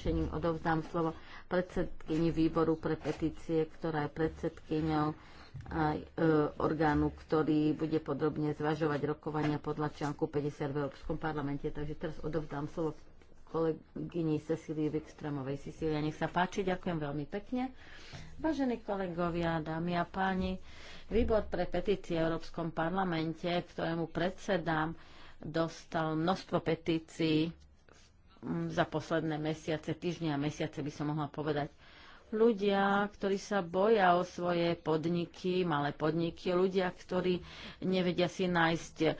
Šením odovzdám slovo predsedkyni výboru pre petície, ktorá je predsedkyňou aj e, orgánu, ktorý bude podrobne zvažovať rokovania podľa článku 50 v Európskom parlamente. Takže teraz odovzdám slovo kolegyni Cecílii Vikstremovej. Cecília, nech sa páči, ďakujem veľmi pekne. Vážení kolegovia, dámy a páni, výbor pre petície v Európskom parlamente, ktorému predsedám, dostal množstvo petícií za posledné mesiace, týždne a mesiace by som mohla povedať. Ľudia, ktorí sa boja o svoje podniky, malé podniky, ľudia, ktorí nevedia si nájsť e,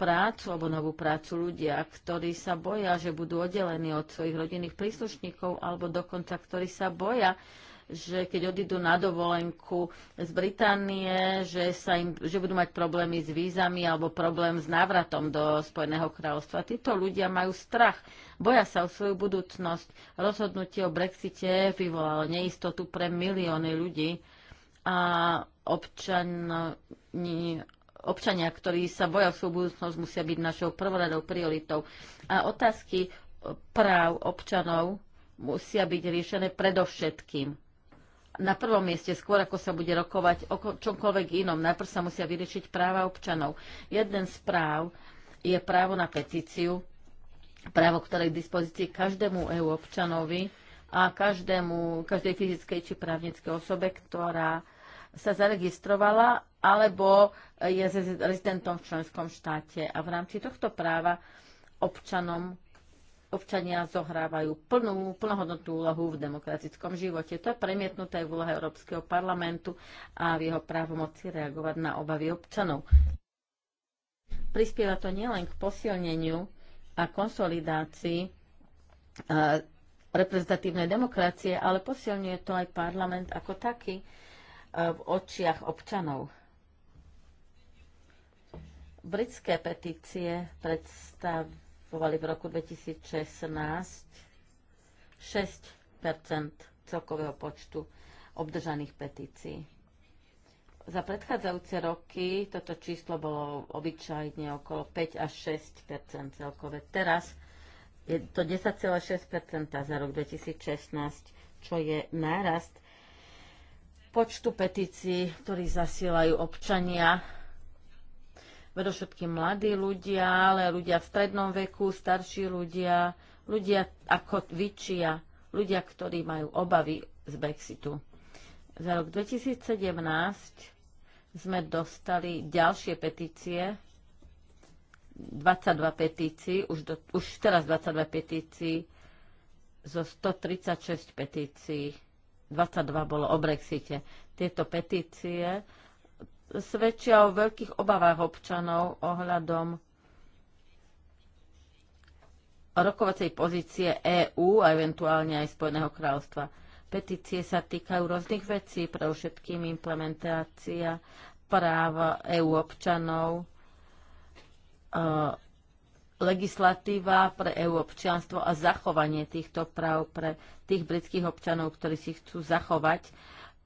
prácu alebo novú prácu, ľudia, ktorí sa boja, že budú oddelení od svojich rodinných príslušníkov alebo dokonca, ktorí sa boja, že keď odídu na dovolenku z Británie, že, sa im, že budú mať problémy s vízami alebo problém s návratom do Spojeného kráľovstva. Títo ľudia majú strach, boja sa o svoju budúcnosť. Rozhodnutie o Brexite vyvolalo neistotu pre milióny ľudí a občani občania, ktorí sa boja svoju budúcnosť, musia byť našou prvoradou prioritou. A otázky práv občanov musia byť riešené predovšetkým na prvom mieste, skôr ako sa bude rokovať o čomkoľvek inom. Najprv sa musia vyriešiť práva občanov. Jeden z práv je právo na petíciu, právo, ktoré je k dispozícii každému EU občanovi a každému, každej fyzickej či právnickej osobe, ktorá sa zaregistrovala alebo je rezidentom v členskom štáte. A v rámci tohto práva občanom Občania zohrávajú plnú, plnohodnotnú úlohu v demokratickom živote. To je premietnuté v úlohe Európskeho parlamentu a v jeho právomoci reagovať na obavy občanov. Prispieva to nielen k posilneniu a konsolidácii e, reprezentatívnej demokracie, ale posilňuje to aj parlament ako taký e, v očiach občanov. Britské petície predstavujú predstavovali v roku 2016 6 celkového počtu obdržaných petícií. Za predchádzajúce roky toto číslo bolo obyčajne okolo 5 až 6 celkové. Teraz je to 10,6 za rok 2016, čo je nárast počtu petícií, ktorý zasielajú občania predovšetkým mladí ľudia, ale ľudia v strednom veku, starší ľudia, ľudia ako vyčia, ľudia, ktorí majú obavy z Brexitu. Za rok 2017 sme dostali ďalšie petície, 22 petícií, už, do, už teraz 22 petícií, zo 136 petícií, 22 bolo o Brexite. Tieto petície svedčia o veľkých obavách občanov ohľadom rokovacej pozície EÚ a eventuálne aj Spojeného kráľstva. Petície sa týkajú rôznych vecí, pre všetkým implementácia práva EÚ občanov, e, legislatíva pre EU občianstvo a zachovanie týchto práv pre tých britských občanov, ktorí si chcú zachovať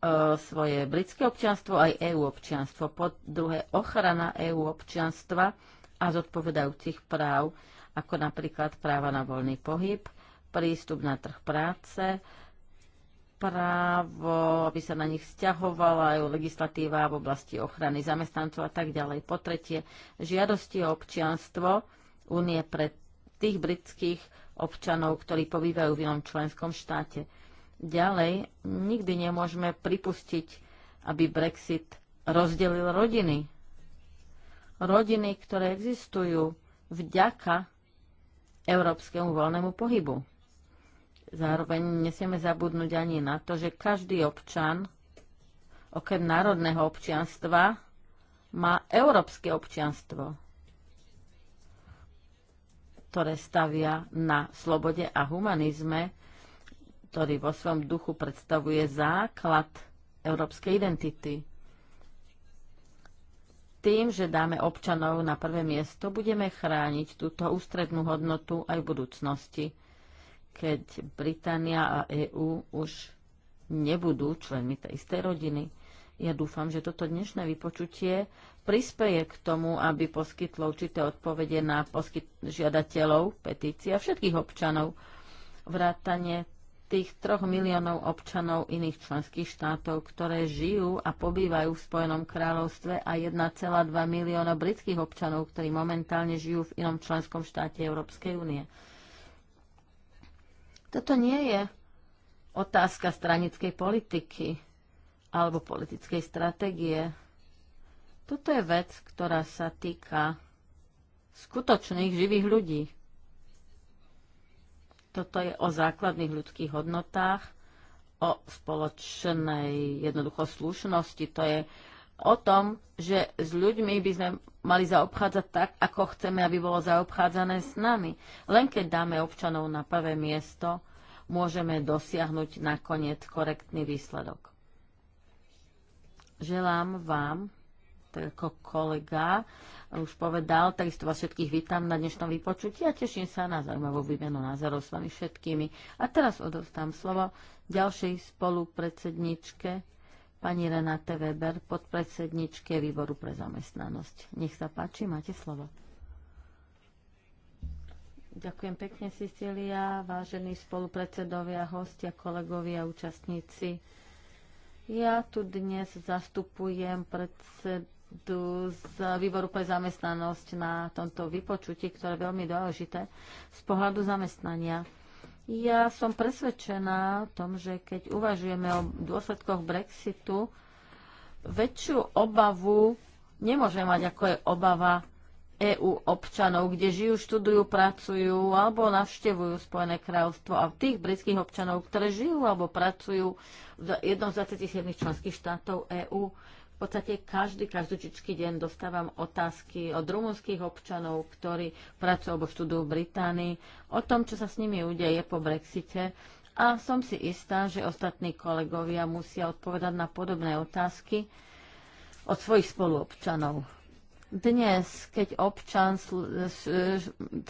E, svoje britské občianstvo aj EU občianstvo. Po druhé, ochrana EU občianstva a zodpovedajúcich práv, ako napríklad práva na voľný pohyb, prístup na trh práce, právo, aby sa na nich vzťahovala aj legislatíva v oblasti ochrany zamestnancov a tak ďalej. Po tretie, žiadosti o občianstvo únie pre tých britských občanov, ktorí pobývajú v inom členskom štáte Ďalej, nikdy nemôžeme pripustiť, aby Brexit rozdelil rodiny. Rodiny, ktoré existujú vďaka európskemu voľnému pohybu. Zároveň nesieme zabudnúť ani na to, že každý občan, okrem národného občianstva, má európske občianstvo, ktoré stavia na slobode a humanizme, ktorý vo svojom duchu predstavuje základ európskej identity. Tým, že dáme občanov na prvé miesto, budeme chrániť túto ústrednú hodnotu aj v budúcnosti, keď Británia a EÚ už nebudú členmi tej istej rodiny. Ja dúfam, že toto dnešné vypočutie prispeje k tomu, aby poskytlo určité odpovede na poskyt- žiadateľov petície a všetkých občanov vrátane tých troch miliónov občanov iných členských štátov, ktoré žijú a pobývajú v Spojenom kráľovstve a 1,2 milióna britských občanov, ktorí momentálne žijú v inom členskom štáte Európskej únie. Toto nie je otázka stranickej politiky alebo politickej stratégie. Toto je vec, ktorá sa týka skutočných živých ľudí. Toto je o základných ľudských hodnotách, o spoločnej jednoducho slušnosti. To je o tom, že s ľuďmi by sme mali zaobchádzať tak, ako chceme, aby bolo zaobchádzané s nami. Len keď dáme občanov na prvé miesto, môžeme dosiahnuť nakoniec korektný výsledok. Želám vám tak ako kolega už povedal, takisto vás všetkých vítam na dnešnom vypočutí a teším sa na zaujímavú výmenu názorov s vami všetkými. A teraz odovzdám slovo ďalšej spolupredsedničke, pani Renate Weber, podpredsedničke Výboru pre zamestnanosť. Nech sa páči, máte slovo. Ďakujem pekne, Cecília, vážení spolupredsedovia, hostia, kolegovia, účastníci. Ja tu dnes zastupujem predsed tu z výboru pre zamestnanosť na tomto vypočutí, ktoré je veľmi dôležité z pohľadu zamestnania. Ja som presvedčená o tom, že keď uvažujeme o dôsledkoch Brexitu, väčšiu obavu nemôže mať, ako je obava EU občanov, kde žijú, študujú, pracujú alebo navštevujú Spojené kráľovstvo a tých britských občanov, ktoré žijú alebo pracujú v jednom z 27 členských štátov EÚ. V podstate každý, každúčičký deň dostávam otázky od rumunských občanov, ktorí pracujú alebo študujú v Británii, o tom, čo sa s nimi udeje po Brexite. A som si istá, že ostatní kolegovia musia odpovedať na podobné otázky od svojich spoluobčanov dnes, keď občan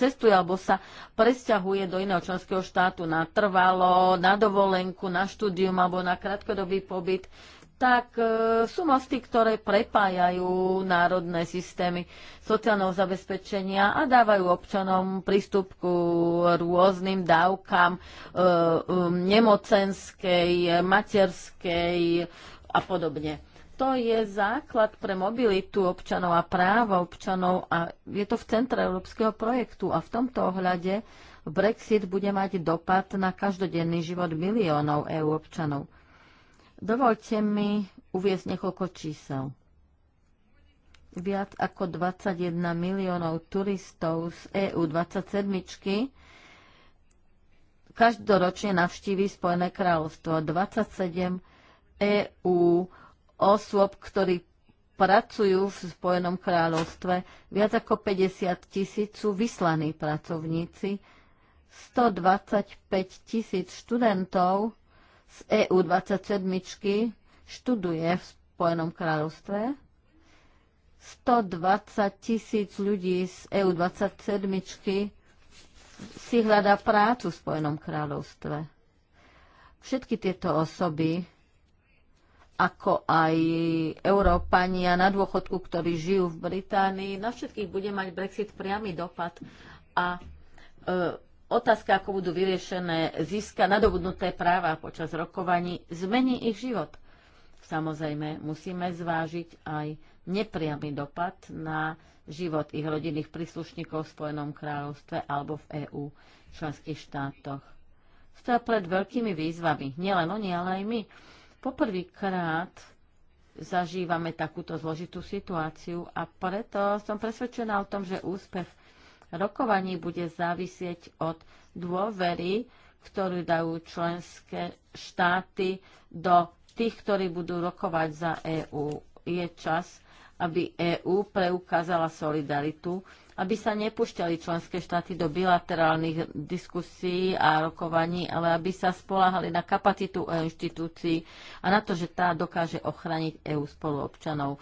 cestuje alebo sa presťahuje do iného členského štátu na trvalo, na dovolenku, na štúdium alebo na krátkodobý pobyt, tak e, sú mosty, ktoré prepájajú národné systémy sociálneho zabezpečenia a dávajú občanom prístup ku rôznym dávkam e, um, nemocenskej, materskej a podobne. To je základ pre mobilitu občanov a práva občanov a je to v centre európskeho projektu a v tomto ohľade Brexit bude mať dopad na každodenný život miliónov EU občanov. Dovolte mi uviezť niekoľko čísel. Viac ako 21 miliónov turistov z EU 27 každoročne navštíví Spojené kráľovstvo. 27 EU osôb, ktorí pracujú v Spojenom kráľovstve. Viac ako 50 tisíc sú vyslaní pracovníci, 125 tisíc študentov z EU27 študuje v Spojenom kráľovstve. 120 tisíc ľudí z EU27 si hľadá prácu v Spojenom kráľovstve. Všetky tieto osoby, ako aj Európania na dôchodku, ktorí žijú v Británii, na všetkých bude mať Brexit priamy dopad a e, otázka, ako budú vyriešené získa nadobudnuté práva počas rokovaní, zmení ich život. Samozrejme, musíme zvážiť aj nepriamy dopad na život ich rodinných príslušníkov v Spojenom kráľovstve alebo v EÚ členských štátoch. Stoja pred veľkými výzvami, nielen oni, ale aj my. Poprvýkrát zažívame takúto zložitú situáciu a preto som presvedčená o tom, že úspech rokovaní bude závisieť od dôvery, ktorú dajú členské štáty do tých, ktorí budú rokovať za EÚ. Je čas, aby EÚ preukázala solidaritu, aby sa nepúšťali členské štáty do bilaterálnych diskusí a rokovaní, ale aby sa spoláhali na kapacitu e inštitúcií a na to, že tá dokáže ochrániť EÚ spoluobčanov. E,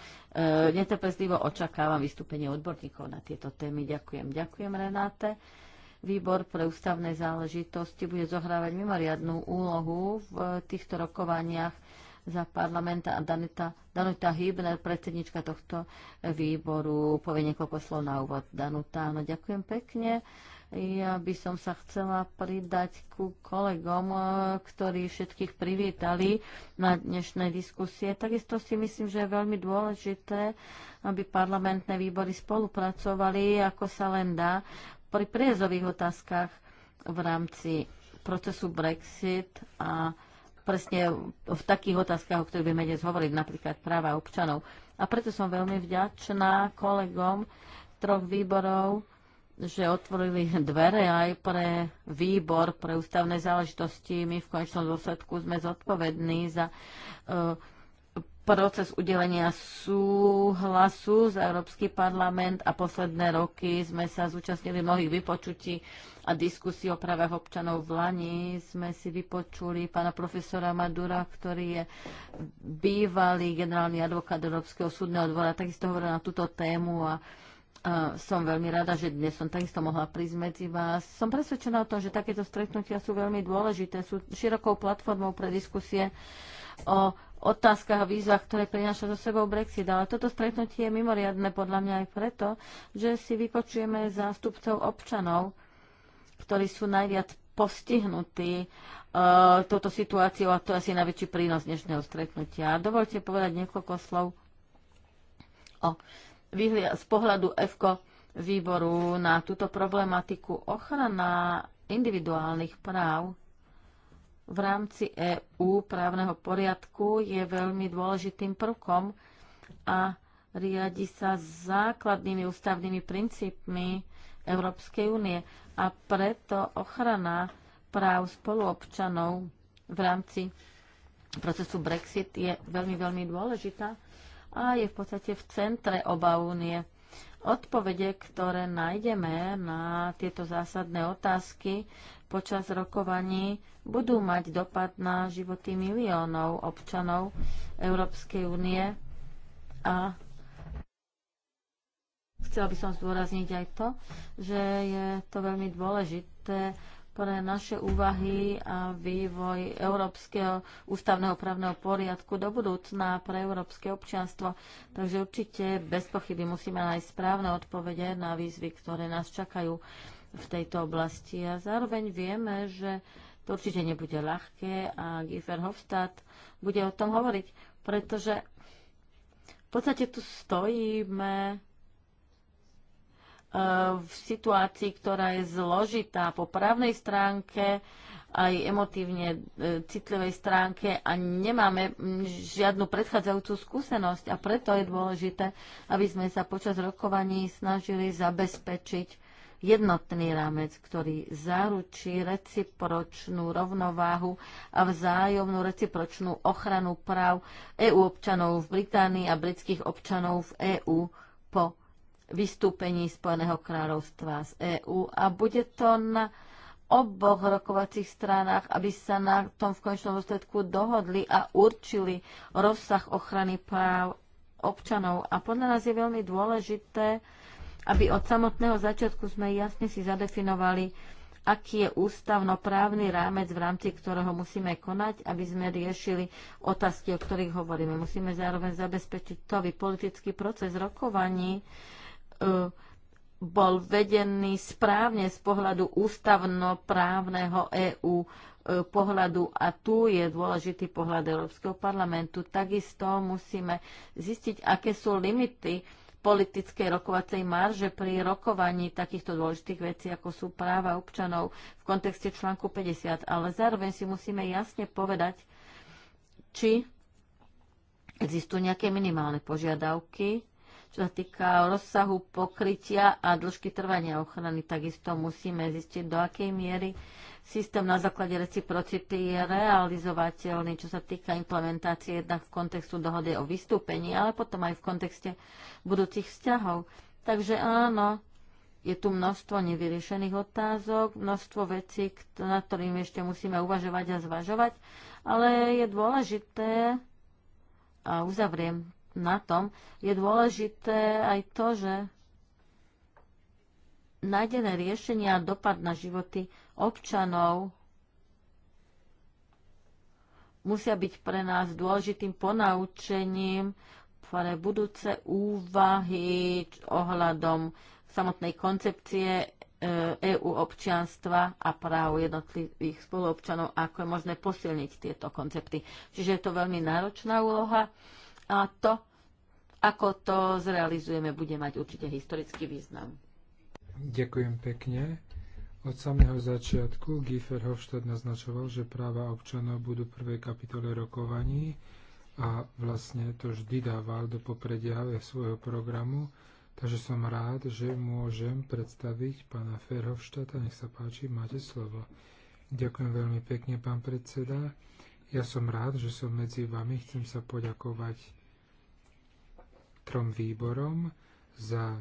netrpezlivo očakávam vystúpenie odborníkov na tieto témy. Ďakujem. Ďakujem, Renáte. Výbor pre ústavné záležitosti bude zohrávať mimoriadnú úlohu v týchto rokovaniach za parlamenta a Danita, Danuta Hübner, predsednička tohto výboru, povie niekoľko slov na úvod. Danuta, no ďakujem pekne. Ja by som sa chcela pridať ku kolegom, eh, ktorí všetkých privítali na dnešné diskusie. Takisto si myslím, že je veľmi dôležité, aby parlamentné výbory spolupracovali, ako sa len dá, pri priezových otázkach v rámci procesu Brexit a presne v takých otázkach, o ktorých budeme dnes hovoriť, napríklad práva občanov. A preto som veľmi vďačná kolegom troch výborov, že otvorili dvere aj pre výbor pre ústavné záležitosti. My v konečnom dôsledku sme zodpovední za uh, proces udelenia súhlasu za Európsky parlament a posledné roky sme sa zúčastnili mnohých vypočutí a diskusí o právach občanov v Lani. Sme si vypočuli pána profesora Madura, ktorý je bývalý generálny advokát Európskeho súdneho dvora, takisto hovoril na túto tému a som veľmi rada, že dnes som takisto mohla prísť medzi vás. Som presvedčená o tom, že takéto stretnutia sú veľmi dôležité, sú širokou platformou pre diskusie o otázkach a výzvach, ktoré prináša so sebou Brexit. Ale toto stretnutie je mimoriadne podľa mňa aj preto, že si vypočujeme zástupcov občanov, ktorí sú najviac postihnutí uh, touto situáciou a to je asi najväčší prínos dnešného stretnutia. Dovolte povedať niekoľko slov o z pohľadu EFKO výboru na túto problematiku ochrana individuálnych práv v rámci EÚ právneho poriadku je veľmi dôležitým prvkom a riadi sa základnými ústavnými princípmi Európskej únie a preto ochrana práv spoluobčanov v rámci procesu Brexit je veľmi, veľmi dôležitá a je v podstate v centre oba únie. Odpovede, ktoré nájdeme na tieto zásadné otázky, počas rokovaní budú mať dopad na životy miliónov občanov Európskej únie a chcela by som zdôrazniť aj to, že je to veľmi dôležité pre naše úvahy a vývoj Európskeho ústavného právneho poriadku do budúcna pre európske občianstvo. Takže určite bez pochyby musíme nájsť správne odpovede na výzvy, ktoré nás čakajú v tejto oblasti. A zároveň vieme, že to určite nebude ľahké a Giefer Hofstadt bude o tom hovoriť, pretože v podstate tu stojíme e, v situácii, ktorá je zložitá po právnej stránke, aj emotívne e, citlivej stránke a nemáme žiadnu predchádzajúcu skúsenosť. A preto je dôležité, aby sme sa počas rokovaní snažili zabezpečiť jednotný rámec, ktorý zaručí recipročnú rovnováhu a vzájomnú recipročnú ochranu práv EU občanov v Británii a britských občanov v EÚ po vystúpení Spojeného kráľovstva z EÚ a bude to na oboch rokovacích stranách, aby sa na tom v konečnom dôsledku dohodli a určili rozsah ochrany práv občanov. A podľa nás je veľmi dôležité aby od samotného začiatku sme jasne si zadefinovali, aký je ústavnoprávny rámec, v rámci ktorého musíme konať, aby sme riešili otázky, o ktorých hovoríme. Musíme zároveň zabezpečiť to, aby politický proces rokovaní e, bol vedený správne z pohľadu ústavnoprávneho EÚ e, pohľadu a tu je dôležitý pohľad Európskeho parlamentu. Takisto musíme zistiť, aké sú limity politickej rokovacej marže pri rokovaní takýchto dôležitých vecí, ako sú práva občanov v kontexte článku 50. Ale zároveň si musíme jasne povedať, či existujú nejaké minimálne požiadavky, čo sa týka rozsahu pokrytia a dĺžky trvania ochrany, takisto musíme zistiť, do akej miery systém na základe reciprocity je realizovateľný, čo sa týka implementácie jednak v kontextu dohody o vystúpení, ale potom aj v kontexte budúcich vzťahov. Takže áno, je tu množstvo nevyriešených otázok, množstvo vecí, nad ktorými ešte musíme uvažovať a zvažovať, ale je dôležité, a uzavriem na tom, je dôležité aj to, že nájdené riešenia a dopad na životy občanov musia byť pre nás dôležitým ponaučením pre budúce úvahy ohľadom samotnej koncepcie EU e občianstva a práv jednotlivých spoluobčanov, ako je možné posilniť tieto koncepty. Čiže je to veľmi náročná úloha a to, ako to zrealizujeme, bude mať určite historický význam. Ďakujem pekne. Od samého začiatku Giefer Hofstadt naznačoval, že práva občanov budú v prvej kapitole rokovaní a vlastne to vždy dával do popredia svojho programu. Takže som rád, že môžem predstaviť pána Ferhofštata. Nech sa páči, máte slovo. Ďakujem veľmi pekne, pán predseda. Ja som rád, že som medzi vami. Chcem sa poďakovať trom výborom za e,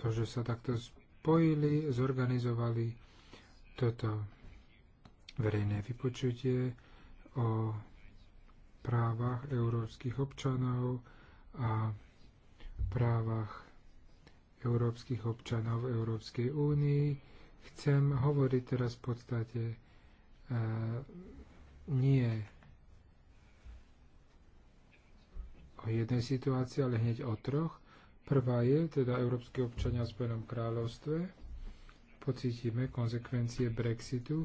to, že sa takto spojili, zorganizovali toto verejné vypočutie o právach európskych občanov a právach európskych občanov v Európskej únii. Chcem hovoriť teraz v podstate e, nie jednej situácii, ale hneď o troch. Prvá je teda európsky občania v Spojenom kráľovstve. Pocítime konsekvencie Brexitu,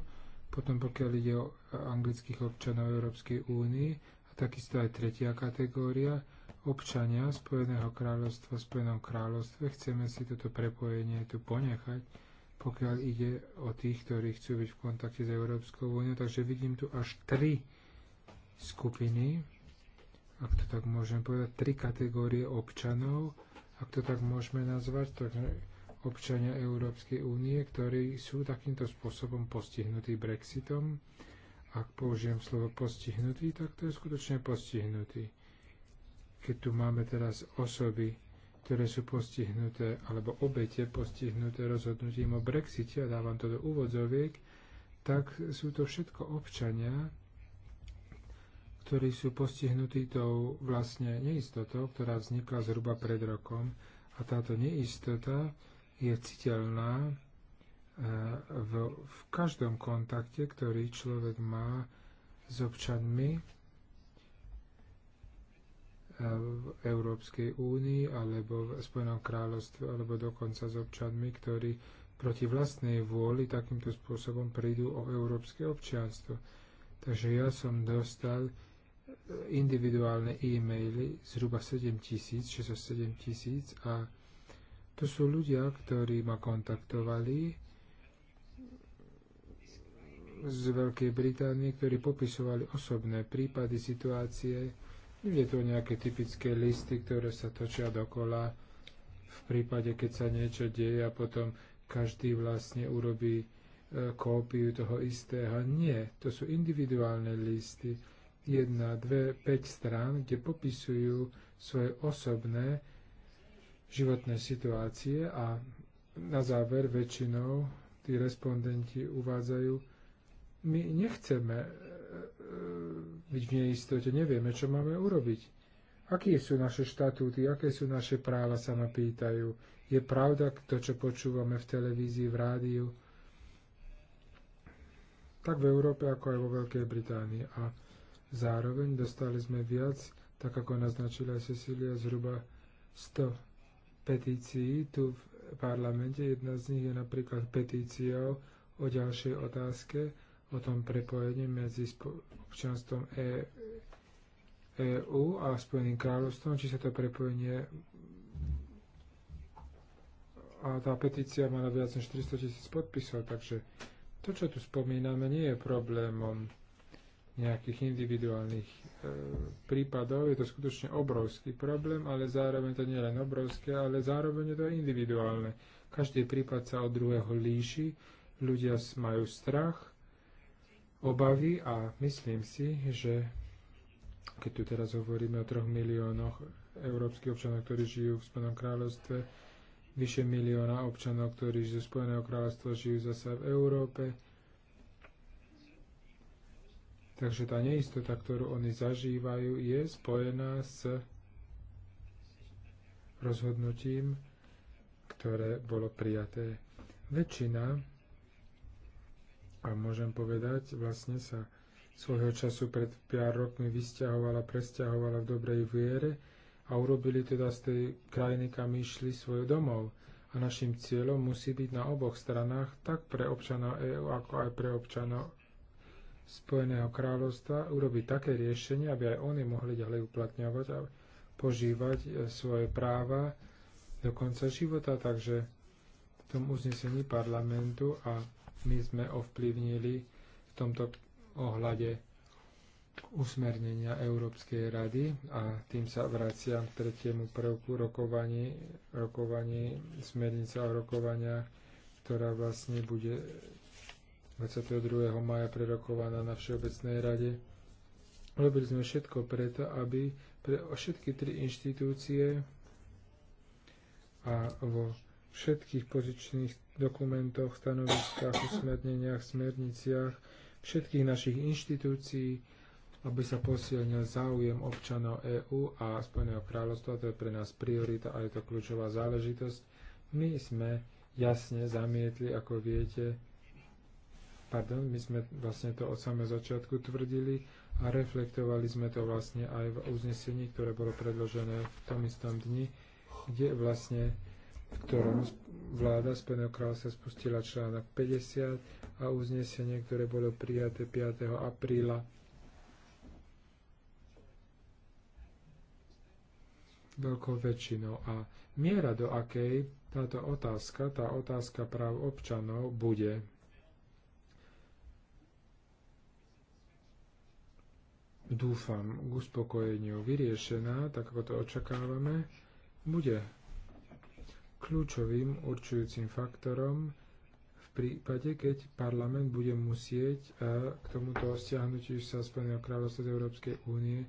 potom pokiaľ ide o anglických občanov Európskej únii a takisto aj tretia kategória, občania Spojeného kráľovstva v Spojenom kráľovstve. Chceme si toto prepojenie tu ponechať, pokiaľ ide o tých, ktorí chcú byť v kontakte s Európskou úniou. Takže vidím tu až tri skupiny ak to tak môžem povedať, tri kategórie občanov, ak to tak môžeme nazvať, tak občania Európskej únie, ktorí sú takýmto spôsobom postihnutí Brexitom. Ak použijem slovo postihnutý, tak to je skutočne postihnutý. Keď tu máme teraz osoby, ktoré sú postihnuté, alebo obete postihnuté rozhodnutím o Brexite, a dávam to do úvodzoviek, tak sú to všetko občania, ktorí sú postihnutí tou vlastne neistotou, ktorá vznikla zhruba pred rokom. A táto neistota je citeľná e, v, v každom kontakte, ktorý človek má s občanmi e, v Európskej únii alebo v Spojenom kráľovstve alebo dokonca s občanmi, ktorí proti vlastnej vôli takýmto spôsobom prídu o európske občianstvo. Takže ja som dostal individuálne e-maily, zhruba 7 tisíc, 607 tisíc a to sú ľudia, ktorí ma kontaktovali z Veľkej Británie, ktorí popisovali osobné prípady, situácie. Nie Je to nejaké typické listy, ktoré sa točia dokola v prípade, keď sa niečo deje a potom každý vlastne urobí e, kópiu toho istého. Nie, to sú individuálne listy 1, 2, 5 strán, kde popisujú svoje osobné životné situácie a na záver väčšinou tí respondenti uvádzajú, my nechceme e, e, byť v neistote, nevieme, čo máme urobiť. Aké sú naše štatúty, aké sú naše práva, sa ma pýtajú. Je pravda to, čo počúvame v televízii, v rádiu, tak v Európe, ako aj vo Veľkej Británii. A Zároveň dostali sme viac, tak ako naznačila Cecília, zhruba 100 petícií tu v parlamente. Jedna z nich je napríklad petíciou o ďalšej otázke, o tom prepojení medzi občanstvom e- EU a Spojeným kráľovstvom, či sa to prepojenie a tá petícia mala viac než 400 tisíc podpisov, takže to, čo tu spomíname, nie je problémom nejakých individuálnych e, prípadov. Je to skutočne obrovský problém, ale zároveň to nie je len obrovské, ale zároveň je to individuálne. Každý prípad sa od druhého líši, ľudia majú strach, obavy a myslím si, že keď tu teraz hovoríme o troch miliónoch európskych občanov, ktorí žijú v Spojenom kráľovstve, vyše milióna občanov, ktorí zo Spojeného kráľovstva žijú zase v Európe, Takže tá neistota, ktorú oni zažívajú, je spojená s rozhodnutím, ktoré bolo prijaté. Väčšina, a môžem povedať, vlastne sa svojho času pred 5 rokmi vysťahovala, presťahovala v dobrej viere a urobili teda z tej krajiny, kam išli svoj domov. A našim cieľom musí byť na oboch stranách, tak pre občana EÚ, ako aj pre občanov Spojeného kráľovstva urobiť také riešenie, aby aj oni mohli ďalej uplatňovať a požívať e, svoje práva do konca života. Takže v tom uznesení parlamentu a my sme ovplyvnili v tomto ohľade usmernenia Európskej rady a tým sa vraciam k tretiemu prvku rokovaní, rokovaní smernica o rokovaniach, ktorá vlastne bude 22. maja prerokovaná na Všeobecnej rade. Robili sme všetko preto, aby pre všetky tri inštitúcie a vo všetkých pozičných dokumentoch, stanoviskách, usmerneniach, smerniciach všetkých našich inštitúcií, aby sa posilnil záujem občanov EÚ a Spojeného kráľovstva. To je pre nás priorita a je to kľúčová záležitosť. My sme jasne zamietli, ako viete, pardon, my sme vlastne to od samého začiatku tvrdili a reflektovali sme to vlastne aj v uznesení, ktoré bolo predložené v tom istom dni, kde vlastne v ktorom vláda Spojeného kráľovstva spustila článok 50 a uznesenie, ktoré bolo prijaté 5. apríla veľkou väčšinou. A miera, do akej táto otázka, tá otázka práv občanov bude dúfam, k uspokojeniu vyriešená, tak ako to očakávame, bude kľúčovým určujúcim faktorom v prípade, keď parlament bude musieť e, k tomuto stiahnutiu sa Spojeného kráľovstva z Európskej únie e,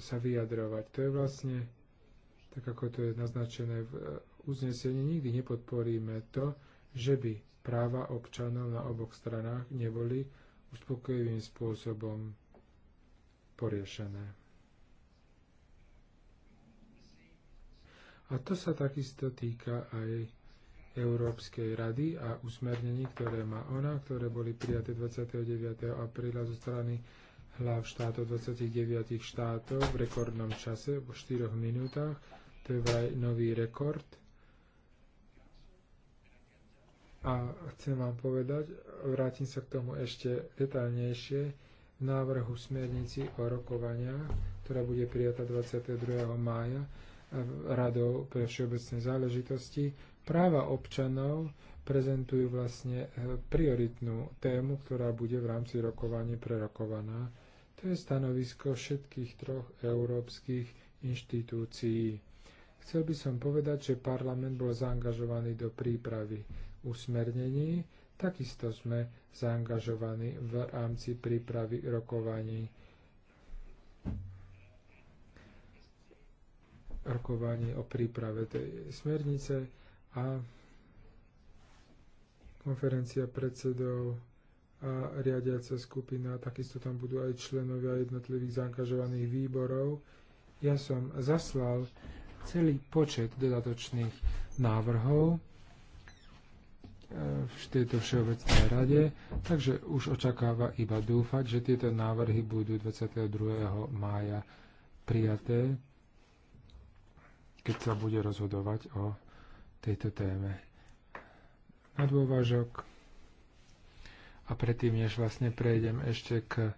sa vyjadrovať. To je vlastne, tak ako to je naznačené v e, uznesení, nikdy nepodporíme to, že by práva občanov na oboch stranách neboli uspokojivým spôsobom poriešené. A to sa takisto týka aj Európskej rady a usmernení, ktoré má ona, ktoré boli prijaté 29. apríla zo strany hlav štátov 29 štátov v rekordnom čase, v 4 minútach. To je vraj nový rekord. A chcem vám povedať, vrátim sa k tomu ešte detaľnejšie, návrhu smernici o rokovaniach, ktorá bude prijata 22. mája eh, Radou pre všeobecné záležitosti. Práva občanov prezentujú vlastne eh, prioritnú tému, ktorá bude v rámci rokovania prerokovaná. To je stanovisko všetkých troch európskych inštitúcií. Chcel by som povedať, že parlament bol zaangažovaný do prípravy usmernení Takisto sme zaangažovaní v rámci prípravy rokovaní rokovaní o príprave tej smernice a konferencia predsedov a riadiaca skupina, takisto tam budú aj členovia jednotlivých zaangažovaných výborov. Ja som zaslal celý počet dodatočných návrhov v tejto všeobecnej rade, takže už očakáva iba dúfať, že tieto návrhy budú 22. mája prijaté, keď sa bude rozhodovať o tejto téme. Na dôvažok a predtým, než vlastne prejdem ešte k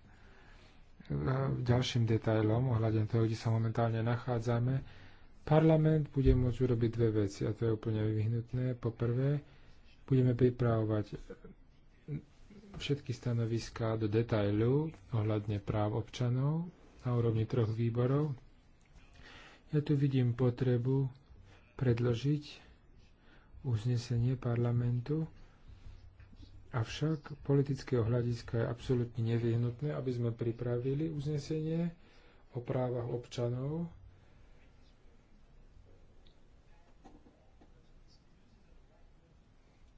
ďalším detailom ohľadom toho, kde sa momentálne nachádzame, parlament bude môcť urobiť dve veci a to je úplne vyhnutné. Po prvé, Budeme pripravovať všetky stanoviská do detailu ohľadne práv občanov na úrovni troch výborov. Ja tu vidím potrebu predložiť uznesenie parlamentu, avšak politického hľadiska je absolútne nevyhnutné, aby sme pripravili uznesenie o právach občanov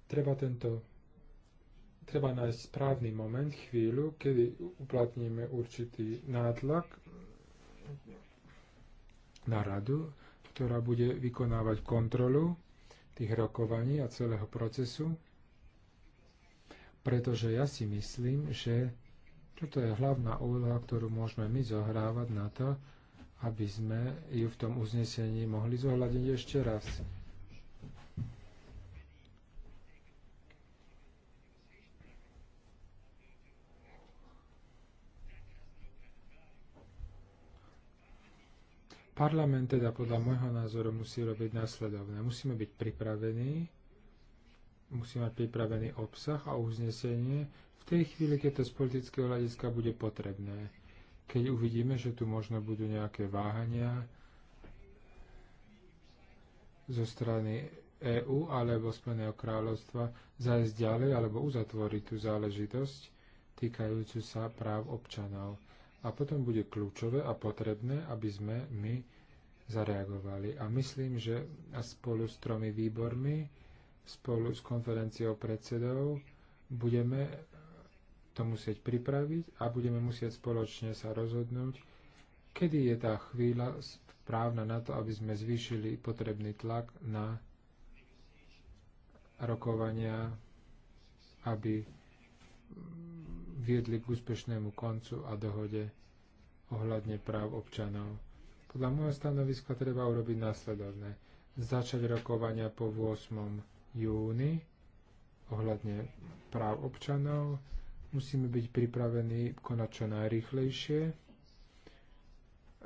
Treba tento treba nájsť správny moment, chvíľu, kedy uplatníme určitý nátlak na radu, ktorá bude vykonávať kontrolu tých rokovaní a celého procesu, pretože ja si myslím, že toto je hlavná úloha, ktorú môžeme my zohrávať na to, aby sme ju v tom uznesení mohli zohľadiť ešte raz. Parlament teda podľa môjho názoru musí robiť následovné. Musíme byť pripravení, musíme mať pripravený obsah a uznesenie v tej chvíli, keď to z politického hľadiska bude potrebné. Keď uvidíme, že tu možno budú nejaké váhania zo strany EÚ alebo Spojeného kráľovstva zajsť ďalej alebo uzatvoriť tú záležitosť týkajúcu sa práv občanov a potom bude kľúčové a potrebné, aby sme my zareagovali. A myslím, že spolu s tromi výbormi, spolu s konferenciou predsedov, budeme to musieť pripraviť a budeme musieť spoločne sa rozhodnúť, kedy je tá chvíľa správna na to, aby sme zvýšili potrebný tlak na rokovania, aby viedli k úspešnému koncu a dohode ohľadne práv občanov. Podľa môjho stanoviska treba urobiť následovné. Začať rokovania po 8. júni ohľadne práv občanov. Musíme byť pripravení konať čo najrychlejšie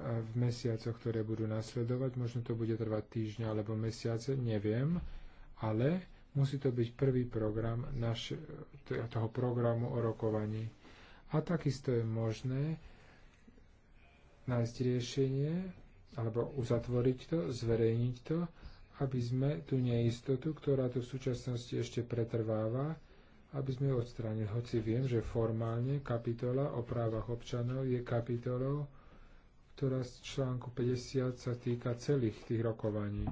v mesiacoch, ktoré budú nasledovať. Možno to bude trvať týždňa alebo mesiace, neviem, ale Musí to byť prvý program naš, toho programu o rokovaní. A takisto je možné nájsť riešenie alebo uzatvoriť to, zverejniť to, aby sme tú neistotu, ktorá tu v súčasnosti ešte pretrváva, aby sme ju odstránili. Hoci viem, že formálne kapitola o právach občanov je kapitolou, ktorá z článku 50 sa týka celých tých rokovaní.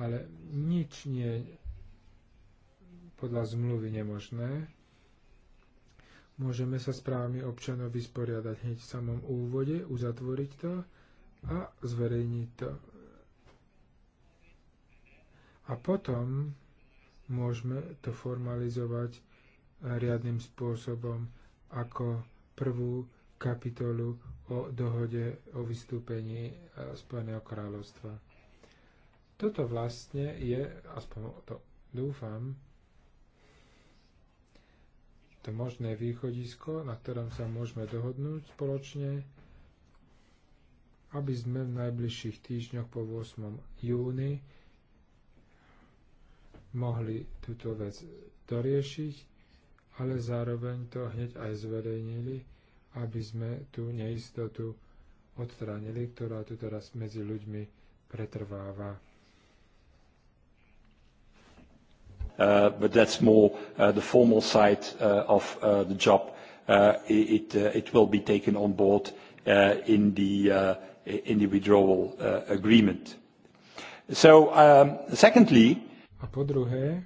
Ale nič nie podľa zmluvy nemožné. Môžeme sa s právami občanov vysporiadať hneď v samom úvode, uzatvoriť to a zverejniť to. A potom môžeme to formalizovať riadnym spôsobom ako prvú kapitolu o dohode o vystúpení e, Spojeného kráľovstva. Toto vlastne je, aspoň to dúfam, to možné východisko, na ktorom sa môžeme dohodnúť spoločne, aby sme v najbližších týždňoch po 8. júni mohli túto vec doriešiť, ale zároveň to hneď aj zverejnili, aby sme tú neistotu odstránili, ktorá tu teraz medzi ľuďmi pretrváva. Uh, but that's more uh, the formal side uh, of the job. it, will be taken on board in, the, withdrawal agreement. So, um, secondly... A po druhé,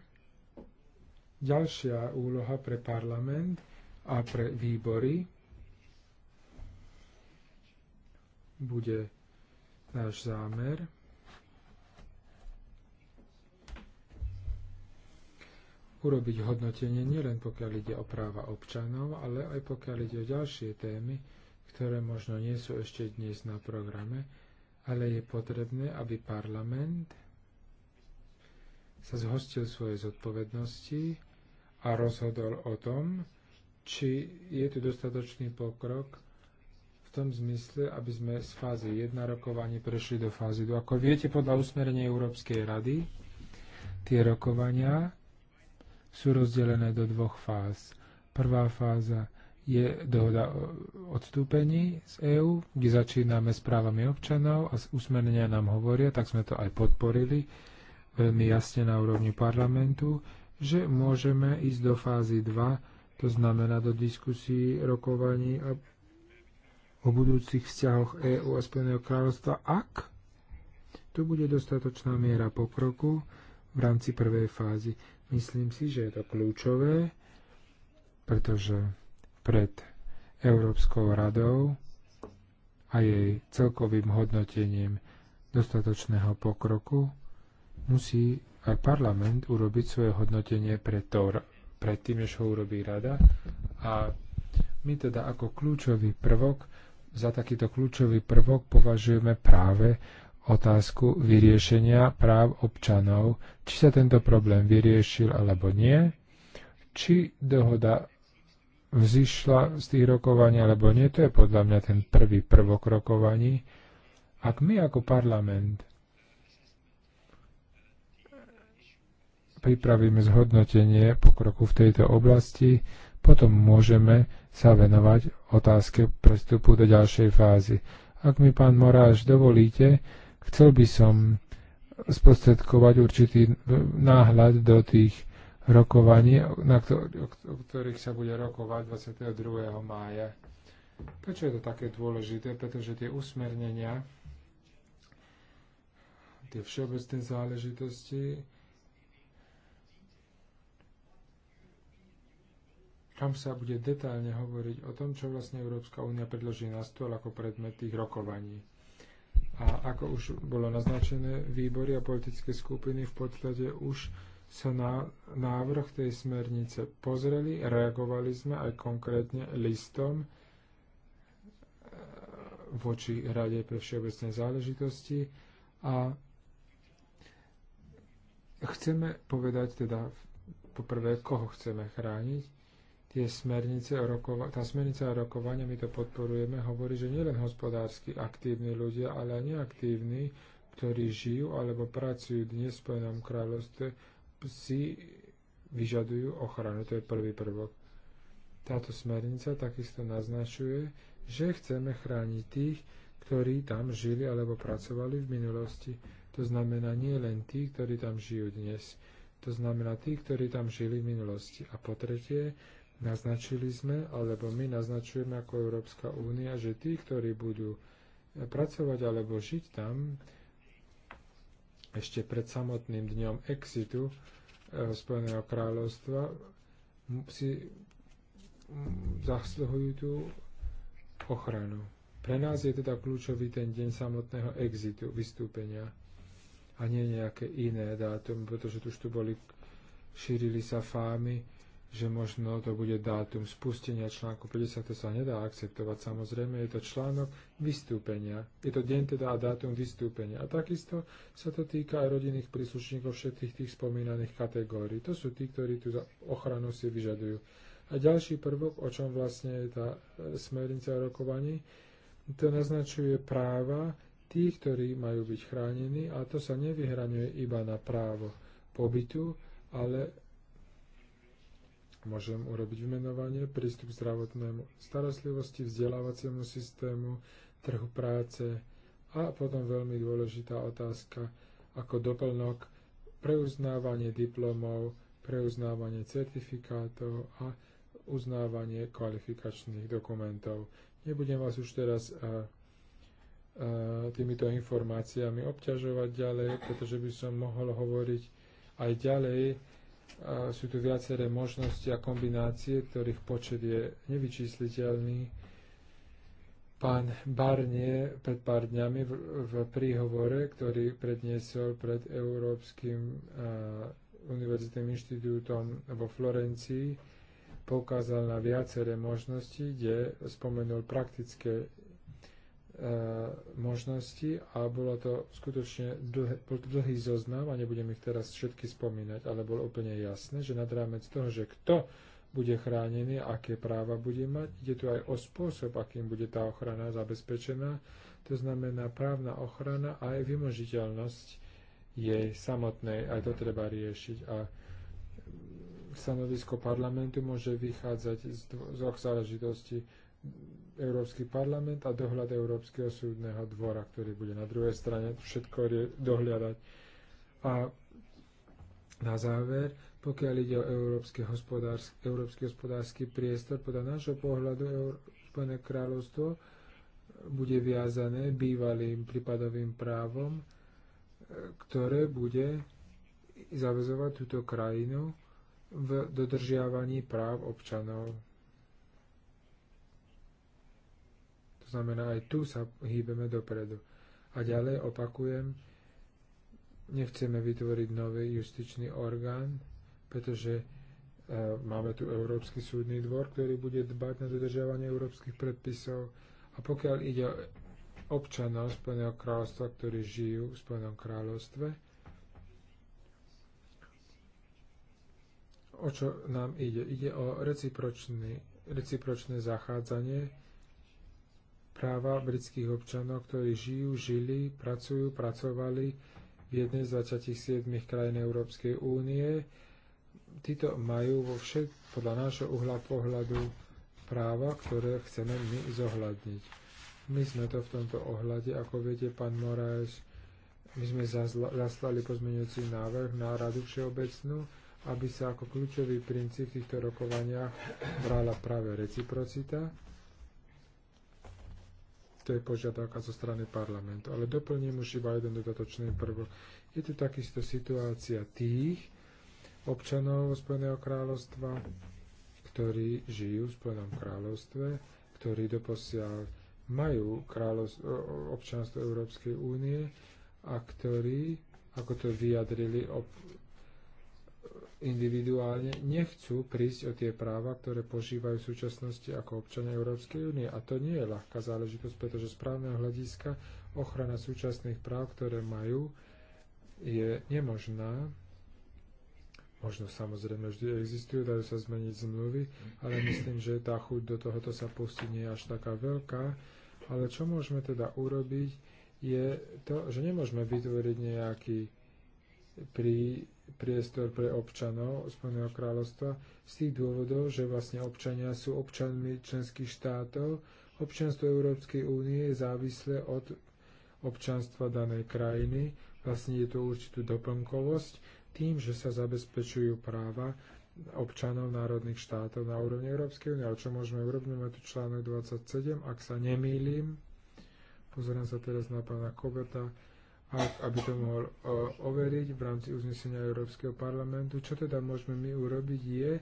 ďalšia úloha pre parlament a pre výbory bude náš zámer urobiť hodnotenie nielen pokiaľ ide o práva občanov, ale aj pokiaľ ide o ďalšie témy, ktoré možno nie sú ešte dnes na programe, ale je potrebné, aby parlament sa zhostil svoje zodpovednosti a rozhodol o tom, či je tu dostatočný pokrok v tom zmysle, aby sme z fázy 1 rokovania prešli do fázy 2. Ako viete, podľa usmerenia Európskej rady tie rokovania sú rozdelené do dvoch fáz. Prvá fáza je dohoda o odstúpení z EÚ, kde začíname s právami občanov a usmernenia nám hovoria, tak sme to aj podporili veľmi jasne na úrovni parlamentu, že môžeme ísť do fázy 2, to znamená do diskusí, rokovaní a o budúcich vzťahoch EÚ a Spojeného kráľovstva, ak tu bude dostatočná miera pokroku v rámci prvej fázy. Myslím si, že je to kľúčové, pretože pred Európskou radou a jej celkovým hodnotením dostatočného pokroku musí aj parlament urobiť svoje hodnotenie pred, to, pred tým, než ho urobí rada. A my teda ako kľúčový prvok, za takýto kľúčový prvok považujeme práve otázku vyriešenia práv občanov, či sa tento problém vyriešil alebo nie, či dohoda vzýšla z tých rokovaní alebo nie, to je podľa mňa ten prvý prvok rokovaní. Ak my ako parlament pripravíme zhodnotenie pokroku v tejto oblasti, potom môžeme sa venovať otázke prestupu do ďalšej fázy. Ak mi pán Moráš dovolíte, Chcel by som sprostredkovať určitý e, náhľad do tých rokovaní, na ktor- o ktorých sa bude rokovať 22. mája. Prečo je to také dôležité? Pretože tie usmernenia, tie všeobecné záležitosti, tam sa bude detálne hovoriť o tom, čo vlastne Európska únia predloží na stôl ako predmet tých rokovaní. A ako už bolo naznačené, výbory a politické skupiny v podstate už sa na návrh tej smernice pozreli, reagovali sme aj konkrétne listom eh, voči Rade pre všeobecné záležitosti a chceme povedať teda poprvé, koho chceme chrániť tie smernice o rokova- tá smernica o rokovania, my to podporujeme, hovorí, že nielen hospodársky aktívni ľudia, ale aj neaktívni, ktorí žijú alebo pracujú dnes v Spojenom kráľovstve, si vyžadujú ochranu. To je prvý prvok. Táto smernica takisto naznačuje, že chceme chrániť tých, ktorí tam žili alebo pracovali v minulosti. To znamená nie len tí, ktorí tam žijú dnes. To znamená tí, ktorí tam žili v minulosti. A po tretie, Naznačili sme, alebo my naznačujeme ako Európska únia, že tí, ktorí budú eh, pracovať alebo žiť tam, ešte pred samotným dňom exitu eh, Spojeného kráľovstva si zasluhujú tú ochranu. Pre nás je teda kľúčový ten deň samotného exitu, vystúpenia a nie nejaké iné dátum, pretože tu už tu boli, šírili sa fámy, že možno to bude dátum spustenia článku 50, to sa nedá akceptovať. Samozrejme, je to článok vystúpenia. Je to deň teda a dátum vystúpenia. A takisto sa to týka aj rodinných príslušníkov všetkých tých spomínaných kategórií. To sú tí, ktorí tú ochranu si vyžadujú. A ďalší prvok, o čom vlastne je tá e, smernica o rokovaní, to naznačuje práva tých, ktorí majú byť chránení a to sa nevyhraňuje iba na právo pobytu, ale Môžem urobiť vymenovanie, prístup k zdravotnému starostlivosti, vzdelávaciemu systému, trhu práce a potom veľmi dôležitá otázka ako doplnok preuznávanie diplomov, preuznávanie certifikátov a uznávanie kvalifikačných dokumentov. Nebudem vás už teraz a, eh, a, eh, týmito informáciami obťažovať ďalej, pretože by som mohol hovoriť aj ďalej sú tu viaceré možnosti a kombinácie, ktorých počet je nevyčísliteľný. Pán Barnie pred pár dňami v, v príhovore, ktorý predniesol pred Európskym uh, univerzitným inštitútom vo Florencii, poukázal na viaceré možnosti, kde spomenul praktické E, možnosti a bolo to skutočne dlhý, bol to dlhý zoznam a nebudem ich teraz všetky spomínať, ale bolo úplne jasné, že nad rámec toho, že kto bude chránený, aké práva bude mať, ide tu aj o spôsob, akým bude tá ochrana zabezpečená, to znamená právna ochrana a aj vymožiteľnosť jej samotnej, aj to treba riešiť. A stanovisko parlamentu môže vychádzať z dvoch záležitostí Európsky parlament a dohľad Európskeho súdneho dvora, ktorý bude na druhej strane všetko dohľadať. A na záver, pokiaľ ide o európsky hospodársky, európsky hospodársky priestor, podľa nášho pohľadu Európske kráľovstvo bude viazané bývalým prípadovým právom, e, ktoré bude zavezovať túto krajinu v dodržiavaní práv občanov znamená, aj tu sa hýbeme dopredu. A ďalej opakujem, nechceme vytvoriť nový justičný orgán, pretože e, máme tu Európsky súdny dvor, ktorý bude dbať na dodržiavanie európskych predpisov. A pokiaľ ide o občanov Spojeného kráľovstva, ktorí žijú v Spojenom kráľovstve, o čo nám ide? Ide o recipročné zachádzanie práva britských občanov, ktorí žijú, žili, pracujú, pracovali v jednej z 27 krajín Európskej únie. Títo majú vo všet, podľa nášho uhla pohľadu práva, ktoré chceme my zohľadniť. My sme to v tomto ohľade, ako viete, pán Moraes, my sme zaslali pozmeňujúci návrh na Radu Všeobecnú, aby sa ako kľúčový princíp v týchto rokovaniach brala práve reciprocita to je požiadavka zo strany parlamentu. Ale doplním už iba jeden dodatočný prvok. Je tu takisto situácia tých občanov Spojeného kráľovstva, ktorí žijú v Spojenom kráľovstve, ktorí doposiaľ majú občanstvo Európskej únie a ktorí, ako to vyjadrili individuálne nechcú prísť o tie práva, ktoré požívajú v súčasnosti ako občania Európskej únie. A to nie je ľahká záležitosť, pretože z právneho hľadiska ochrana súčasných práv, ktoré majú, je nemožná. Možno samozrejme vždy existujú, dajú sa zmeniť zmluvy, ale myslím, že tá chuť do tohoto sa pustiť nie je až taká veľká. Ale čo môžeme teda urobiť, je to, že nemôžeme vytvoriť nejaký pri priestor pre občanov Spojeného kráľovstva z tých dôvodov, že vlastne občania sú občanmi členských štátov. Občanstvo Európskej únie je závislé od občanstva danej krajiny. Vlastne je to určitú doplnkovosť tým, že sa zabezpečujú práva občanov národných štátov na úrovni Európskej únie. Ale čo môžeme urobiť? Máme tu článok 27, ak sa nemýlim. Pozerám sa teraz na pána Koberta ak, aby to mohol overiť v rámci uznesenia Európskeho parlamentu. Čo teda môžeme my urobiť je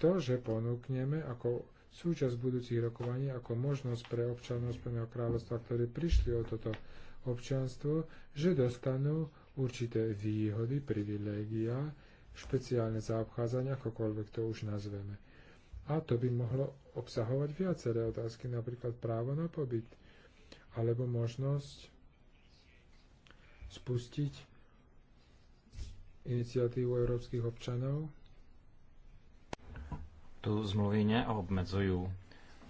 to, že ponúkneme ako súčasť budúcich rokovaní, ako možnosť pre občanov Spojeného kráľovstva, ktorí prišli o toto občanstvo, že dostanú určité výhody, privilégia, špeciálne zaobchádzania, akokoľvek to už nazveme. A to by mohlo obsahovať viaceré otázky, napríklad právo na pobyt, alebo možnosť spustiť iniciatívu európskych občanov. Tu zmluvy neobmedzujú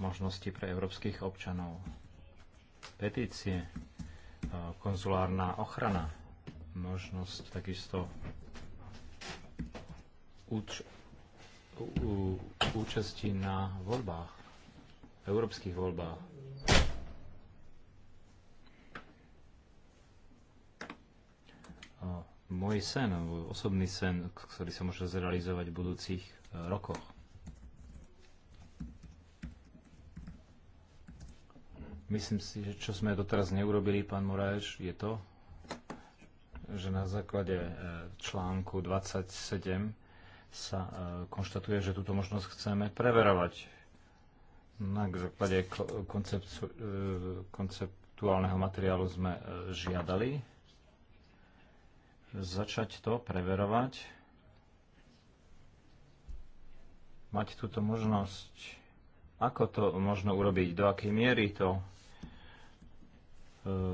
možnosti pre európskych občanov. Petície, e, konzulárna ochrana, možnosť takisto úč- účasti na voľbách, európskych voľbách môj sen, môj osobný sen, ktorý sa môže zrealizovať v budúcich e, rokoch. Myslím si, že čo sme doteraz neurobili, pán Moraeš, je to, že na základe e, článku 27 sa e, konštatuje, že túto možnosť chceme preverovať na základe konceptuálneho materiálu sme žiadali začať to preverovať, mať túto možnosť, ako to možno urobiť, do akej miery to e,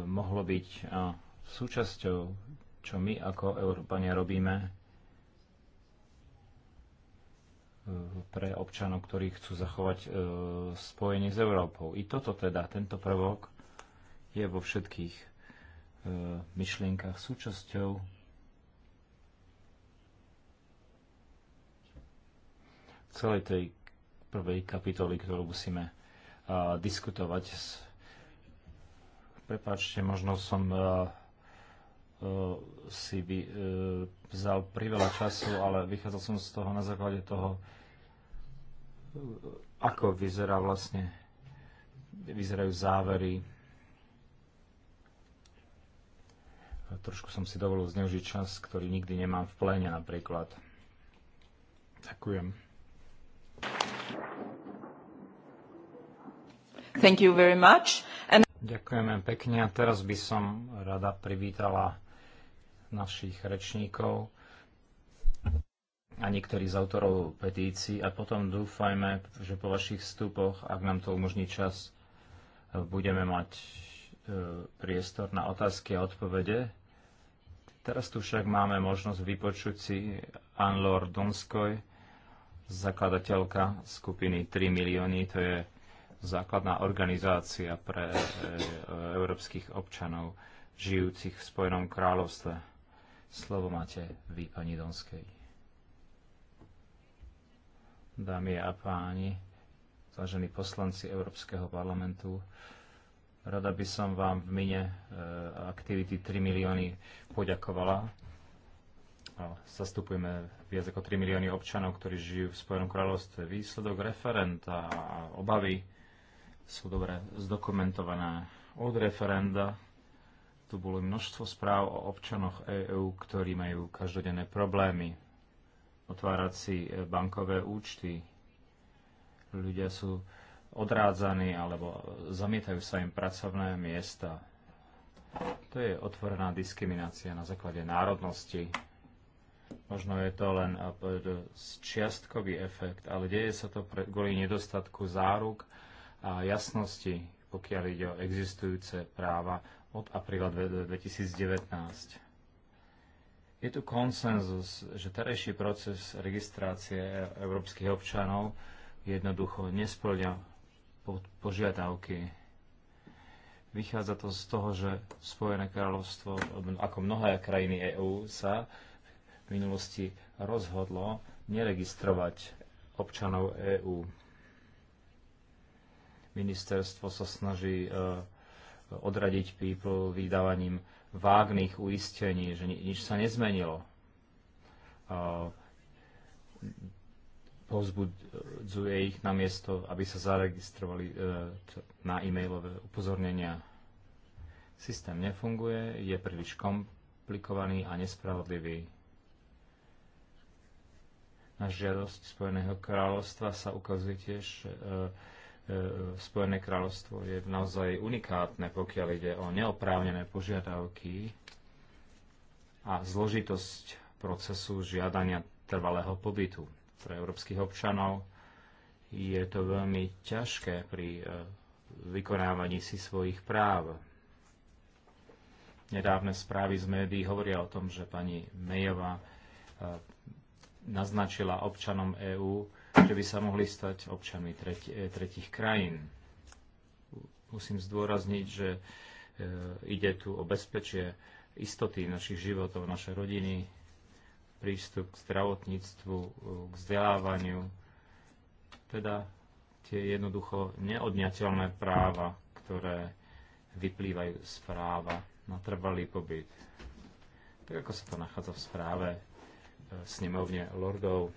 mohlo byť a súčasťou, čo my ako Európania robíme e, pre občanov, ktorí chcú zachovať e, spojenie s Európou. I toto teda, tento prvok je vo všetkých myšlienkach súčasťou celej tej prvej kapitoly, ktorú musíme uh, diskutovať. Prepáčte, možno som uh, uh, si by, uh, e, vzal priveľa času, ale vychádzal som z toho na základe toho, ako vyzerá vlastne, vyzerajú závery. Trošku som si dovolil zneužiť čas, ktorý nikdy nemám v pléne napríklad. Ďakujem. Thank you very much. And... Ďakujeme pekne a teraz by som rada privítala našich rečníkov a niektorí z autorov petícií a potom dúfajme, že po vašich vstupoch, ak nám to umožní čas, budeme mať e, priestor na otázky a odpovede. Teraz tu však máme možnosť vypočuť si Anlor Donskoj, zakladateľka skupiny 3 milióny, to je základná organizácia pre e, e, európskych občanov žijúcich v Spojenom kráľovstve. Slovo máte vy, pani Donskej. Dámy a páni, vážení poslanci Európskeho parlamentu, rada by som vám v mine e, aktivity 3 milióny poďakovala. Zastupujeme viac ako 3 milióny občanov, ktorí žijú v Spojenom kráľovstve. Výsledok referenta a obavy sú dobre zdokumentované od referenda. Tu bolo množstvo správ o občanoch EÚ, ktorí majú každodenné problémy otvárať si e, bankové účty. Ľudia sú odrádzaní alebo e, zamietajú sa im pracovné miesta. To je otvorená diskriminácia na základe národnosti. Možno je to len e, čiastkový efekt, ale deje sa to kvôli nedostatku záruk a jasnosti, pokiaľ ide o existujúce práva od apríla 2019. Je tu konsenzus, že terajší proces registrácie európskych občanov jednoducho nesplňa požiadavky. Vychádza to z toho, že Spojené kráľovstvo, ako mnohé krajiny EÚ, sa v minulosti rozhodlo neregistrovať občanov EÚ Ministerstvo sa snaží e, odradiť people vydávaním vágných uistení, že nič sa nezmenilo. E, povzbudzuje ich na miesto, aby sa zaregistrovali e, na e-mailové upozornenia. Systém nefunguje, je príliš komplikovaný a nespravodlivý. Na žiadosť Spojeného kráľovstva sa ukazuje tiež, E, Spojené kráľovstvo je naozaj unikátne, pokiaľ ide o neoprávnené požiadavky a zložitosť procesu žiadania trvalého pobytu. Pre európskych občanov je to veľmi ťažké pri e, vykonávaní si svojich práv. Nedávne správy z médií hovoria o tom, že pani Mejová e, naznačila občanom EÚ, že by sa mohli stať občanmi tretich, eh, tretich krajín. Musím zdôrazniť, že e, ide tu o bezpečie istoty našich životov, naše rodiny, prístup k zdravotníctvu, eh, k vzdelávaniu, teda tie jednoducho neodňateľné práva, ktoré vyplývajú z práva na trvalý pobyt. Tak ako sa to nachádza v správe snemovne lordov.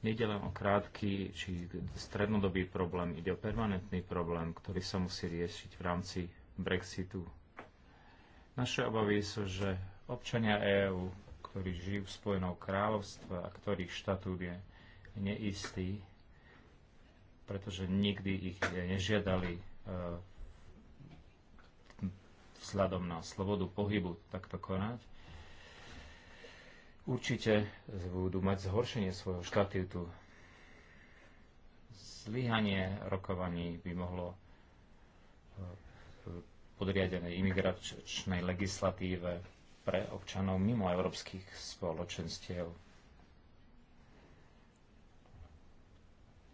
Nejde len o krátky či strednodobý problém, ide o permanentný problém, ktorý sa musí riešiť v rámci Brexitu. Naše obavy sú, že občania EÚ, ktorí žijú v Spojenom kráľovstve a ktorých štatút je neistý, pretože nikdy ich nežiadali e, vzhľadom na slobodu pohybu takto konať, určite budú mať zhoršenie svojho štatútu. Zlyhanie rokovaní by mohlo eh, podriadenej imigračnej legislatíve pre občanov mimo európskych spoločenstiev.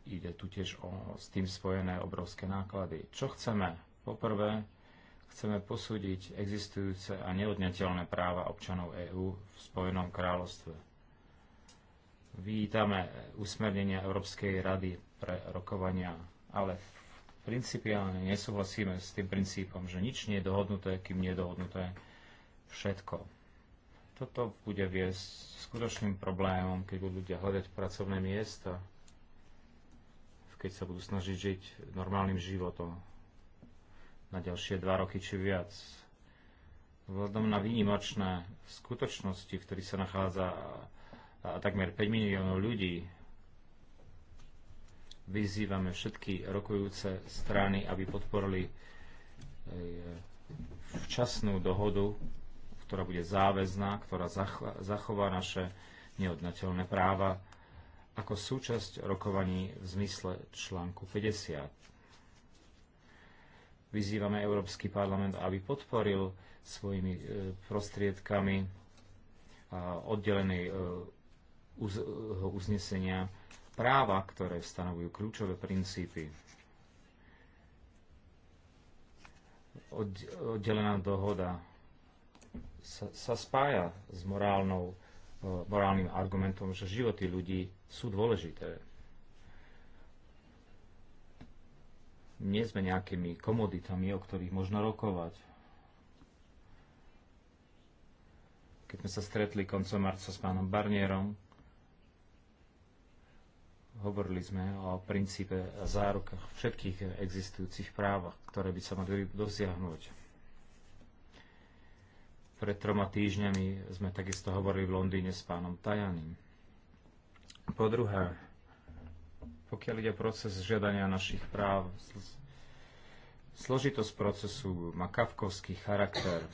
Ide tu tiež o s tým spojené obrovské náklady. Čo chceme? Poprvé, Chceme posúdiť existujúce a neodňateľné práva občanov EÚ v Spojenom kráľovstve. Vítame usmernenia Európskej rady pre rokovania, ale principiálne nesúhlasíme s tým princípom, že nič nie je dohodnuté, kým nie je dohodnuté všetko. Toto bude viesť skutočným problémom, keď budú ľudia hľadať pracovné miesta, keď sa budú snažiť žiť normálnym životom na ďalšie dva roky či viac. Vzhľadom na výnimočné skutočnosti, v ktorých sa nachádza takmer 5 miliónov ľudí, vyzývame všetky rokujúce strany, aby podporili e, včasnú dohodu, ktorá bude záväzná, ktorá zachová naše neodnateľné práva ako súčasť rokovaní v zmysle článku 50 Vyzývame Európsky parlament, aby podporil svojimi e, prostriedkami e, oddelenej e, uznesenia práva, ktoré stanovujú kľúčové princípy. Oddelená dohoda sa, spája s morálnym argumentom, že životy ľudí sú dôležité. nie sme nejakými komoditami, o ktorých možno rokovať. Keď sme sa stretli koncom marca s pánom Barnierom, hovorili sme o princípe a zárukách všetkých existujúcich právach, ktoré by sa mali dosiahnuť. Pred troma týždňami sme takisto hovorili v Londýne s pánom Tajaným. Po druhé, pokiaľ ide proces žiadania našich práv, složitosť procesu má kafkovský charakter.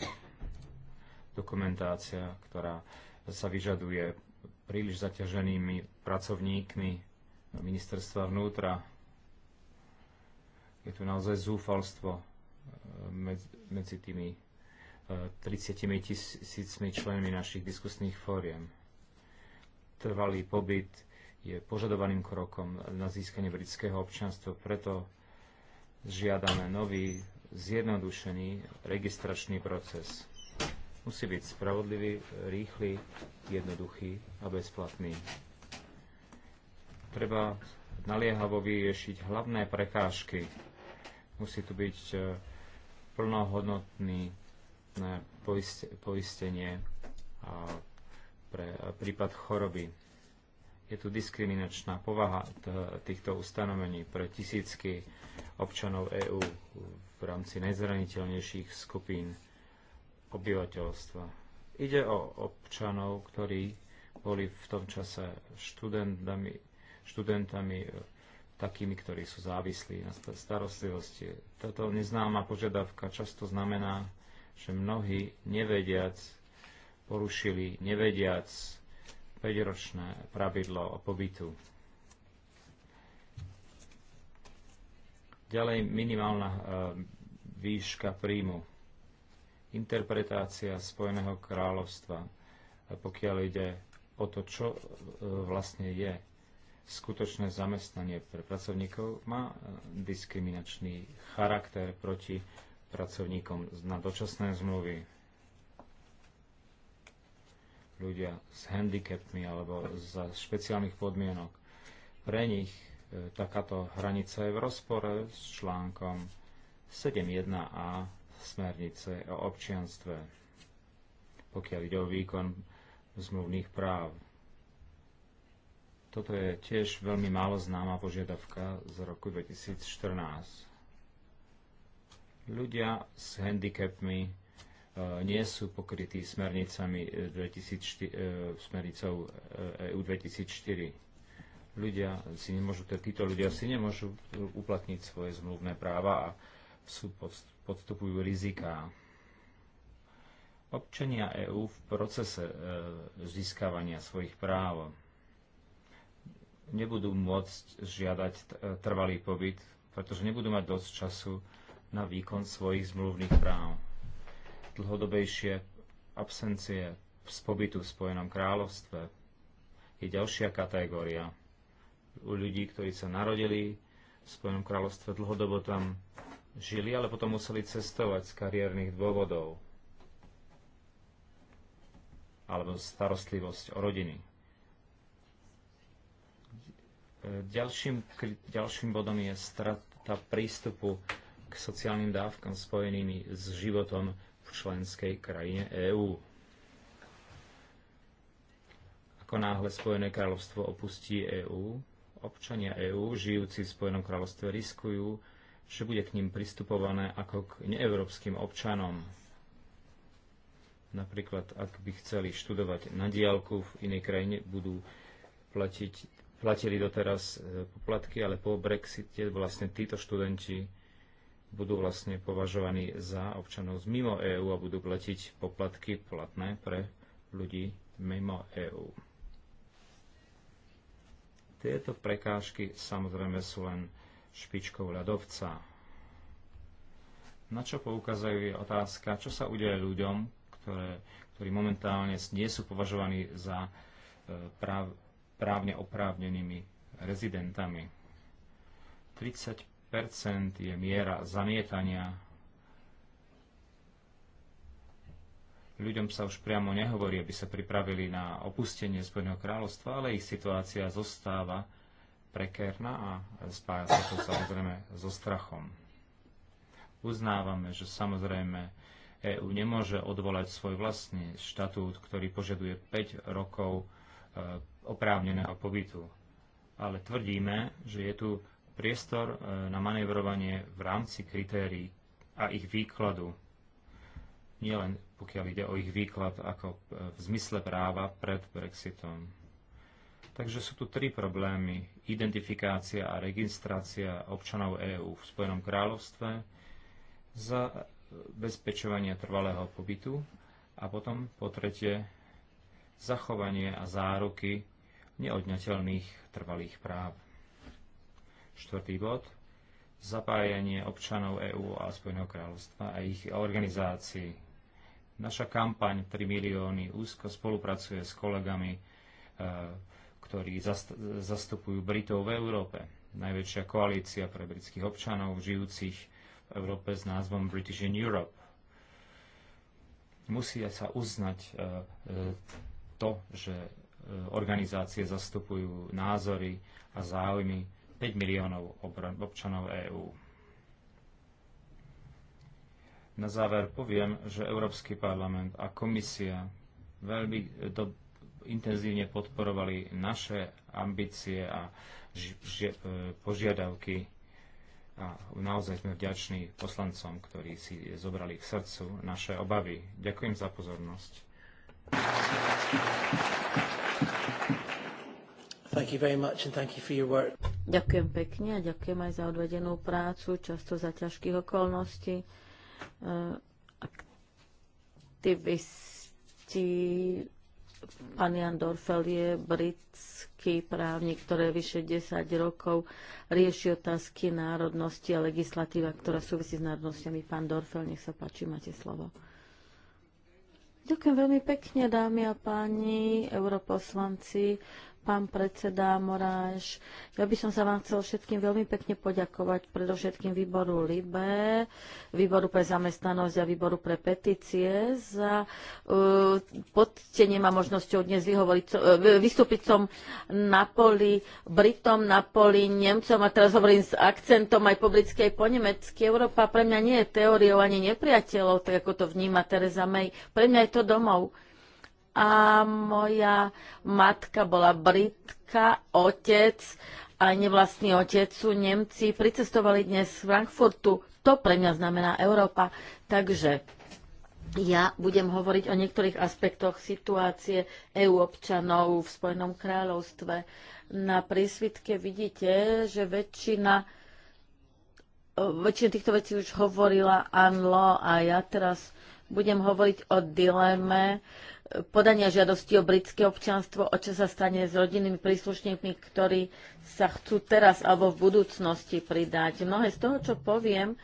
Dokumentácia, ktorá sa vyžaduje príliš zaťaženými pracovníkmi ministerstva vnútra. Je tu naozaj zúfalstvo e, medzi tými 30 e, tisícmi členmi našich diskusných fóriem. Trvalý pobyt je požadovaným krokom na získanie britského občanstva. Preto žiadame nový, zjednodušený registračný proces. Musí byť spravodlivý, rýchly, jednoduchý a bezplatný. Treba naliehavo vyriešiť hlavné prekážky. Musí tu byť e, plnohodnotný e, poistenie pre e, prípad choroby je tu diskriminačná povaha týchto ustanovení pre tisícky občanov EÚ v rámci najzraniteľnejších skupín obyvateľstva. Ide o občanov, ktorí boli v tom čase študentami, študentami e, takými, ktorí sú závislí na starostlivosti. Táto neznáma požiadavka často znamená, že mnohí nevediac porušili, nevediac 5-ročné pravidlo o pobytu. Ďalej minimálna e, výška príjmu. Interpretácia Spojeného kráľovstva, e, pokiaľ ide o to, čo e, vlastne je skutočné zamestnanie pre pracovníkov, má diskriminačný charakter proti pracovníkom na dočasné zmluvy ľudia s handicapmi alebo za špeciálnych podmienok. Pre nich e, takáto hranica je v rozpore s článkom 7.1a smernice o občianstve, pokiaľ ide o výkon zmluvných práv. Toto je tiež veľmi málo známa požiadavka z roku 2014. Ľudia s handicapmi E, nie sú pokrytí smernicami 2004, e, e, smernicou EU 2004. Ľudia si nemôžu, títo ľudia si nemôžu uplatniť svoje zmluvné práva a sú podstupujú riziká. Občania EÚ v procese získavania svojich práv nebudú môcť žiadať trvalý pobyt, pretože nebudú mať dosť času na výkon svojich zmluvných práv dlhodobejšie absencie z pobytu v Spojenom kráľovstve. Je ďalšia kategória u ľudí, ktorí sa narodili v Spojenom kráľovstve, dlhodobo tam žili, ale potom museli cestovať z kariérnych dôvodov alebo starostlivosť o rodiny. Ďalším, ďalším bodom je strata prístupu k sociálnym dávkam spojenými s životom členskej krajine EÚ. Ako náhle Spojené kráľovstvo opustí EÚ, občania EÚ žijúci v Spojenom kráľovstve riskujú, že bude k ním pristupované ako k neevropským občanom. Napríklad, ak by chceli študovať na diálku v inej krajine, budú platiť, platili doteraz e, poplatky, ale po Brexite vlastne títo študenti budú vlastne považovaní za občanov z mimo EÚ a budú platiť poplatky platné pre ľudí mimo EÚ. Tieto prekážky samozrejme sú len špičkou ľadovca. Na čo poukazujú je otázka, čo sa udeje ľuďom, ktoré, ktorí momentálne nie sú považovaní za e, práv, právne oprávnenými rezidentami je miera zamietania. Ľuďom sa už priamo nehovorí, aby sa pripravili na opustenie Spojeného kráľovstva, ale ich situácia zostáva prekérna a spája sa to samozrejme so strachom. Uznávame, že samozrejme EÚ nemôže odvolať svoj vlastný štatút, ktorý požaduje 5 rokov e, oprávneného pobytu. Ale tvrdíme, že je tu priestor e, na manevrovanie v rámci kritérií a ich výkladu. Nielen pokiaľ ide o ich výklad ako e, v zmysle práva pred Brexitom. Takže sú tu tri problémy. Identifikácia a registrácia občanov EÚ v Spojenom kráľovstve, za bezpečovanie trvalého pobytu a potom po tretie zachovanie a záruky neodňateľných trvalých práv. Štvrtý bod. Zapájanie občanov EÚ a Spojeného kráľovstva a ich organizácií. Naša kampaň 3 milióny úzko spolupracuje s kolegami, e, ktorí zastupujú Britov v Európe. Najväčšia koalícia pre britských občanov žijúcich v Európe s názvom British in Europe. Musia sa uznať e, e, to, že organizácie zastupujú názory a záujmy 5 miliónov občanov EÚ. Na záver poviem, že Európsky parlament a komisia veľmi e, do, intenzívne podporovali naše ambície a ži, ži, e, požiadavky a naozaj sme vďační poslancom, ktorí si zobrali k srdcu naše obavy. Ďakujem za pozornosť. Thank you very much and thank you for your work. Ďakujem pekne a ďakujem aj za odvedenú prácu, často za ťažkých okolností. Eh, aktivisti pán Jan Dorfel je britský právnik, ktorý vyše 10 rokov rieši otázky národnosti a legislatíva, ktorá súvisí s národnosťami. Pán Dorfel, nech sa páči, máte slovo. Ďakujem veľmi pekne, dámy a páni, europoslanci pán predseda Moráš. Ja by som sa vám chcel všetkým veľmi pekne poďakovať, predovšetkým výboru LIBE, výboru pre zamestnanosť a výboru pre petície za uh, e, podtenie ma možnosťou dnes vyhovoriť, uh, vystúpiť som na poli Britom, na poli Nemcom a teraz hovorím s akcentom aj po britskej, po nemecky. Európa pre mňa nie je teóriou ani nepriateľov, tak ako to vníma Tereza May. Pre mňa je to domov a moja matka bola Britka, otec a nevlastný otec sú Nemci. Pricestovali dnes z Frankfurtu. To pre mňa znamená Európa. Takže ja budem hovoriť o niektorých aspektoch situácie EU občanov v Spojenom kráľovstve. Na prísvitke vidíte, že väčšina väčšina týchto vecí už hovorila Anlo a ja teraz budem hovoriť o dileme podania žiadosti o britské občianstvo, o čo sa stane s rodinnými príslušníkmi, ktorí sa chcú teraz alebo v budúcnosti pridať. Mnohé z toho, čo poviem,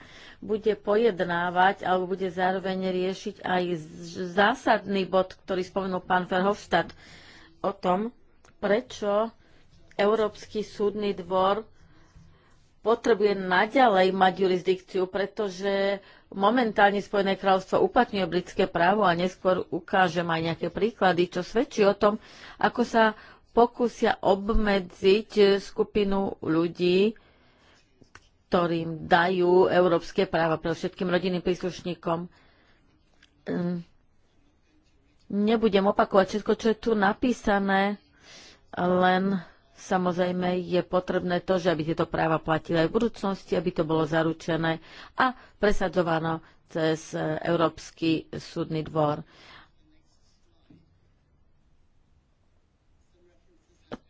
bude pojednávať alebo bude zároveň riešiť aj zásadný bod, ktorý spomenul pán Verhofstadt o tom, prečo Európsky súdny dvor potrebuje naďalej mať jurisdikciu, pretože momentálne Spojené kráľovstvo uplatňuje britské právo a neskôr ukážem aj nejaké príklady, čo svedčí o tom, ako sa pokúsia obmedziť skupinu ľudí, ktorým dajú európske práva pre všetkým rodinným príslušníkom. Ehm, nebudem opakovať všetko, čo je tu napísané, len Samozrejme je potrebné to, že aby tieto práva platili aj v budúcnosti, aby to bolo zaručené a presadzovano cez e, Európsky súdny dvor.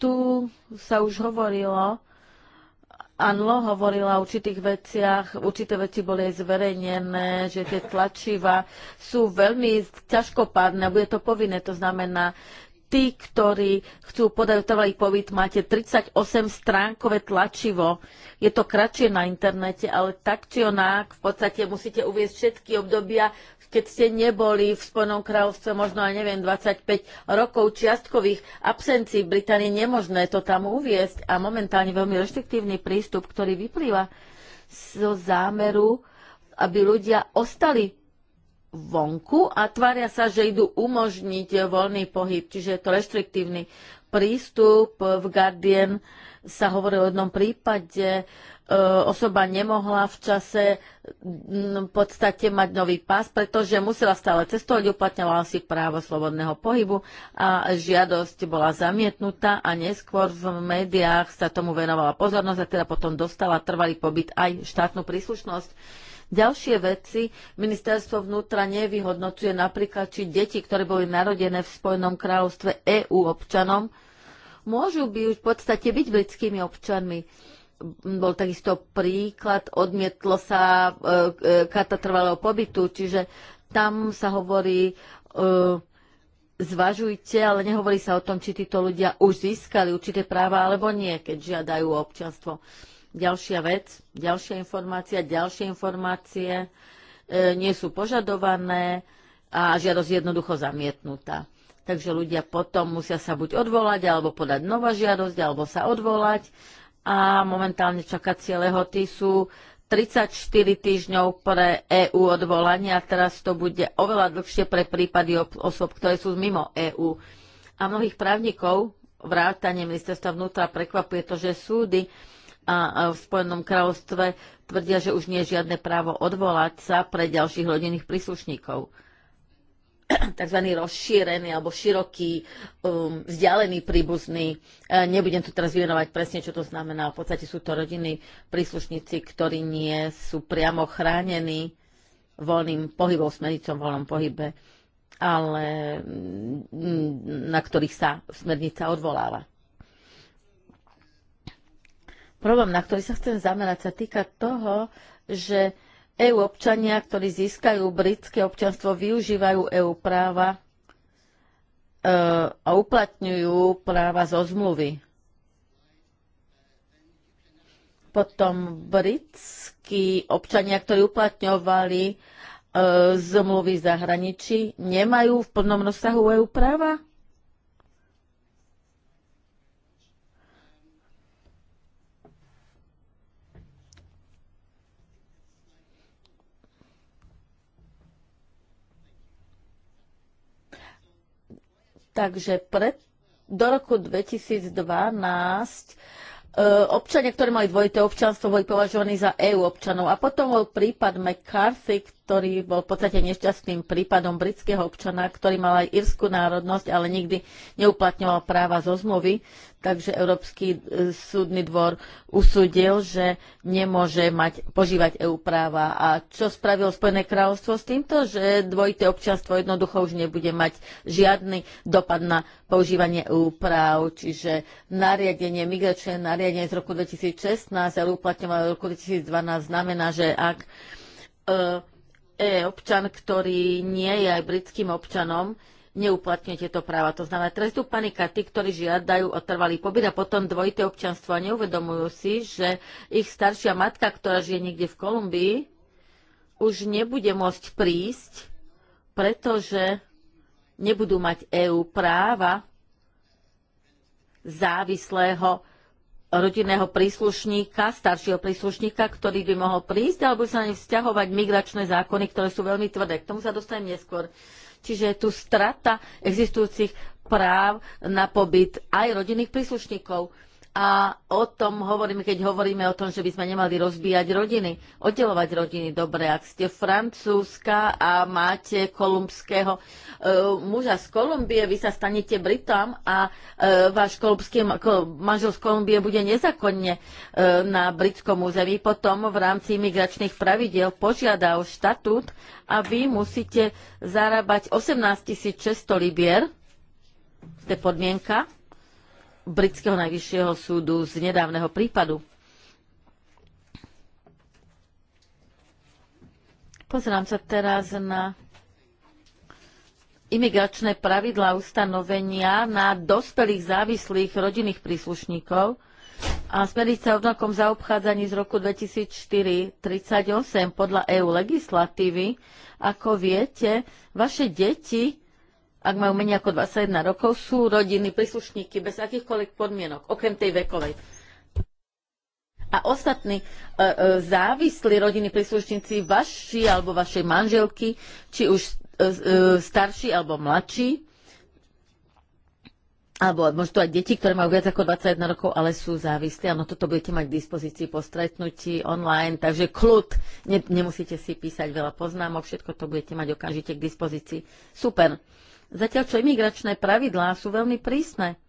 Tu sa už hovorilo, Anlo hovorila o určitých veciach, určité veci boli aj zverejnené, že tie tlačiva sú veľmi ťažkopádne a bude to povinné. To znamená, tí, ktorí chcú podať trvalý pobyt, máte 38 stránkové tlačivo. Je to kratšie na internete, ale tak či onak v podstate musíte uvieť všetky obdobia, keď ste neboli v Spojenom kráľovstve možno aj neviem 25 rokov čiastkových absencií v Británii nemožné to tam uviesť a momentálne veľmi reštriktívny prístup, ktorý vyplýva zo zámeru, aby ľudia ostali vonku a tvária sa, že idú umožniť voľný pohyb, čiže je to reštriktívny prístup. V Guardian sa hovorí o jednom prípade, e, osoba nemohla v čase v podstate mať nový pás, pretože musela stále cestovať, uplatňovala si právo slobodného pohybu a žiadosť bola zamietnutá a neskôr v médiách sa tomu venovala pozornosť a teda potom dostala trvalý pobyt aj štátnu príslušnosť Ďalšie veci ministerstvo vnútra nevyhodnocuje napríklad, či deti, ktoré boli narodené v Spojenom kráľovstve EU občanom, môžu by už v podstate byť britskými občanmi bol takisto príklad, odmietlo sa e, e katatrvalého pobytu, čiže tam sa hovorí, e, zvažujte, ale nehovorí sa o tom, či títo ľudia už získali určité práva alebo nie, keď žiadajú občanstvo ďalšia vec, ďalšia informácia, ďalšie informácie e, nie sú požadované a žiadosť jednoducho zamietnutá. Takže ľudia potom musia sa buď odvolať, alebo podať nová žiadosť, alebo sa odvolať. A momentálne čakacie lehoty sú 34 týždňov pre EÚ odvolanie a teraz to bude oveľa dlhšie pre prípady osob, ktoré sú mimo EÚ. A mnohých právnikov vrátanie ministerstva vnútra prekvapuje to, že súdy a v Spojenom kráľovstve tvrdia, že už nie je žiadne právo odvolať sa pre ďalších rodinných príslušníkov. tzv. rozšírený alebo široký um, vzdialený príbuzný. E, nebudem tu teraz vymenovať presne, čo to znamená. V podstate sú to rodiny príslušníci, ktorí nie sú priamo chránení voľným pohybom, smernicom voľnom pohybe, ale mm, na ktorých sa smernica odvoláva. Problém, na ktorý sa chcem zamerať, sa týka toho, že EU občania, ktorí získajú britské občanstvo, využívajú EU práva e, a uplatňujú práva zo zmluvy. Potom britskí občania, ktorí uplatňovali e, zmluvy v zahraničí, nemajú v plnom rozsahu EU práva? Takže pred, do roku 2012 e, občania, ktorí mali dvojité občanstvo, boli považovaní za EU občanov. A potom bol prípad McCarthy, ktorý bol v podstate nešťastným prípadom britského občana, ktorý mal aj írskú národnosť, ale nikdy neuplatňoval práva zo zmluvy. Takže Európsky e, súdny dvor usúdil, že nemôže mať, požívať EU práva. A čo spravilo Spojené kráľovstvo s týmto? Že dvojité občanstvo jednoducho už nebude mať žiadny dopad na používanie EU práv. Čiže nariadenie, migračné nariadenie z roku 2016 a uplatňovanie v roku 2012 znamená, že ak e, e, občan, ktorý nie je aj britským občanom, neuplatňuje tieto práva. To znamená, trest panika tí, ktorí žiadajú o trvalý pobyt a potom dvojité občanstvo a neuvedomujú si, že ich staršia matka, ktorá žije niekde v Kolumbii, už nebude môcť prísť, pretože nebudú mať EÚ práva závislého rodinného príslušníka, staršieho príslušníka, ktorý by mohol prísť, alebo sa na ne vzťahovať migračné zákony, ktoré sú veľmi tvrdé. K tomu sa dostanem neskôr. Čiže je tu strata existujúcich práv na pobyt aj rodinných príslušníkov. A o tom hovoríme, keď hovoríme o tom, že by sme nemali rozbíjať rodiny, oddelovať rodiny. Dobre, ak ste francúzska a máte kolumbského e, muža z Kolumbie, vy sa stanete Britom a e, váš kolumbský manžel z Kolumbie bude nezakonne e, na britskom území. Potom v rámci imigračných pravidiel požiada o štatút a vy musíte zarábať 18 600 libier. To je podmienka britského najvyššieho súdu z nedávneho prípadu. Pozerám sa teraz na imigračné pravidlá ustanovenia na dospelých závislých rodinných príslušníkov a smernica sa rovnakom zaobchádzaní z roku 2004-38 podľa EU legislatívy. Ako viete, vaše deti ak majú menej ako 21 rokov, sú rodiny, príslušníky bez akýchkoľvek podmienok, okrem tej vekovej. A ostatní e, e, závislí rodiny príslušníci vaši alebo vašej manželky, či už e, e starší alebo mladší, alebo možno to aj deti, ktoré majú viac ako 21 rokov, ale sú závislí. Áno, toto budete mať k dispozícii po stretnutí online, takže kľud, ne, nemusíte si písať veľa poznámok, všetko to budete mať okamžite k dispozícii. Super. Zatiaľ, čo imigračné pravidlá sú veľmi prísne.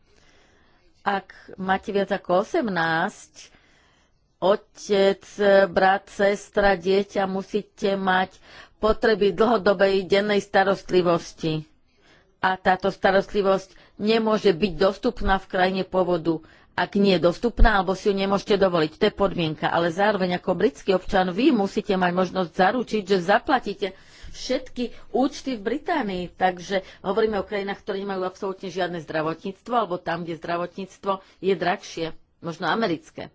Ak máte viac ako 18, otec, brat, sestra, dieťa musíte mať potreby dlhodobej dennej starostlivosti. A táto starostlivosť nemôže byť dostupná v krajine pôvodu. Ak nie je dostupná, alebo si ju nemôžete dovoliť. To je podmienka. Ale zároveň ako britský občan vy musíte mať možnosť zaručiť, že zaplatíte všetky účty v Británii. Takže hovoríme o krajinách, ktoré nemajú absolútne žiadne zdravotníctvo, alebo tam, kde zdravotníctvo je drahšie, možno americké.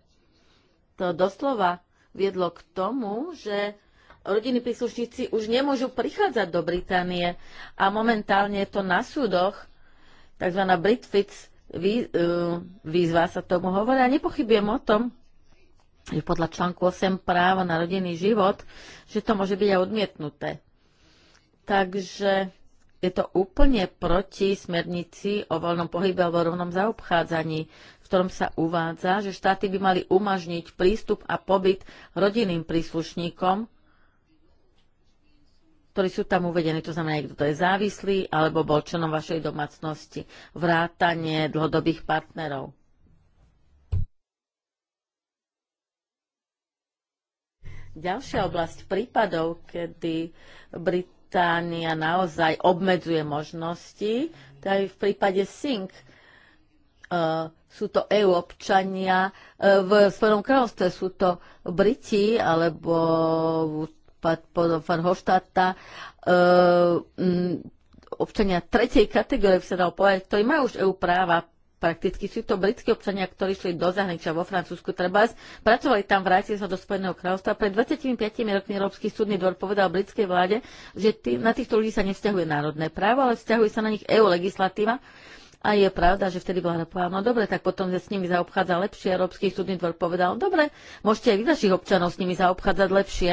To doslova viedlo k tomu, že rodiny príslušníci už nemôžu prichádzať do Británie a momentálne je to na súdoch, tzv. Britfits e, výzva sa tomu hovorí a nepochybujem o tom, že podľa článku 8 práva na rodinný život, že to môže byť aj odmietnuté. Takže je to úplne proti smernici o voľnom pohybe alebo rovnom zaobchádzaní, v ktorom sa uvádza, že štáty by mali umožniť prístup a pobyt rodinným príslušníkom, ktorí sú tam uvedení, to znamená, kto to je závislý alebo bol členom vašej domácnosti, vrátanie dlhodobých partnerov. Ďalšia oblasť prípadov, kedy Brit Británia naozaj obmedzuje možnosti, to aj v prípade SYNC e, sú to EU občania, e, v Spojenom kráľovstve sú to Briti alebo pán Hoštáta, e, občania tretej kategórie, by sa dalo povedať, ktorí majú už EU práva, prakticky sú to britskí občania, ktorí šli do zahraničia vo Francúzsku treba, pracovali tam, vrátili sa do Spojeného kráľovstva. Pred 25 rokmi Európsky súdny dvor povedal britskej vláde, že tý, na týchto ľudí sa nevzťahuje národné právo, ale vzťahuje sa na nich EU legislatíva. A je pravda, že vtedy vláda povedala, no dobre, tak potom sa s nimi zaobchádza lepšie. Európsky súdny dvor povedal, dobre, môžete aj vy našich občanov s nimi zaobchádzať lepšie.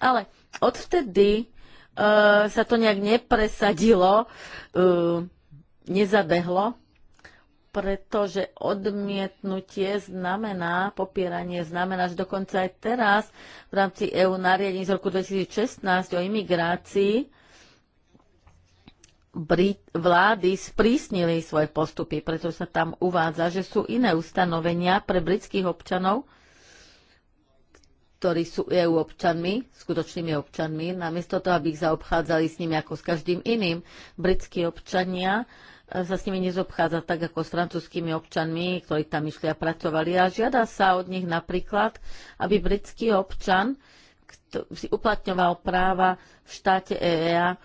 Ale odvtedy uh, sa to nejak nepresadilo, uh, nezabehlo pretože odmietnutie znamená, popieranie znamená, že dokonca aj teraz v rámci EU nariadení z roku 2016 o imigrácii Brit, vlády sprísnili svoje postupy, pretože sa tam uvádza, že sú iné ustanovenia pre britských občanov, ktorí sú EU občanmi, skutočnými občanmi, namiesto toho, aby ich zaobchádzali s nimi ako s každým iným. Britskí občania sa s nimi nezobchádza tak ako s francúzskými občanmi, ktorí tam išli a pracovali. A žiada sa od nich napríklad, aby britský občan si uplatňoval práva v štáte EEA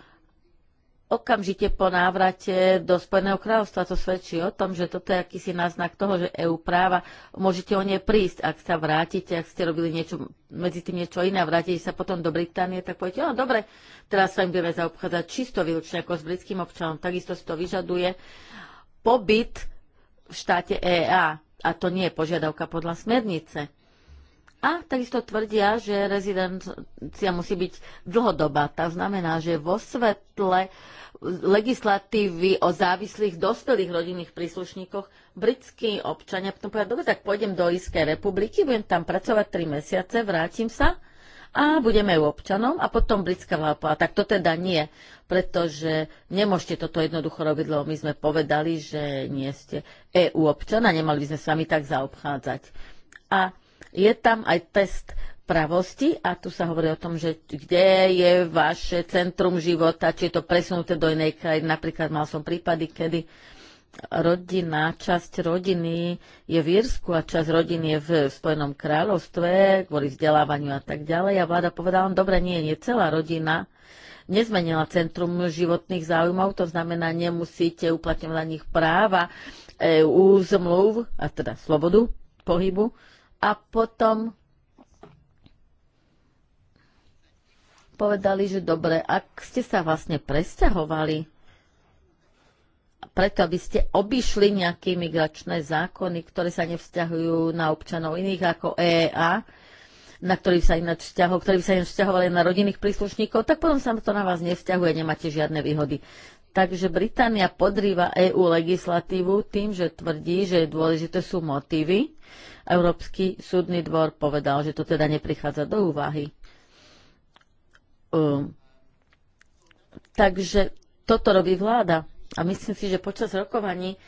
okamžite po návrate do Spojeného kráľovstva. To svedčí o tom, že toto je akýsi náznak toho, že EU práva, môžete o ne prísť, ak sa vrátite, ak ste robili niečo, medzi tým niečo iné, a vrátite sa potom do Británie, tak poviete, no dobre, teraz sa im budeme zaobchádzať čisto výlučne ako s britským občanom. Takisto si to vyžaduje pobyt v štáte EA. A to nie je požiadavka podľa smernice. A takisto tvrdia, že rezidencia musí byť dlhodobá. To znamená, že vo svetle legislatívy o závislých dospelých rodinných príslušníkoch britskí občania potom povedia, dobre, tak pôjdem do Iskej republiky, budem tam pracovať 3 mesiace, vrátim sa a budeme ju občanom a potom britská vláda tak to teda nie, pretože nemôžete toto jednoducho robiť, lebo my sme povedali, že nie ste EU občana, nemali by sme s vami tak zaobchádzať. A je tam aj test pravosti a tu sa hovorí o tom, že kde je vaše centrum života, či je to presunuté do inej krajiny. Napríklad mal som prípady, kedy rodina, časť rodiny je v Írsku a časť rodiny je v Spojenom kráľovstve kvôli vzdelávaniu a tak ďalej. A vláda povedala, no, dobre, nie, nie celá rodina nezmenila centrum životných záujmov, to znamená, nemusíte uplatňovať na nich práva EU zmluv, a teda slobodu pohybu, a potom povedali, že dobre, ak ste sa vlastne presťahovali, preto aby ste obišli nejaké migračné zákony, ktoré sa nevzťahujú na občanov iných ako EEA, na ktorých sa ináč sa ináč vzťahovali na rodinných príslušníkov, tak potom sa to na vás nevzťahuje, nemáte žiadne výhody. Takže Británia podrýva EU legislatívu tým, že tvrdí, že dôležité sú motívy. Európsky súdny dvor povedal, že to teda neprichádza do úvahy. Um, takže toto robí vláda. A myslím si, že počas rokovaní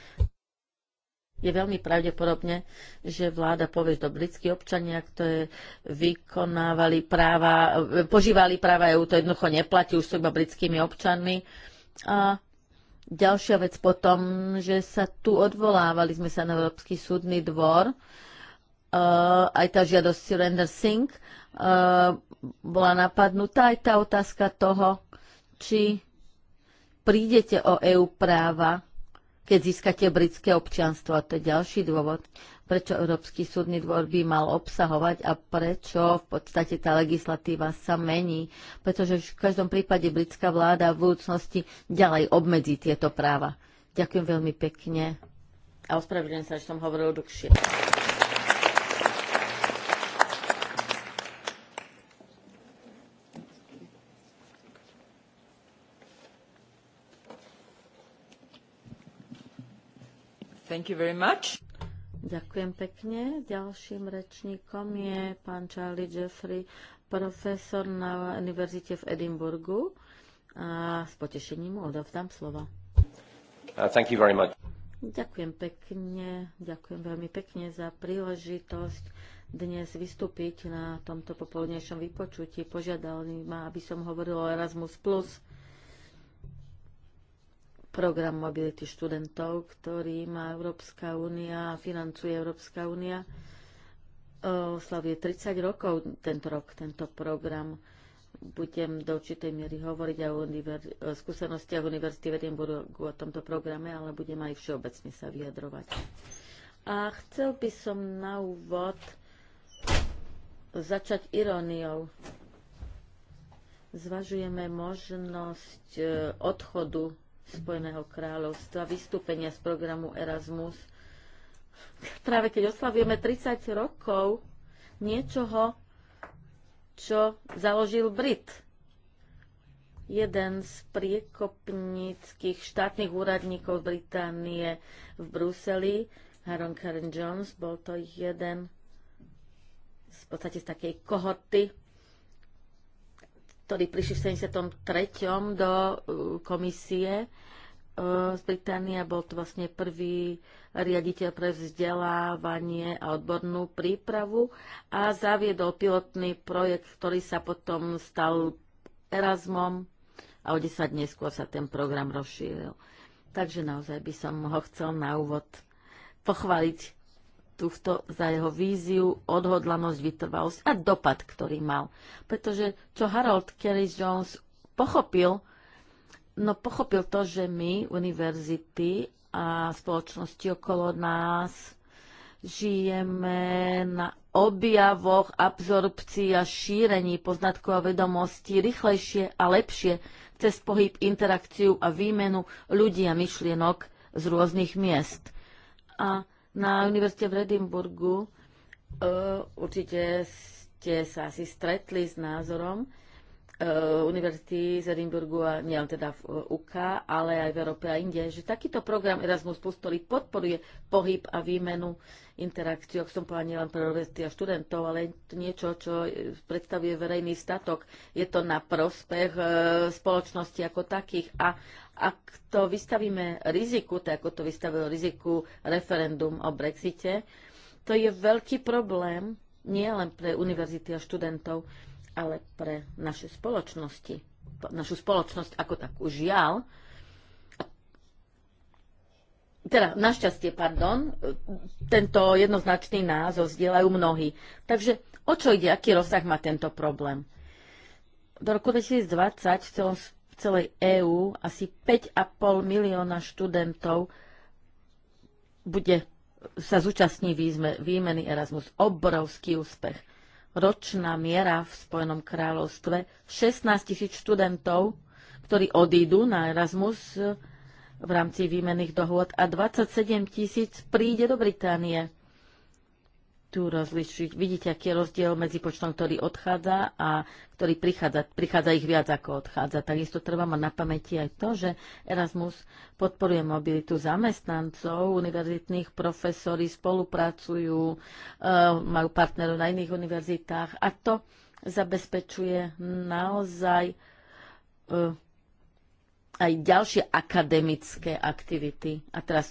je veľmi pravdepodobne, že vláda povie, že britských britskí občania, ktoré vykonávali práva, požívali práva EU, to jednoducho neplatí, už sú iba britskými občanmi. Um. A ďalšia vec potom, že sa tu odvolávali sme sa na Európsky súdny dvor, uh, aj tá žiadosť Surrender Sink uh, e, bola napadnutá, aj tá otázka toho, či prídete o EU práva, keď získate britské občianstvo. A to je ďalší dôvod prečo Európsky súdny dvor by mal obsahovať a prečo v podstate tá legislatíva sa mení, pretože v každom prípade britská vláda v budúcnosti ďalej obmedzí tieto práva. Ďakujem veľmi pekne a ospravedlňujem sa, že som hovoril dlhšie. Thank you very much. Ďakujem pekne. Ďalším rečníkom je pán Charlie Jeffrey, profesor na univerzite v Edimburgu. A s potešením mu odovzdám slovo. Uh, thank you very much. Ďakujem pekne, ďakujem veľmi pekne za príležitosť dnes vystúpiť na tomto popolnejšom vypočutí. Požiadali ma, aby som hovoril o Erasmus+. Plus program mobility študentov, ktorý má Európska únia a financuje Európska únia. Oslavuje 30 rokov tento rok, tento program. Budem do určitej miery hovoriť o skúsenostiach Univerzity v Edinburghu o tomto programe, ale budem aj všeobecne sa vyjadrovať. A chcel by som na úvod začať iróniou. Zvažujeme možnosť e, odchodu Spojeného kráľovstva, vystúpenia z programu Erasmus. Práve keď oslavujeme 30 rokov niečoho, čo založil Brit. Jeden z priekopníckých štátnych úradníkov Británie v Bruseli, Aaron Karen Jones, bol to jeden z podstate z takej kohorty ktorí prišli v 73. do uh, komisie uh, z Británie. Bol to vlastne prvý riaditeľ pre vzdelávanie a odbornú prípravu a zaviedol pilotný projekt, ktorý sa potom stal Erasmom a o 10 neskôr sa ten program rozšíril. Takže naozaj by som ho chcel na úvod pochváliť Tuchto za jeho víziu, odhodlanosť, vytrvalosť a dopad, ktorý mal. Pretože čo Harold Kelly Jones pochopil, no pochopil to, že my, univerzity a spoločnosti okolo nás, žijeme na objavoch, absorpcii a šírení poznatkov a vedomostí rýchlejšie a lepšie cez pohyb, interakciu a výmenu ľudí a myšlienok z rôznych miest. A na univerzite v uh, určite ste sa asi stretli s názorom, Eh, univerzity z Edinburgu a nielen teda v eh, UK, ale aj v Európe a inde, že takýto program Erasmus+, ktorý podporuje pohyb a výmenu, interakciu, ak som povedala, nielen pre univerzity a študentov, ale to niečo, čo eh, predstavuje verejný statok. Je to na prospech e, spoločnosti ako takých a ak to vystavíme riziku, tak ako to vystavilo riziku referendum o Brexite, to je veľký problém, nie len pre univerzity a študentov, ale pre naše spoločnosti, našu spoločnosť ako takú žiaľ, teda našťastie, pardon, tento jednoznačný názor zdieľajú mnohí. Takže o čo ide, aký rozsah má tento problém? Do roku 2020 v, celom, v celej EÚ asi 5,5 milióna študentov bude sa zúčastní výzme, výmeny Erasmus. Obrovský úspech ročná miera v Spojenom kráľovstve 16 tisíc študentov, ktorí odídu na Erasmus eh, v rámci výmenných dohôd a 27 tisíc príde do Británie tu rozlišiť. Vidíte, aký je rozdiel medzi počtom, ktorý odchádza a ktorý prichádza. Prichádza ich viac ako odchádza. Takisto treba mať na pamäti aj to, že Erasmus podporuje mobilitu zamestnancov, univerzitných profesori spolupracujú, e, majú partnerov na iných univerzitách a to zabezpečuje naozaj e, aj ďalšie akademické aktivity. A teraz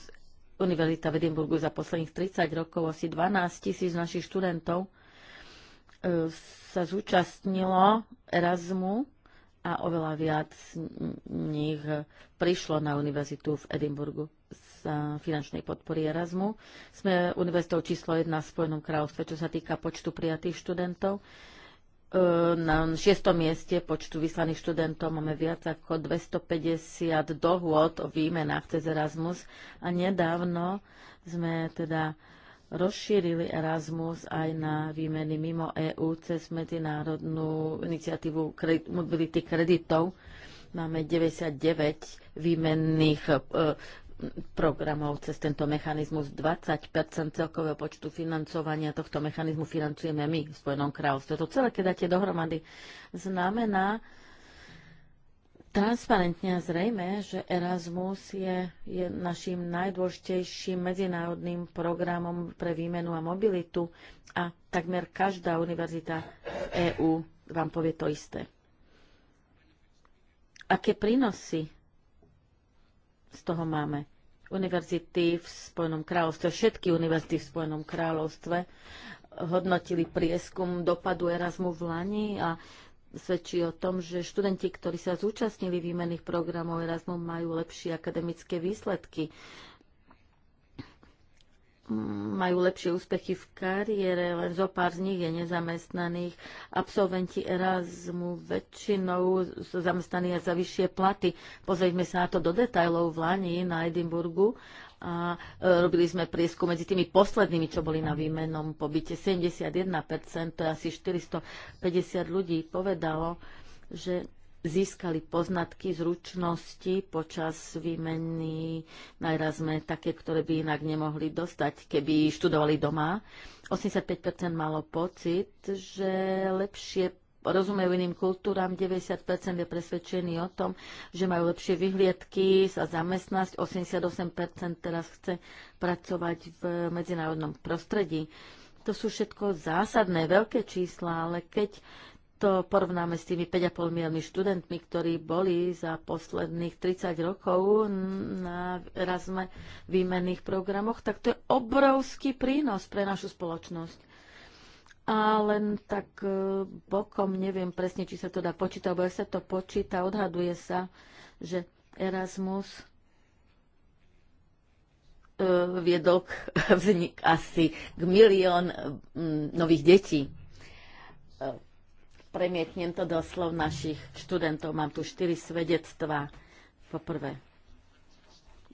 Univerzita v Edinburgu za posledných 30 rokov asi 12 tisíc našich študentov e, sa zúčastnilo Erasmu a oveľa viac nich prišlo na univerzitu v Edinburgu z finančnej podpory Erasmu. Sme univerzitou číslo 1 v Spojenom kráľovstve, čo sa týka počtu prijatých študentov. E, na šiestom mieste počtu vyslaných študentov máme viac ako 250 dohôd o výmenách cez Erasmus a nedávno sme teda rozšírili Erasmus aj na výmeny mimo EÚ cez medzinárodnú iniciatívu mobility kreditov. Máme 99 výmenných e, programov cez tento mechanizmus. 20 celkového počtu financovania tohto mechanizmu financujeme my v Spojenom kráľovstve. To celé, keď dáte dohromady, znamená transparentne a zrejme, že Erasmus je, je našim najdôležitejším medzinárodným programom pre výmenu a mobilitu a takmer každá univerzita v EÚ vám povie to isté. Aké prínosy z toho máme univerzity v Spojenom kráľovstve, všetky univerzity v Spojenom kráľovstve hodnotili prieskum dopadu Erasmu v Lani a svedčí o tom, že študenti, ktorí sa zúčastnili výmenných programov Erasmu, majú lepšie akademické výsledky majú lepšie úspechy v kariére, len zo pár z nich je nezamestnaných. Absolventi Erasmu väčšinou sú zamestnaní za vyššie platy. Pozrieme sa na to do detajlov v Lani na Edimburgu a e, robili sme prieskum medzi tými poslednými, čo boli na výmenom pobyte. 71%, to je asi 450 ľudí, povedalo, že získali poznatky, zručnosti počas výmeny. Najraz sme také, ktoré by inak nemohli dostať, keby študovali doma. 85% malo pocit, že lepšie rozumejú iným kultúram, 90% je presvedčený o tom, že majú lepšie vyhliadky sa zamestnať, 88% teraz chce pracovať v medzinárodnom prostredí. To sú všetko zásadné, veľké čísla, ale keď to porovnáme s tými 5,5 miliónmi študentmi, ktorí boli za posledných 30 rokov na razme výmenných programoch, tak to je obrovský prínos pre našu spoločnosť. A len tak e, bokom neviem presne, či sa to dá počítať, lebo ak sa to počíta, odhaduje sa, že Erasmus e, viedol k vznik asi k milión nových detí e, premietnem to do slov našich študentov. Mám tu štyri svedectvá. Poprvé,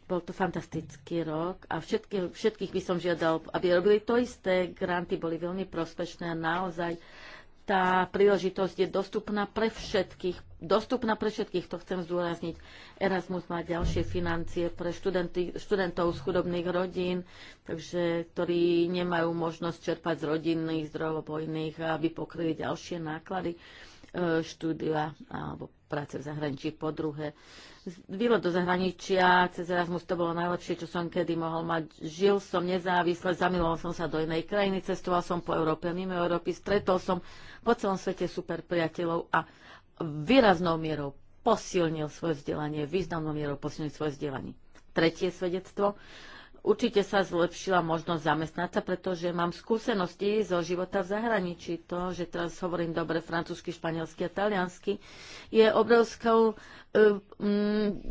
bol to fantastický rok a všetky, všetkých by som žiadal, aby robili to isté. Granty boli veľmi prospešné a naozaj tá príležitosť je dostupná pre všetkých. Dostupná pre všetkých, to chcem zdôrazniť. Erasmus má ďalšie financie pre študenty, študentov z chudobných rodín, takže, ktorí nemajú možnosť čerpať z rodinných zdrojov alebo iných, aby pokryli ďalšie náklady e, štúdia alebo práce v zahraničí. Po druhé, výlet do zahraničia cez Erasmus to bolo najlepšie, čo som kedy mohol mať. Žil som nezávisle, zamiloval som sa do inej krajiny, cestoval som po Európe, mimo Európy, stretol som po celom svete super priateľov a výraznou mierou posilnil svoje vzdelanie, významnou mierou posilnil svoje vzdelanie. Tretie svedectvo. Určite sa zlepšila možnosť zamestnať sa, pretože mám skúsenosti zo života v zahraničí. To, že teraz hovorím dobre francúzsky, španielsky a taliansky, je obrovskou um,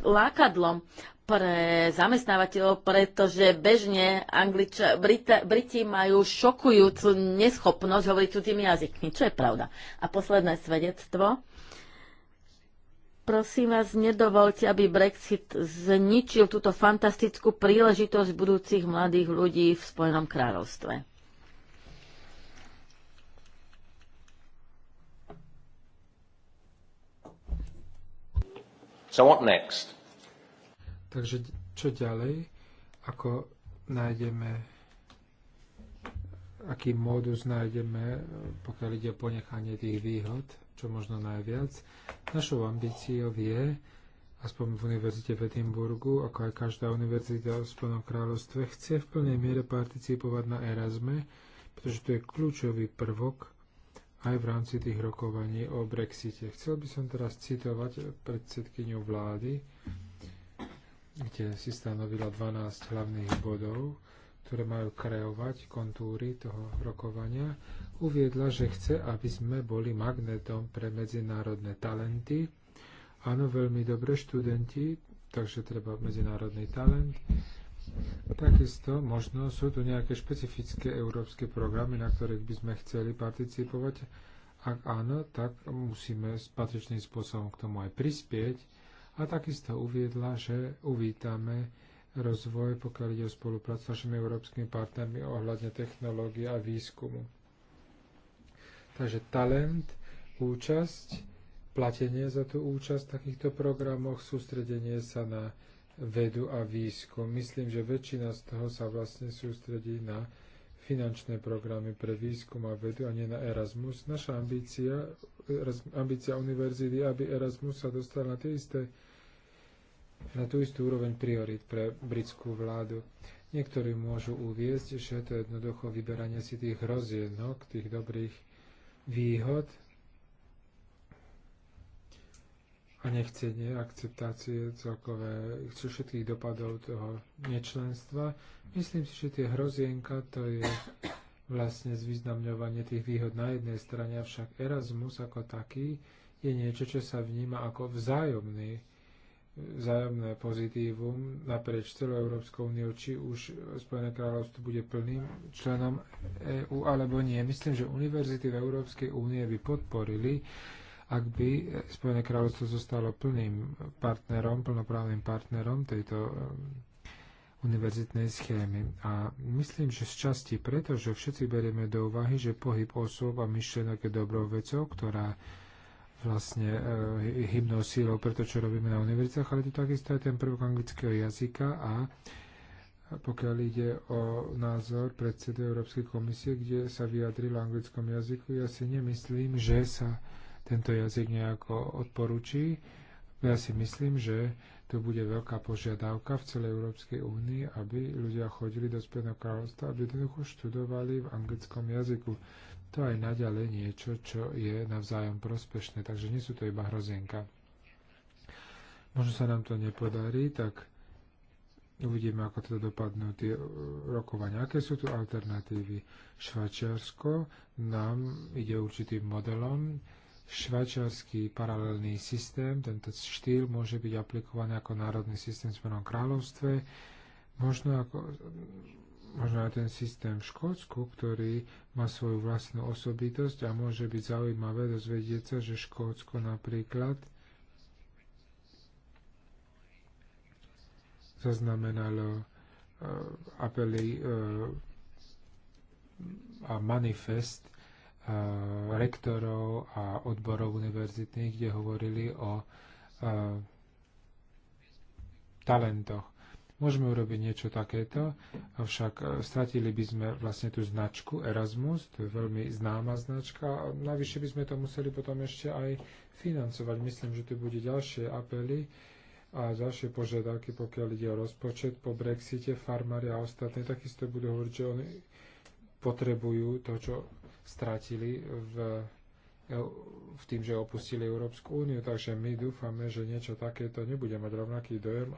lákadlom pre zamestnávateľov, pretože bežne Angliča, Brita, Briti majú šokujúcu neschopnosť hovoriť cudzými jazykmi, čo je pravda. A posledné svedectvo. Prosím vás, nedovolte, aby Brexit zničil túto fantastickú príležitosť budúcich mladých ľudí v Spojenom kráľovstve. So what next? Takže čo ďalej? Ako nájdeme, aký módus nájdeme, pokiaľ ide o ponechanie tých výhod, čo možno najviac. Našou ambíciou je, aspoň v Univerzite v Edimburgu, ako aj každá univerzita v Spolnom kráľovstve, chce v plnej miere participovať na Erasme, pretože to je kľúčový prvok aj v rámci tých rokovaní o Brexite. Chcel by som teraz citovať predsedkyniu vlády, kde si stanovila 12 hlavných bodov, ktoré majú kreovať kontúry toho rokovania, uviedla, že chce, aby sme boli magnetom pre medzinárodné talenty. Áno, veľmi dobre študenti, takže treba medzinárodný talent. Takisto možno sú tu nejaké špecifické európske programy, na ktorých by sme chceli participovať. Ak áno, tak musíme patričným spôsobom k tomu aj prispieť a takisto uviedla, že uvítame rozvoj, pokiaľ ide o spoluprácu s našimi európskymi partnermi ohľadne technológie a výskumu. Takže talent, účasť, platenie za tú účasť v takýchto programoch, sústredenie sa na vedu a výskum. Myslím, že väčšina z toho sa vlastne sústredí na finančné programy pre výskum a vedu a nie na Erasmus. Naša ambícia, ambícia univerzity, aby Erasmus sa dostal na tie isté na tú istú úroveň priorit pre britskú vládu. Niektorí môžu uviezť, že to je jednoducho vyberanie si tých hrozienok, tých dobrých výhod a nechcenie akceptácie celkové všetkých dopadov toho nečlenstva. Myslím si, že tie hrozienka to je vlastne zvýznamňovanie tých výhod na jednej strane, avšak Erasmus ako taký je niečo, čo sa vníma ako vzájomný zájomné pozitívum naprieč celou Európskou úniou, či už Spojené kráľovstvo bude plným členom EÚ alebo nie. Myslím, že univerzity v Európskej únie by podporili, ak by Spojené kráľovstvo zostalo plným partnerom, plnoprávnym partnerom tejto um, univerzitnej schémy. A myslím, že z časti preto, že všetci berieme do úvahy, že pohyb osôb a myšlenok je dobrou vecou, ktorá vlastne e, hybnou sílou pre to, čo robíme na univerzitách, ale to takisto je ten prvok anglického jazyka a pokiaľ ide o názor predsedu Európskej komisie, kde sa vyjadril v anglickom jazyku, ja si nemyslím, že sa tento jazyk nejako odporúči. Ja si myslím, že to bude veľká požiadavka v celej Európskej únii, aby ľudia chodili do Spojeného kráľovstva, aby jednoducho študovali v anglickom jazyku to aj naďalej niečo, čo je navzájom prospešné. Takže nie sú to iba hrozienka. Možno sa nám to nepodarí, tak uvidíme, ako teda dopadnú tie uh, rokovania. Aké sú tu alternatívy? Švačiarsko nám ide určitým modelom. Švajčiarsky paralelný systém, tento štýl môže byť aplikovaný ako národný systém v kráľovstve. Možno ako možno aj ten systém v Škótsku, ktorý má svoju vlastnú osobitosť a môže byť zaujímavé dozvedieť sa, že Škótsko napríklad zaznamenalo eh, apely eh, a manifest eh, rektorov a odborov univerzitných, kde hovorili o talentoch Môžeme urobiť niečo takéto, avšak e, stratili by sme vlastne tú značku Erasmus, to je veľmi známa značka a navyše by sme to museli potom ešte aj financovať. Myslím, že tu bude ďalšie apely a ďalšie požiadavky, pokiaľ ide o rozpočet po Brexite, farmári a ostatní takisto budú hovoriť, že oni potrebujú to, čo stratili v v tým, že opustili Európsku úniu, takže my dúfame, že niečo takéto nebude mať rovnaký dojem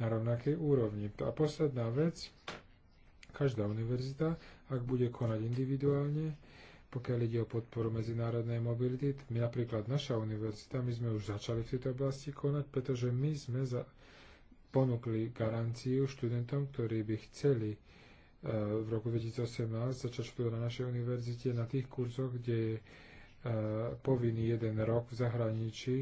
na rovnakej úrovni. A posledná vec, každá univerzita, ak bude konať individuálne, pokiaľ ide o podporu medzinárodnej mobility, my napríklad naša univerzita, my sme už začali v tejto oblasti konať, pretože my sme za, ponúkli garanciu študentom, ktorí by chceli e, v roku 2018 začať študovať na našej univerzite na tých kurzoch, kde je e, povinný jeden rok v zahraničí,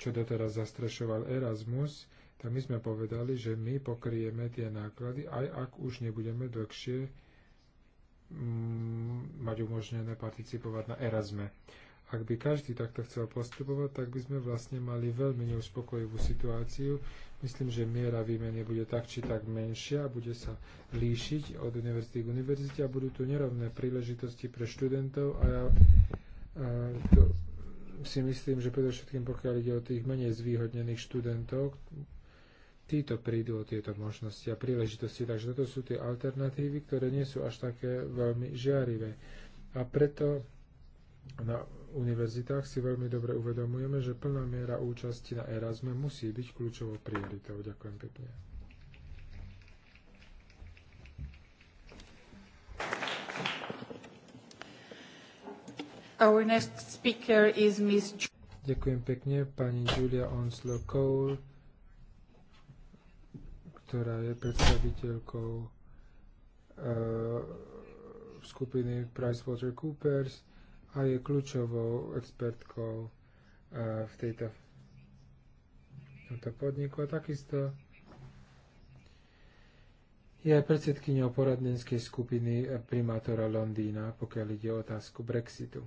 čo doteraz zastrešoval Erasmus, tak my sme povedali, že my pokrieme tie náklady, aj ak už nebudeme dlhšie mm, mať umožnené participovať na Erasme. Ak by každý takto chcel postupovať, tak by sme vlastne mali veľmi neuspokojivú situáciu. Myslím, že miera výmeny bude tak či tak menšia, a bude sa líšiť od univerzity k univerzite a budú tu nerovné príležitosti pre študentov a ja a e, to si myslím, že predovšetkým pokiaľ ide o tých menej zvýhodnených študentov, títo prídu o tieto možnosti a príležitosti. Takže toto sú tie alternatívy, ktoré nie sú až také veľmi žiarivé. A preto na univerzitách si veľmi dobre uvedomujeme, že plná miera účasti na Erasme musí byť kľúčovou prioritou. Ďakujem pekne. Our next speaker is Ďakujem pekne, pani Julia Onslow Cole ktorá je predstaviteľkou uh, skupiny PricewaterCoopers a je kľúčovou expertkou uh, v tejto tomto podniku a takisto je aj predsedkyňou poradenskej skupiny e, primátora Londýna, pokiaľ ide o otázku Brexitu.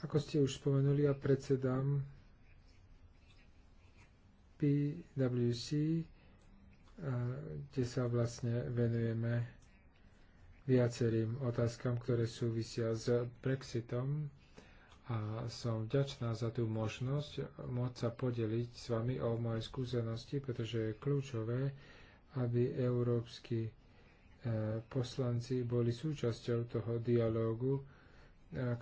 Ako ste už spomenuli, ja predsedám PWC, kde sa vlastne venujeme viacerým otázkam, ktoré súvisia s Brexitom a som vďačná za tú možnosť môcť sa podeliť s vami o moje skúsenosti, pretože je kľúčové, aby európsky e, poslanci boli súčasťou toho dialógu e,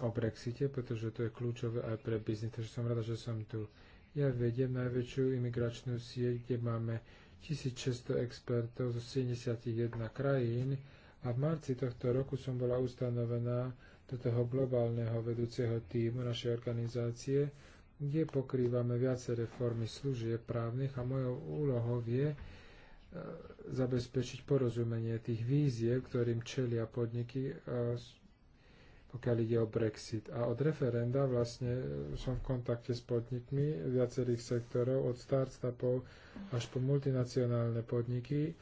o Brexite, pretože to je kľúčové aj pre biznis. Takže som rada, že som tu. Ja vediem najväčšiu imigračnú sieť, kde máme 1600 expertov zo 71 krajín a v marci tohto roku som bola ustanovená do toho globálneho vedúceho týmu našej organizácie, kde pokrývame viaceré formy služieb právnych a mojou úlohou je e, zabezpečiť porozumenie tých víziev, ktorým čelia podniky e, pokiaľ ide o Brexit. A od referenda vlastne e, som v kontakte s podnikmi viacerých sektorov, od startupov až po multinacionálne podniky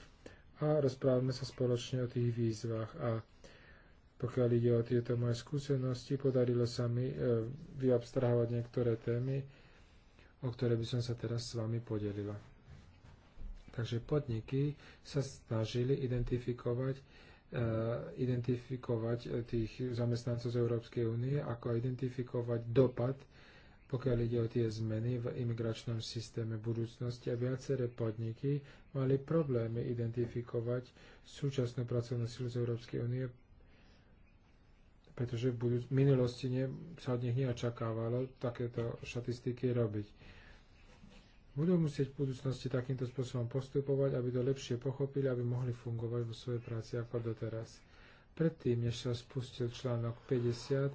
a rozprávame sa spoločne o tých výzvach. A pokiaľ ide o tieto moje skúsenosti, podarilo sa mi e, vyabstrahovať niektoré témy, o ktoré by som sa teraz s vami podelila. Takže podniky sa snažili identifikovať Eh, identifikovať eh, tých zamestnancov z Európskej únie, ako identifikovať dopad, pokiaľ ide o tie zmeny v imigračnom systéme budúcnosti. A viaceré podniky mali problémy identifikovať súčasnú pracovnú silu z Európskej únie, pretože v minulosti ne, sa od nich neočakávalo takéto štatistiky robiť budú musieť v budúcnosti takýmto spôsobom postupovať, aby to lepšie pochopili, aby mohli fungovať vo svojej práci ako doteraz. Predtým, než sa spustil článok 50,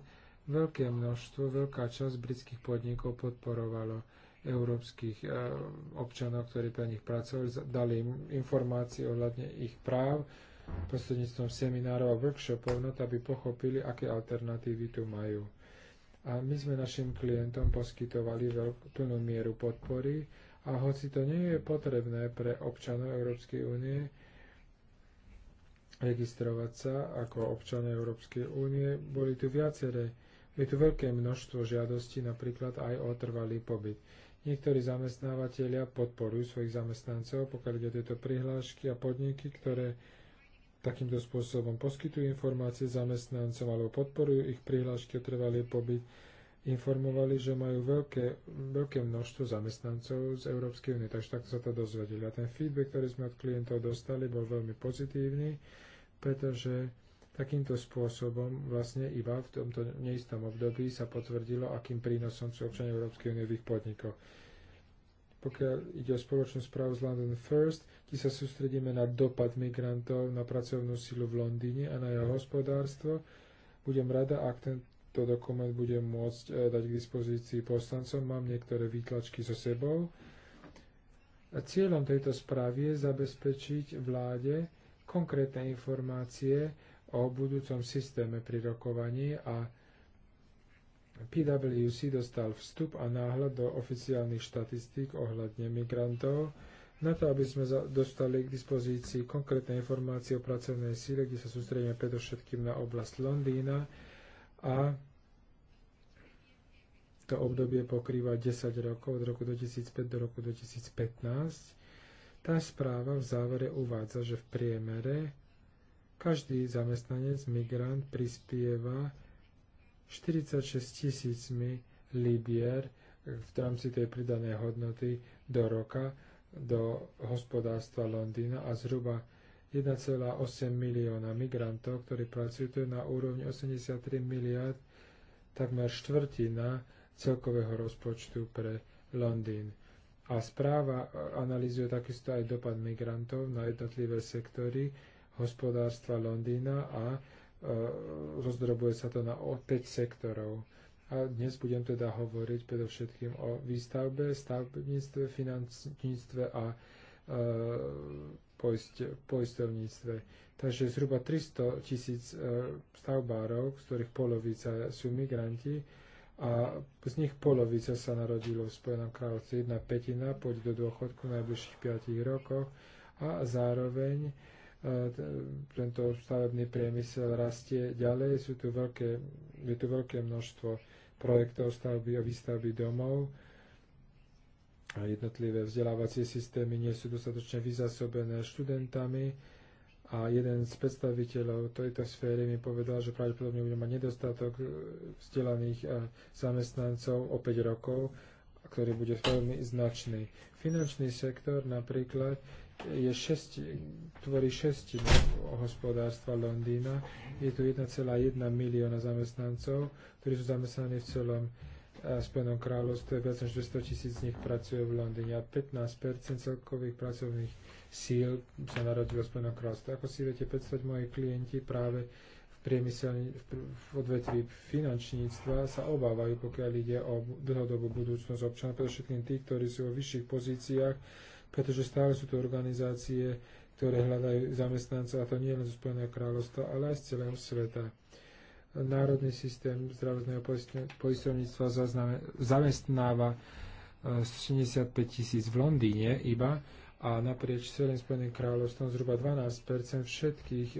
veľké množstvo, veľká časť britských podnikov podporovalo európskych e, občanov, ktorí pre nich pracovali, dali im informácie ohľadne ich práv prostredníctvom seminárov a workshopov, no aby pochopili, aké alternatívy tu majú. A my sme našim klientom poskytovali veľkú plnú mieru podpory, a hoci to nie je potrebné pre občanov Európskej únie registrovať sa ako občan Európskej únie, boli tu viaceré. Je tu veľké množstvo žiadostí, napríklad aj o trvalý pobyt. Niektorí zamestnávateľia podporujú svojich zamestnancov, pokiaľ ide tieto prihlášky a podniky, ktoré takýmto spôsobom poskytujú informácie zamestnancom alebo podporujú ich prihlášky o trvalý pobyt, informovali, že majú veľké, veľké množstvo zamestnancov z Európskej únie, takže takto sa to dozvedeli. A ten feedback, ktorý sme od klientov dostali, bol veľmi pozitívny, pretože takýmto spôsobom vlastne iba v tomto neistom období sa potvrdilo, akým prínosom sú občania Európskej únie v ich podnikoch pokiaľ ide o spoločnú správu z London First, kde sa sústredíme na dopad migrantov na pracovnú silu v Londýne a na jeho hospodárstvo. Budem rada, ak ten, tento dokument budem môcť e, dať k dispozícii poslancom. Mám niektoré výtlačky so sebou. A cieľom tejto správy je zabezpečiť vláde konkrétne informácie o budúcom systéme pri rokovaní a PwC dostal vstup a náhľad do oficiálnych štatistík ohľadne migrantov, na to, aby sme dostali k dispozícii konkrétne informácie o pracovnej síle, kde sa sústredíme predovšetkým na oblasť Londýna, a to obdobie pokrýva 10 rokov od roku 2005 do roku 2015. Tá správa v závere uvádza, že v priemere každý zamestnanec, migrant prispieva 46 tisícmi libier v rámci tej pridanej hodnoty do roka do hospodárstva Londýna a zhruba 1,8 milióna migrantov, ktorí pracujú, na úrovni 83 miliard, takmer štvrtina celkového rozpočtu pre Londýn. A správa analýzuje takisto aj dopad migrantov na jednotlivé sektory hospodárstva Londýna a e, rozdrobuje sa to na 5 sektorov. A dnes budem teda hovoriť predovšetkým o výstavbe, stavbníctve, finančníctve a e, poistovníctve. Takže zhruba 300 tisíc e, stavbárov, z ktorých polovica sú migranti a z nich polovica sa narodilo v Spojenom kráľovstve. Jedna petina pôjde do dôchodku v najbližších 5 rokoch a zároveň e, tento stavebný priemysel rastie ďalej. Sú tu veľké, je tu veľké množstvo projektov stavby a výstavby domov jednotlivé vzdelávacie systémy nie sú dostatočne vyzasobené študentami a jeden z predstaviteľov tejto sféry mi povedal, že pravdepodobne budeme mať nedostatok e, vzdelaných e, zamestnancov o 5 rokov, ktorý bude veľmi značný. Finančný sektor napríklad je šesti, tvorí šestinu hospodárstva Londýna. Je tu 1,1 milióna zamestnancov, ktorí sú zamestnaní v celom v Spojenom kráľovstve, viac než 200 tisíc z nich pracuje v Londýne a 15% celkových pracovných síl sa narodilo v Spojenom kráľovstve. Ako si viete predstaviť, moji klienti práve v priemyselní, v odvetví finančníctva sa obávajú, pokiaľ ide o dlhodobú budúcnosť občanov, predovšetkým tí, ktorí sú vo vyšších pozíciách, pretože stále sú to organizácie, ktoré hľadajú zamestnancov, a to nie len zo Spojeného kráľovstva, ale aj z celého sveta národný systém zdravotného poistovníctva zamestnáva 65 eh, tisíc v Londýne iba a naprieč celým Spojeným kráľovstvom zhruba 12 všetkých eh,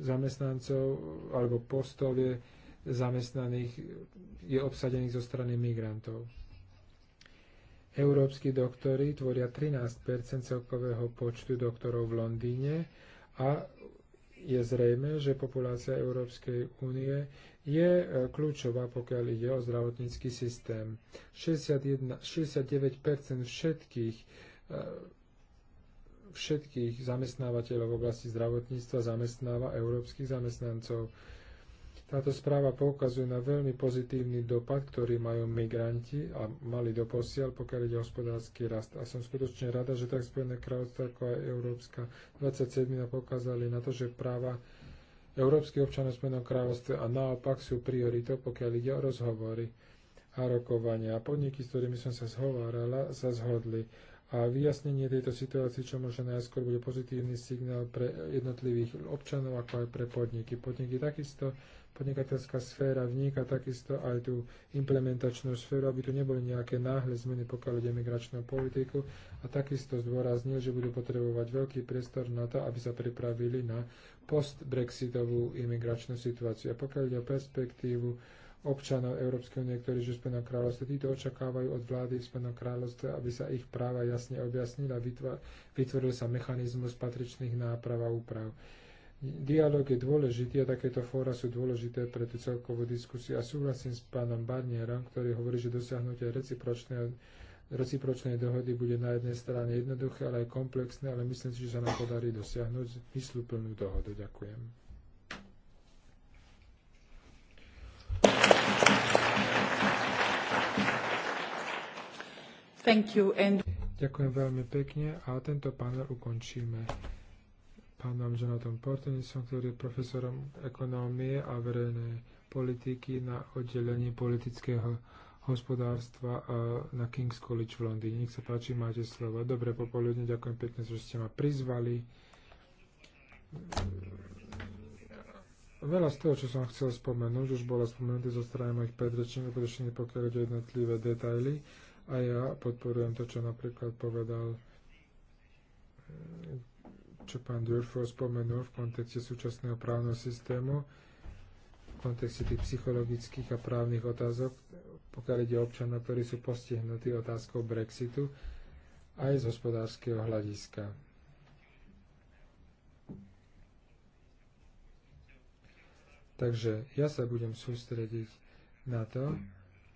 zamestnancov alebo postov je zamestnaných, je obsadených zo strany migrantov. Európsky doktory tvoria 13 celkového počtu doktorov v Londýne a je zrejme, že populácia Európskej únie je e, kľúčová, pokiaľ ide o zdravotnícky systém. 61, 69% všetkých e, všetkých zamestnávateľov v oblasti zdravotníctva zamestnáva európskych zamestnancov. Táto správa poukazuje na veľmi pozitívny dopad, ktorý majú migranti a mali doposiaľ, pokiaľ ide hospodársky rast. A som skutočne rada, že tak Spojené kráľovstvo ako aj Európska 27 pokázali na to, že práva európskych občanov Spojeného kráľovstva a naopak sú prioritou, pokiaľ ide o rozhovory a rokovania. A podniky, s ktorými som sa zhovárala, sa zhodli a vyjasnenie tejto situácie, čo možno najskôr bude pozitívny signál pre jednotlivých občanov, ako aj pre podniky. Podniky takisto, podnikateľská sféra vníka takisto aj tú implementačnú sféru, aby tu neboli nejaké náhle zmeny, pokiaľ ide migračnú politiku a takisto zdôraznil, že budú potrebovať veľký priestor na to, aby sa pripravili na post-brexitovú imigračnú situáciu. A pokiaľ ide o perspektívu, občanov Európskej únie, ktorí žijú v Spojenom kráľovstve. Títo očakávajú od vlády v Spojenom kráľovstve, aby sa ich práva jasne objasnili a vytvoril sa mechanizmus patričných náprav a úprav. Dialóg je dôležitý a takéto fóra sú dôležité pre tú celkovú diskusiu. A súhlasím s pánom Barnierom, ktorý hovorí, že dosiahnutie recipročného recipročnej dohody bude na jednej strane jednoduché, ale aj komplexné, ale myslím si, že sa nám podarí dosiahnuť zmysluplnú dohodu. Ďakujem. Thank you and... Ďakujem veľmi pekne a tento panel ukončíme pánom Jonathan Portenisom, ktorý je profesorom ekonómie a verejnej politiky na oddelení politického hospodárstva e, na King's College v Londýne. Nech sa páči, máte slovo. Dobre popoludne, ďakujem pekne, že ste ma prizvali. Veľa z toho, čo som chcel spomenúť, už bolo spomenuté zo strany mojich predrečníkov, pretože pokiaľ ide jednotlivé detaily a ja podporujem to, čo napríklad povedal čo pán Durfo spomenul v kontexte súčasného právneho systému, v kontexte tých psychologických a právnych otázok, pokiaľ ide občanov, ktorí sú postihnutí otázkou Brexitu, aj z hospodárskeho hľadiska. Takže ja sa budem sústrediť na to,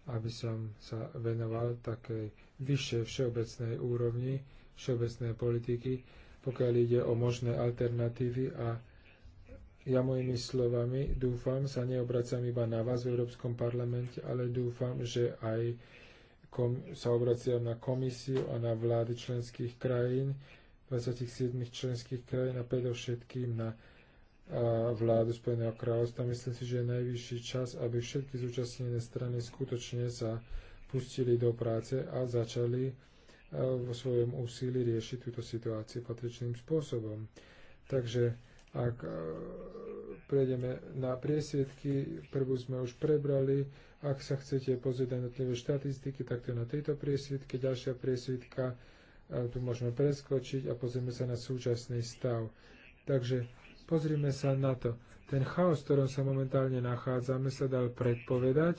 aby som sa venoval takej vyššej všeobecnej úrovni, všeobecnej politiky, pokiaľ ide o možné alternatívy a ja mojimi slovami dúfam, sa neobracam iba na vás v Európskom parlamente, ale dúfam, že aj kom, sa obraciam na komisiu a na vlády členských krajín, 27 členských krajín a predovšetkým na vládu Spojeného kráľovstva. Myslím si, že je najvyšší čas, aby všetky zúčastnené strany skutočne sa pustili do práce a začali e, vo svojom úsilí riešiť túto situáciu patričným spôsobom. Takže ak e, prejdeme na priesiedky, prvú sme už prebrali, ak sa chcete pozrieť na jednotlivé štatistiky, tak to je na tejto priesvitke. Ďalšia priesvitka, e, tu môžeme preskočiť a pozrieme sa na súčasný stav. Takže Pozrime sa na to. Ten chaos, v ktorom sa momentálne nachádzame, sa dal predpovedať.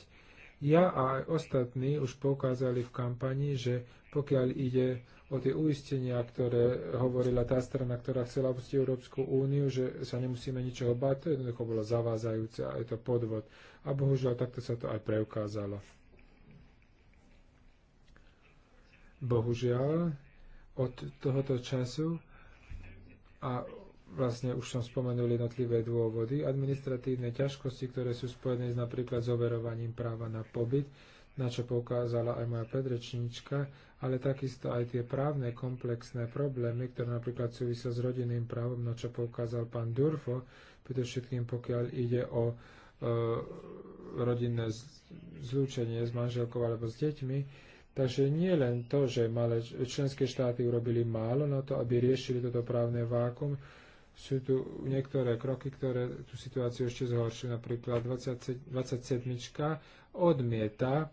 Ja a aj ostatní už poukázali v kampani, že pokiaľ ide o tie uistenia, ktoré hovorila tá strana, ktorá chcela opustiť Európsku úniu, že sa nemusíme ničoho báť, to jednoducho bolo zavázajúce a je to podvod. A bohužiaľ takto sa to aj preukázalo. Bohužiaľ, od tohoto času a vlastne už som spomenul jednotlivé dôvody, administratívne ťažkosti, ktoré sú spojené napríklad s overovaním práva na pobyt, na čo poukázala aj moja predrečníčka, ale takisto aj tie právne komplexné problémy, ktoré napríklad súvisia s rodinným právom, na čo poukázal pán Durfo, všetkým pokiaľ ide o e, rodinné zlúčenie s manželkou alebo s deťmi, Takže nie len to, že malé členské štáty urobili málo na to, aby riešili toto právne vákum, sú tu niektoré kroky, ktoré tú situáciu ešte zhoršujú. Napríklad 27. odmieta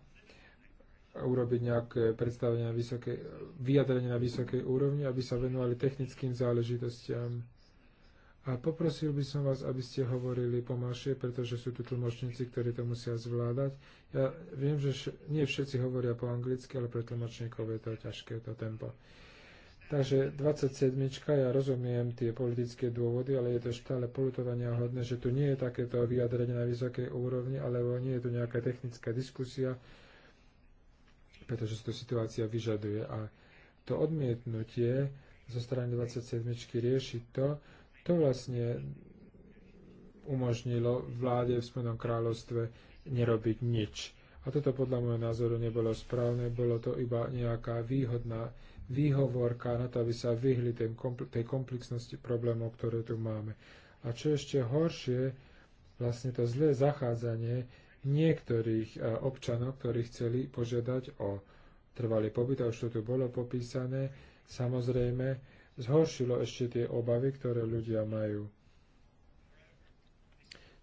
urobiť nejaké predstavenie na vysokej, vyjadrenie na vysokej úrovni, aby sa venovali technickým záležitostiam. A poprosil by som vás, aby ste hovorili pomalšie, pretože sú tu tlmočníci, ktorí to musia zvládať. Ja viem, že nie všetci hovoria po anglicky, ale pre tlmočníkov je to ťažké, to tempo. Takže 27. ja rozumiem tie politické dôvody, ale je to stále polutovania hodné, že tu nie je takéto vyjadrenie na vysokej úrovni, alebo nie je tu nejaká technická diskusia, pretože to situácia vyžaduje. A to odmietnutie zo strany 27. riešiť to, to vlastne umožnilo vláde v Spodnom kráľovstve nerobiť nič. A toto podľa môjho názoru nebolo správne, bolo to iba nejaká výhodná výhovorka na to, aby sa vyhli tej, kompl- tej komplexnosti problémov, ktoré tu máme. A čo ešte horšie, vlastne to zlé zachádzanie niektorých eh, občanov, ktorí chceli požiadať o trvalý pobyt, a už to tu bolo popísané, samozrejme zhoršilo ešte tie obavy, ktoré ľudia majú.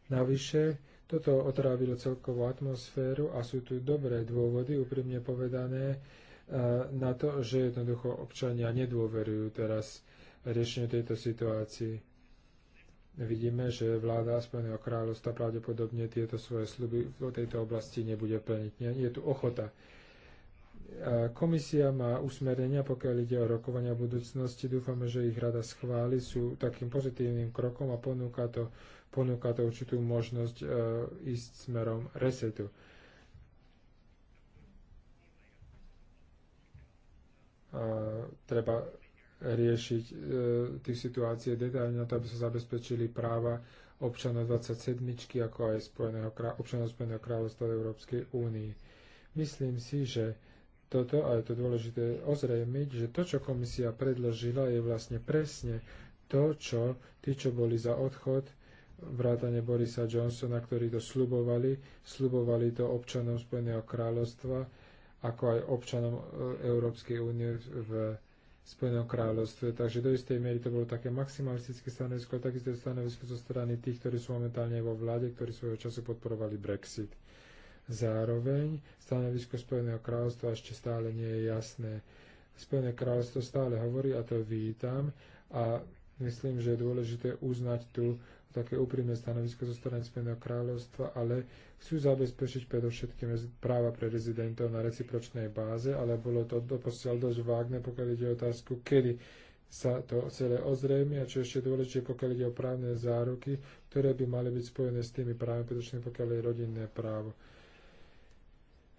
Navyše, toto otrávilo celkovú atmosféru a sú tu dobré dôvody, úprimne povedané, na to, že jednoducho občania nedôverujú teraz riešenie tejto situácii. Vidíme, že vláda Spojeného kráľovstva pravdepodobne tieto svoje sluby v tejto oblasti nebude plniť. Je tu ochota. Komisia má usmerenia, pokiaľ ide o rokovania budúcnosti. Dúfame, že ich rada schváli. Sú takým pozitívnym krokom a ponúka to, ponúka to určitú možnosť e, ísť smerom resetu. treba riešiť e, tých situácií detailne na to, aby sa zabezpečili práva občanov 27, ako aj Spojeného, občanov Spojeného kráľovstva Európskej únii. Myslím si, že toto, a je to dôležité ozrejmiť, že to, čo komisia predložila, je vlastne presne to, čo tí, čo boli za odchod, vrátane Borisa Johnsona, ktorí to slubovali, slubovali to občanom Spojeného kráľovstva, ako aj občanom e, Európskej únie v Spojenom kráľovstve. Takže do istej miery to bolo také maximalistické stanovisko, takisto stanovisko zo strany tých, ktorí sú momentálne vo vláde, ktorí svojho času podporovali Brexit. Zároveň stanovisko Spojeného kráľovstva ešte stále nie je jasné. Spojené kráľovstvo stále hovorí a to vítam a myslím, že je dôležité uznať tú také úprimné stanovisko zo strany Spojeného kráľovstva, ale chcú zabezpečiť predovšetkým práva pre rezidentov na recipročnej báze, ale bolo to doposiaľ dosť vágne, pokiaľ ide o otázku, kedy sa to celé ozrejme a čo ešte dôležité, pokiaľ ide o právne záruky, ktoré by mali byť spojené s tými právami, pretože pokiaľ je rodinné právo.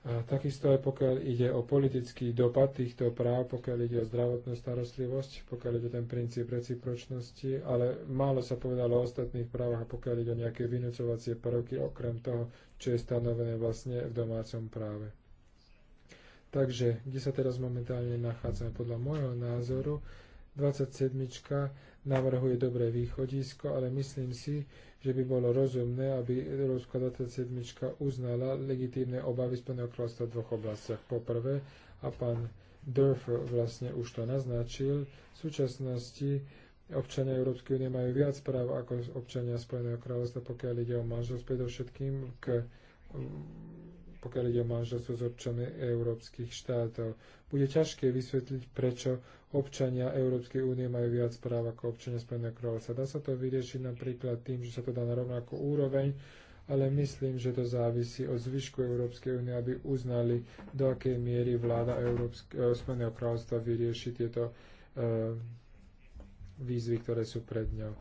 A takisto aj pokiaľ ide o politický dopad týchto práv, pokiaľ ide o zdravotnú starostlivosť, pokiaľ ide o ten princíp recipročnosti, ale málo sa povedalo o ostatných právach a pokiaľ ide o nejaké vynúcovacie prvky, okrem toho, čo je stanovené vlastne v domácom práve. Takže, kde sa teraz momentálne nachádzame? Podľa môjho názoru, 27. navrhuje dobré východisko, ale myslím si, že by bolo rozumné, aby Európska 27 uznala legitímne obavy Spojeného kráľovstva v dvoch oblastiach. Poprvé, a pán Dörfer vlastne už to naznačil, v súčasnosti občania Európskej únie majú viac práv ako občania Spojeného kráľovstva, pokiaľ ide o manželstvo, predovšetkým k pokiaľ ide o manželstvo s občanmi európskych štátov. Bude ťažké vysvetliť, prečo občania Európskej únie majú viac práv ako občania Spojeného kráľovstva. Dá sa to vyriešiť napríklad tým, že sa to dá na rovnakú úroveň, ale myslím, že to závisí od zvyšku Európskej únie, aby uznali, do akej miery vláda e, Spojeného kráľovstva vyrieši tieto e, výzvy, ktoré sú pred ňou.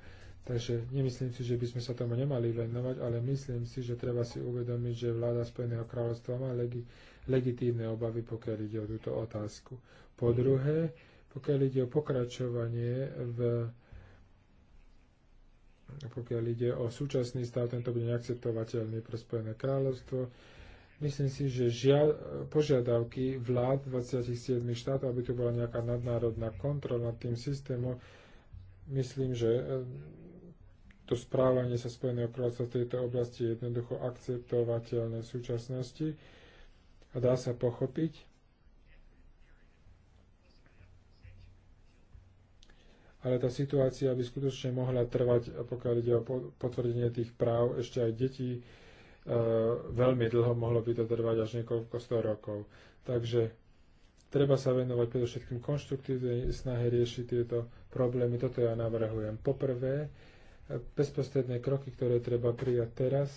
Takže nemyslím si, že by sme sa tomu nemali venovať, ale myslím si, že treba si uvedomiť, že vláda Spojeného kráľovstva má legi- legitívne obavy, pokiaľ ide o túto otázku. Po druhé, pokiaľ ide o pokračovanie v pokiaľ ide o súčasný stav, tento bude neakceptovateľný pre Spojené kráľovstvo. Myslím si, že žia- požiadavky vlád 27 štátov, aby tu bola nejaká nadnárodná kontrola nad tým systémom, myslím, že to správanie sa Spojeného kráľovstva v tejto oblasti je jednoducho akceptovateľné v súčasnosti a dá sa pochopiť. Ale tá situácia by skutočne mohla trvať, pokiaľ ide o potvrdenie tých práv ešte aj detí, e, veľmi dlho mohlo by to trvať až niekoľko sto rokov. Takže treba sa venovať predovšetkým konštruktívnej snahe riešiť tieto problémy. Toto ja navrhujem. Poprvé, bezprostredné kroky, ktoré treba prijať teraz.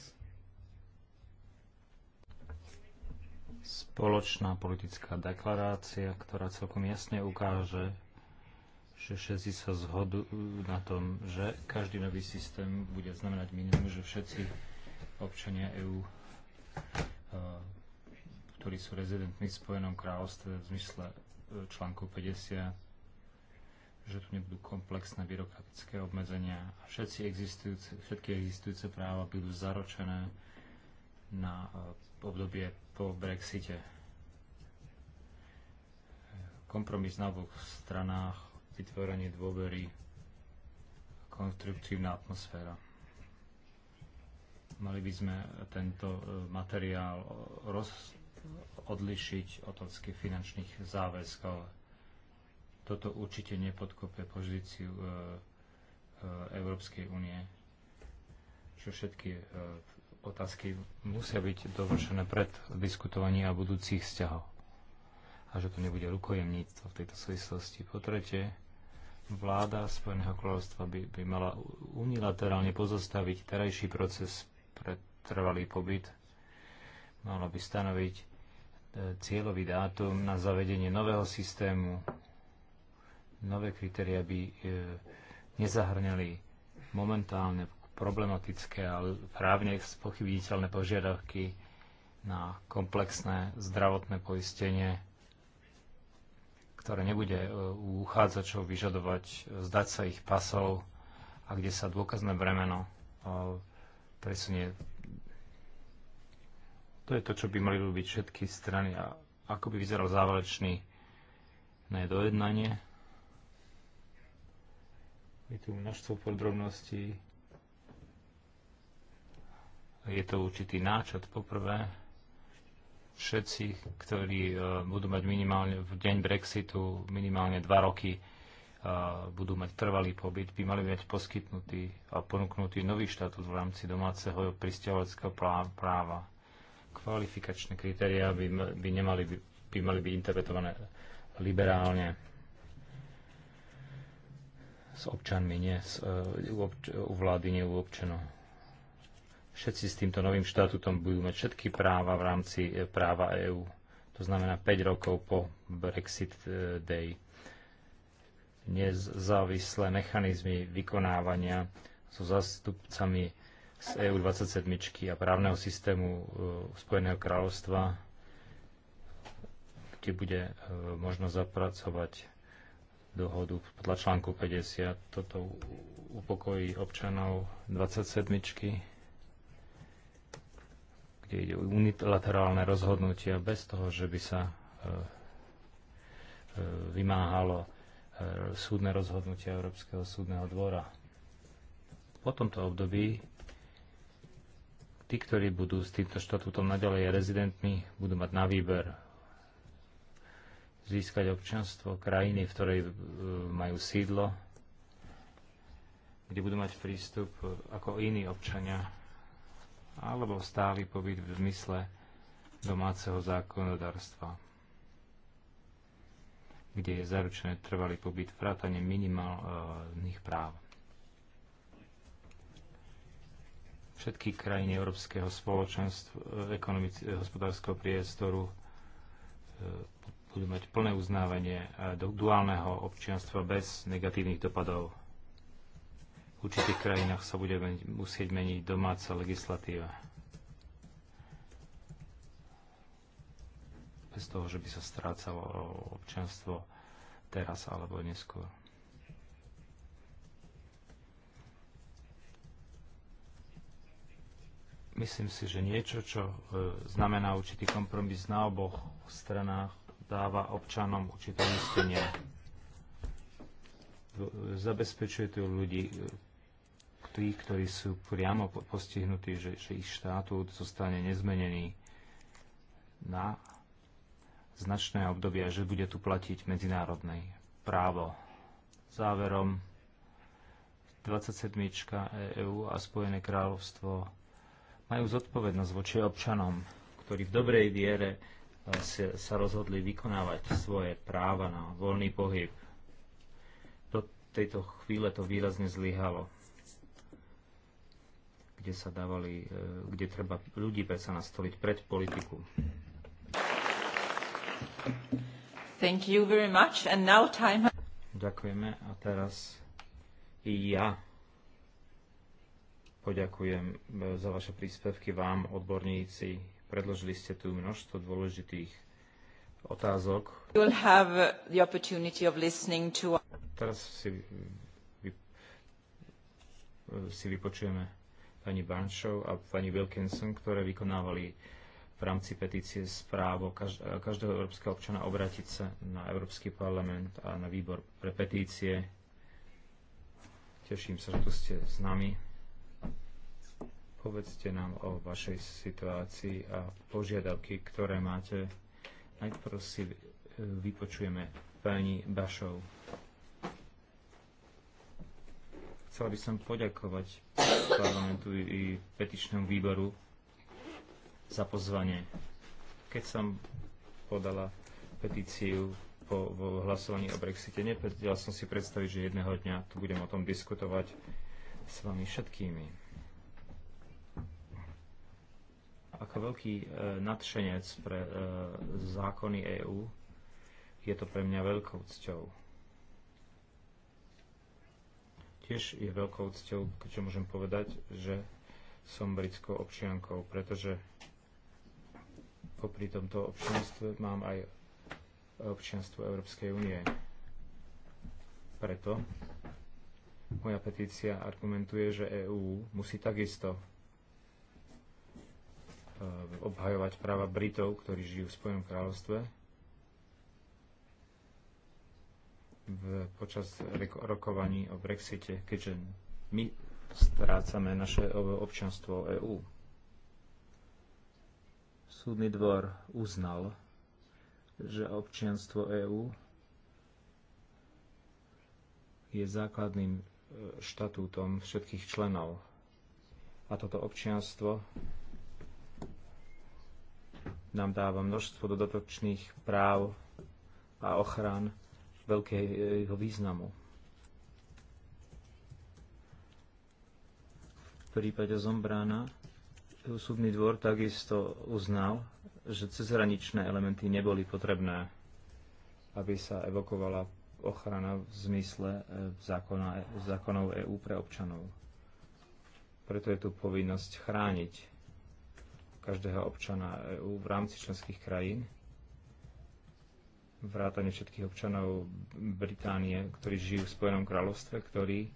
Spoločná politická deklarácia, ktorá celkom jasne ukáže, že všetci sa zhodu na tom, že každý nový systém bude znamenať minimum, že všetci občania EÚ, e, ktorí sú rezidentmi v Spojenom kráľovstve v zmysle e, článku 50 že tu nebudú komplexné byrokratické obmedzenia a všetci existujúce, všetky existujúce práva budú zaročené na eh, obdobie po Brexite. Kompromis na oboch stranách, vytvorenie dôvery, konstruktívna atmosféra. Mali by sme tento eh, materiál eh, roz, odlišiť od finančných záväzkov toto určite nepodkope pozíciu e, e, Európskej únie, že všetky e, otázky musia byť dovršené pred diskutovaním a budúcich vzťahov. A že to nebude rukojemníctvo v tejto súvislosti. Po tretie, vláda Spojeného kráľovstva by, by mala unilaterálne pozostaviť terajší proces pre trvalý pobyt. Mala by stanoviť cieľový dátum na zavedenie nového systému nové kritéria by e, nezahrňali momentálne problematické a právne spochybniteľné požiadavky na komplexné zdravotné poistenie, ktoré nebude e, u uchádzačov vyžadovať e, zdať sa ich pasov a kde sa dôkazné bremeno presunie. To je to, čo by mali robiť všetky strany a ako by vyzeral záverečný dojednanie je tu množstvo podrobností. Je to určitý náčrt poprvé. Všetci, ktorí e, budú mať minimálne v deň Brexitu minimálne 2 roky e, budú mať trvalý pobyt, by mali mať poskytnutý a ponúknutý nový štatút v rámci domáceho pristahovaleckého práva. Kvalifikačné kritériá by, by, nemali, by mali byť interpretované liberálne s občanmi, nie s, e, u, obč- u vlády, nie u občanov. Všetci s týmto novým štatútom budú mať všetky práva v rámci e, práva EÚ. To znamená 5 rokov po Brexit e, Day. Nezávislé mechanizmy vykonávania so zastupcami z EU 27 a právneho systému Spojeného kráľovstva, kde bude možno zapracovať dohodu podľa článku 50. Toto upokojí občanov 27. kde ide unilaterálne rozhodnutia bez toho, že by sa e, e, vymáhalo e, súdne rozhodnutia Európskeho súdneho dvora. Po tomto období tí, ktorí budú s týmto štatútom naďalej rezidentmi, budú mať na výber získať občanstvo krajiny, v ktorej e, majú sídlo, kde budú mať prístup e, ako iní občania, alebo stály pobyt v zmysle domáceho zákonodárstva, kde je zaručené trvalý pobyt vrátane minimálnych práv. Všetky krajiny Európskeho spoločenstva, e, ekonomického hospodárskeho priestoru budú mať plné uznávanie e, do duálneho občianstva bez negatívnych dopadov. V určitých krajinách sa bude musieť meniť domáca legislatíva. Bez toho, že by sa strácalo občianstvo teraz alebo neskôr. myslím si, že niečo, čo e, znamená určitý kompromis na oboch stranách, dáva občanom určité uistenie. Zabezpečuje to ľudí, tí, ktorí sú priamo postihnutí, že, že ich štátu zostane nezmenený na značné obdobie, že bude tu platiť medzinárodné právo. Záverom 27. EÚ a Spojené kráľovstvo majú zodpovednosť voči občanom, ktorí v dobrej viere Eh, sa rozhodli vykonávať svoje práva na voľný pohyb. Do tejto chvíle to výrazne zlyhalo kde sa dávali, eh, kde treba ľudí sa nastoliť pred politiku. Thank you very much. And now time... Ďakujeme a teraz i ja poďakujem eh, za vaše príspevky vám, odborníci, Predložili ste tu množstvo dôležitých otázok. To... Teraz si, vy, si vypočujeme pani Barnšov a pani Wilkinson, ktoré vykonávali v rámci petície správo každého európskeho občana obrátiť sa na Európsky parlament a na výbor pre petície. Teším sa, že tu ste s nami. Povedzte nám o vašej situácii a požiadavky, ktoré máte. Najprv si e, vypočujeme pani Bašov. Chcela by som poďakovať parlamentu i petičnému výboru za pozvanie. Keď som podala petíciu po hlasovaní o Brexite. nepredstavila som si predstaviť, že jedného dňa tu budem o tom diskutovať s vami všetkými. Ako veľký e, nadšenec pre e, zákony EÚ je to pre mňa veľkou cťou. Tiež je veľkou cťou, keďže môžem povedať, že som britskou občiankou, pretože popri tomto občianstve mám aj občianstvo Európskej únie. Preto moja petícia argumentuje, že EÚ musí takisto Eh, obhajovať práva Britov, ktorí žijú v Spojenom kráľovstve. V, počas rokovaní o Brexite, keďže my strácame naše občanstvo EÚ. Súdny dvor uznal, že občianstvo EÚ je základným eh, štatútom všetkých členov. A toto občianstvo nám dáva množstvo dodatočných práv a ochrán veľkého významu. V prípade Zombrána súdny dvor takisto uznal, že cezhraničné elementy neboli potrebné, aby sa evokovala ochrana v zmysle e, zákona, e, zákonov EÚ pre občanov. Preto je tu povinnosť chrániť každého občana EÚ v rámci členských krajín, vrátane všetkých občanov Británie, ktorí žijú v Spojenom kráľovstve, ktorí e,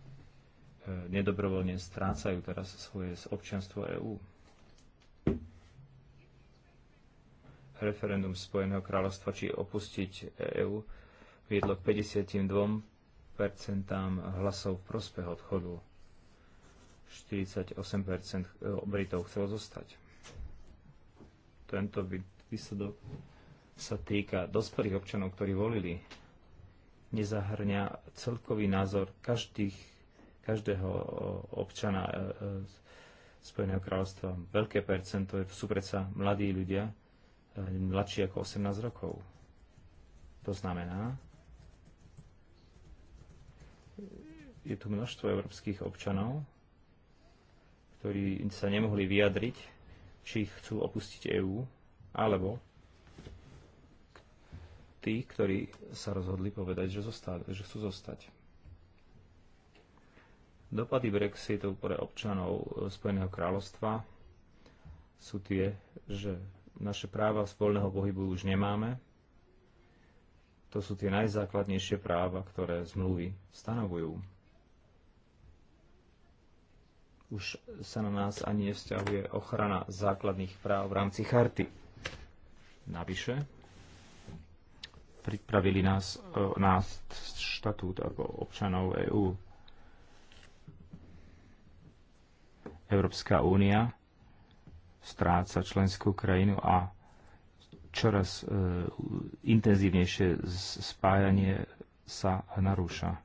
nedobrovoľne strácajú teraz svoje občianstvo EÚ. Referendum Spojeného kráľovstva, či opustiť EÚ, viedlo k 52% hlasov v prospech odchodu. 48% e, Britov chcelo zostať. Tento výsledok sa týka dospelých občanov, ktorí volili. Nezahrňa celkový názor každých, každého občana e, e, Spojeného kráľovstva. Veľké percento sú predsa mladí ľudia, e, mladší ako 18 rokov. To znamená, je tu množstvo európskych občanov, ktorí sa nemohli vyjadriť či chcú opustiť EÚ, alebo tí, ktorí sa rozhodli povedať, že, zostať, že chcú zostať. Dopady Brexitu pre občanov Spojeného kráľovstva sú tie, že naše práva z voľného pohybu už nemáme. To sú tie najzákladnejšie práva, ktoré zmluvy stanovujú už sa na nás ani nevzťahuje ochrana základných práv v rámci charty. Navyše, pripravili nás, e, nás štatút ako občanov EÚ. Európska únia stráca členskú krajinu a čoraz e, intenzívnejšie spájanie sa narúša.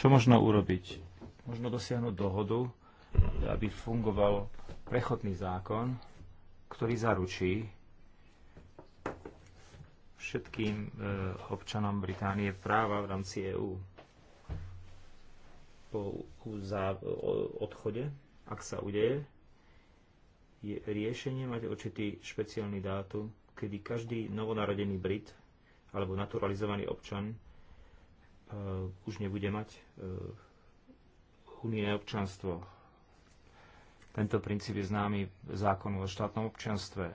Čo možno urobiť? Možno dosiahnuť dohodu aby fungoval prechodný zákon, ktorý zaručí všetkým e, občanom Británie práva v rámci EÚ po odchode, ak sa udeje, je riešenie mať určitý špeciálny dátum, kedy každý novonarodený Brit alebo naturalizovaný občan e, už nebude mať e, unijné občanstvo tento princíp je známy v zákonu o štátnom občianstve e,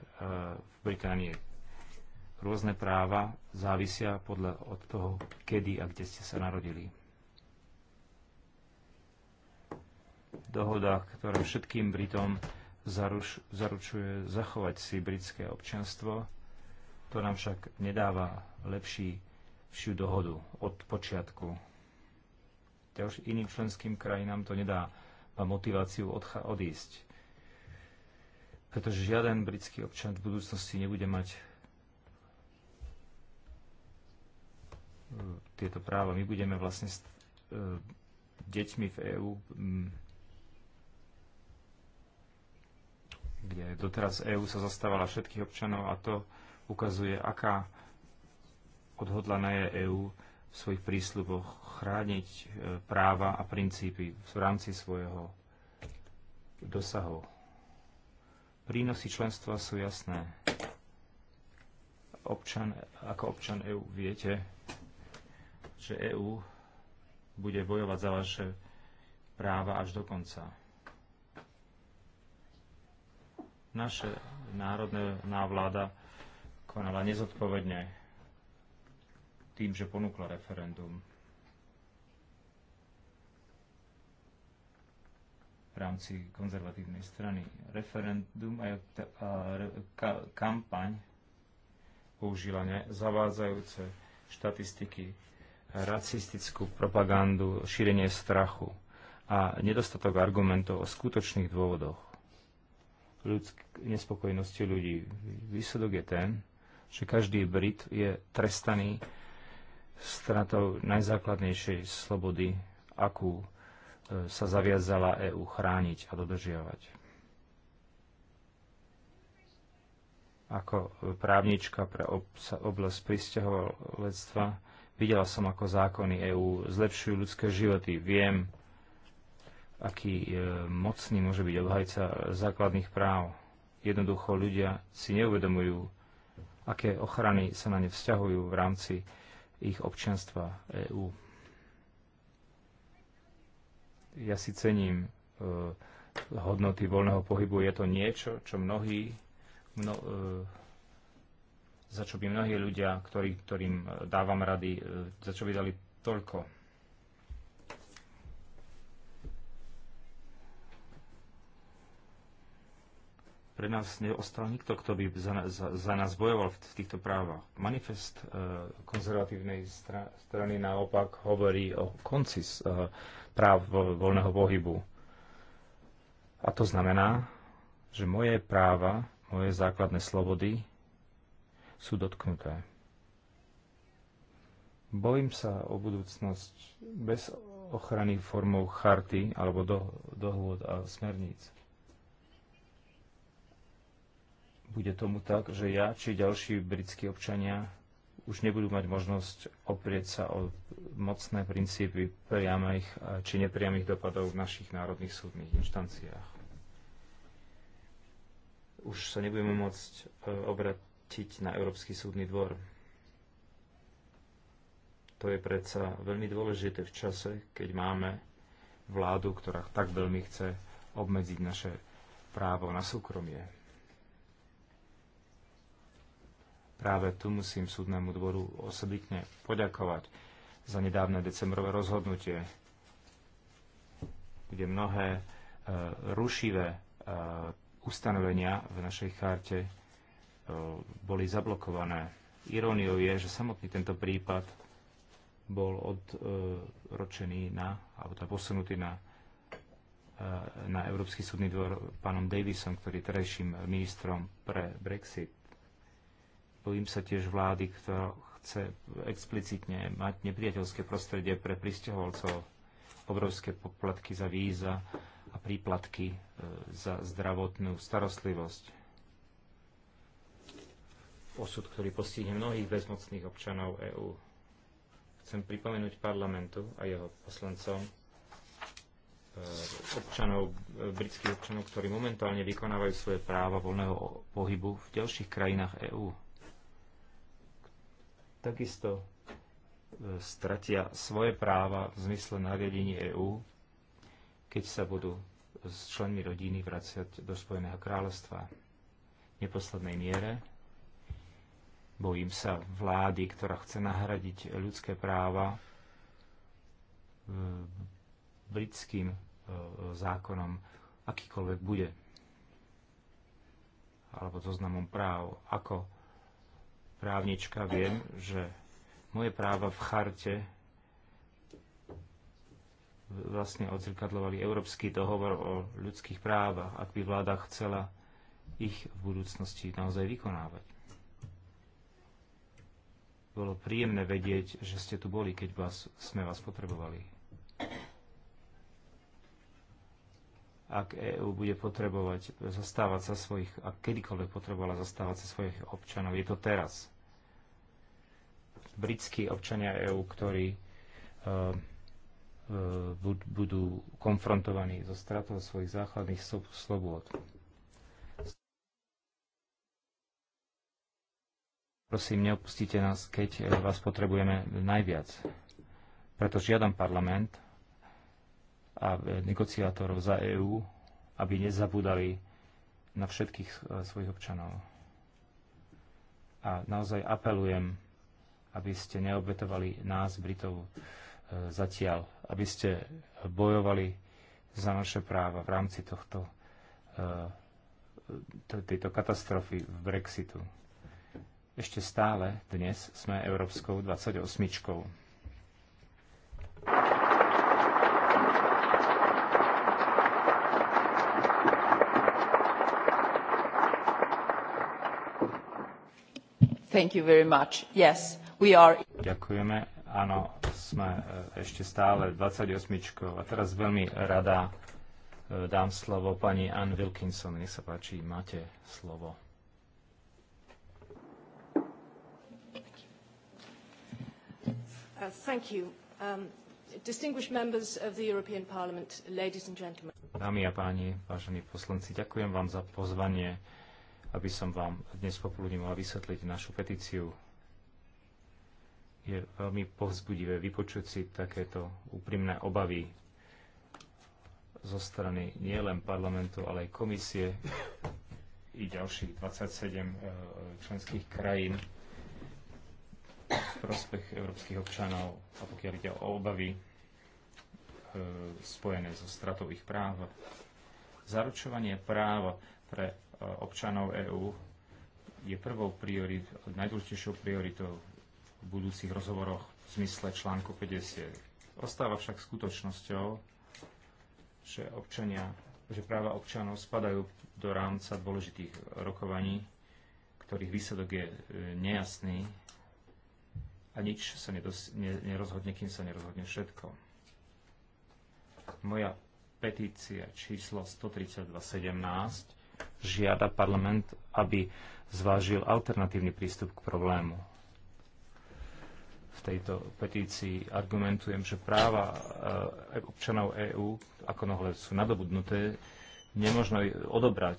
v Británii. Rôzne práva závisia podľa od toho, kedy a kde ste sa narodili. Dohoda, ktorá všetkým Britom zaruš, zaručuje zachovať si britské občianstvo, to nám však nedáva lepší všiu dohodu od počiatku. Ďalším iným členským krajinám to nedá a motiváciu odísť. Pretože žiaden britský občan v budúcnosti nebude mať e, tieto práva. My budeme vlastne s e, deťmi v EÚ, kde doteraz EÚ sa zastávala všetkých občanov a to ukazuje, aká odhodlaná je EÚ v svojich prísľuboch chrániť e, práva a princípy v rámci svojho dosahu. Prínosy členstva sú jasné. Občan, ako občan EÚ viete, že EÚ bude bojovať za vaše práva až do konca. Naše národná vláda konala nezodpovedne tým, že ponúkla referendum. v rámci konzervatívnej strany referendum a, a, kampaň použila zavádzajúce štatistiky, racistickú propagandu, šírenie strachu a nedostatok argumentov o skutočných dôvodoch ľudsk- nespokojnosti ľudí. Výsledok je ten, že každý Brit je trestaný stratou najzákladnejšej slobody, akú e, sa zaviazala EÚ chrániť a dodržiavať. Ako právnička pre oblasť pristahovalectva videla som, ako zákony EÚ zlepšujú ľudské životy. Viem, aký e, mocný môže byť obhajca základných práv. Jednoducho ľudia si neuvedomujú, aké ochrany sa na ne vzťahujú v rámci ich občianstva EÚ. Ja si cením e, hodnoty voľného pohybu. Je to niečo, čo mnohí, mno, e, za čo by mnohí ľudia, ktorý, ktorým e, dávam rady, e, za čo by dali toľko. pre nás neostal nikto, kto by za, za, za nás bojoval v, týchto právach. Manifest uh, konzervatívnej stra, strany naopak hovorí o konci uh, práv voľného pohybu. A to znamená, že moje práva, moje základné slobody sú dotknuté. Bojím sa o budúcnosť bez ochrany formou charty alebo do, dohôd a smerníc bude tomu tak, že ja či ďalší britskí občania už nebudú mať možnosť oprieť sa o mocné princípy priamých či nepriamých dopadov v našich národných súdnych inštanciách. Už sa nebudeme môcť e, obratiť na Európsky súdny dvor. To je predsa veľmi dôležité v čase, keď máme vládu, ktorá tak veľmi chce obmedziť naše právo na súkromie. Práve tu musím súdnemu dvoru osobitne poďakovať za nedávne decembrové rozhodnutie, kde mnohé e, rušivé e, ustanovenia v našej charte e, boli zablokované. Iróniou je, že samotný tento prípad bol odročený e, na, alebo teda posunutý na, e, na Európsky súdny dvor pánom Davisom, ktorý je terajším ministrom pre Brexit. Bojím sa tiež vlády, ktorá chce explicitne mať nepriateľské prostredie pre pristahovalcov, obrovské poplatky za víza a príplatky e, za zdravotnú starostlivosť. Osud, ktorý postihne mnohých bezmocných občanov EÚ. Chcem pripomenúť parlamentu a jeho poslancom, e, občanov, e, britských občanov, ktorí momentálne vykonávajú svoje práva voľného pohybu v ďalších krajinách EÚ takisto e, stratia svoje práva v zmysle nariadení EÚ, keď sa budú s členmi rodiny vraciať do Spojeného kráľovstva. V neposlednej miere bojím sa vlády, ktorá chce nahradiť ľudské práva e, britským e, zákonom, akýkoľvek bude, alebo zoznamom práv, ako právnička, viem, že moje práva v charte vlastne odzrkadlovali Európsky dohovor o ľudských právach, ak by vláda chcela ich v budúcnosti naozaj vykonávať. Bolo príjemné vedieť, že ste tu boli, keď vás, sme vás potrebovali. ak EÚ bude potrebovať zastávať sa svojich, ak kedykoľvek potrebovala zastávať sa svojich občanov, je to teraz. Britskí občania EÚ, ktorí uh, uh, budú konfrontovaní so stratou svojich základných slobôd. Prosím, neopustite nás, keď e, vás potrebujeme najviac. Preto žiadam parlament, a negociátorov za EÚ, aby nezabudali na všetkých e, svojich občanov. A naozaj apelujem, aby ste neobetovali nás, Britov, e, zatiaľ, aby ste bojovali za naše práva v rámci tohto, e, tejto katastrofy v Brexitu. Ešte stále dnes sme Európskou 28. Áno, sme e, ešte stále 28. A teraz veľmi rada e, dám slovo pani Anne Wilkinson. Nech sa páči, máte slovo. Uh, thank you. Um, distinguished members of the European Parliament, ladies and gentlemen. Dámy a páni, vážení poslanci, ďakujem vám za pozvanie aby som vám dnes popoludne mohla vysvetliť našu petíciu. Je veľmi povzbudivé vypočuť si takéto úprimné obavy zo strany nielen parlamentu, ale aj komisie i ďalších 27 e, členských krajín v prospech európskych občanov a pokiaľ ide o obavy e, spojené so stratou ich práv. Zaručovanie práva pre občanov EÚ je prvou priorit, najdôležitejšou prioritou v budúcich rozhovoroch v zmysle článku 50. Ostáva však skutočnosťou, že, občania, že práva občanov spadajú do rámca dôležitých rokovaní, ktorých výsledok je e, nejasný a nič sa nedos- ne- nerozhodne, kým sa nerozhodne všetko. Moja petícia číslo 132.17 žiada parlament, aby zvážil alternatívny prístup k problému. V tejto petícii argumentujem, že práva e, občanov EÚ, ako nohle sú nadobudnuté, nemožno odobrať.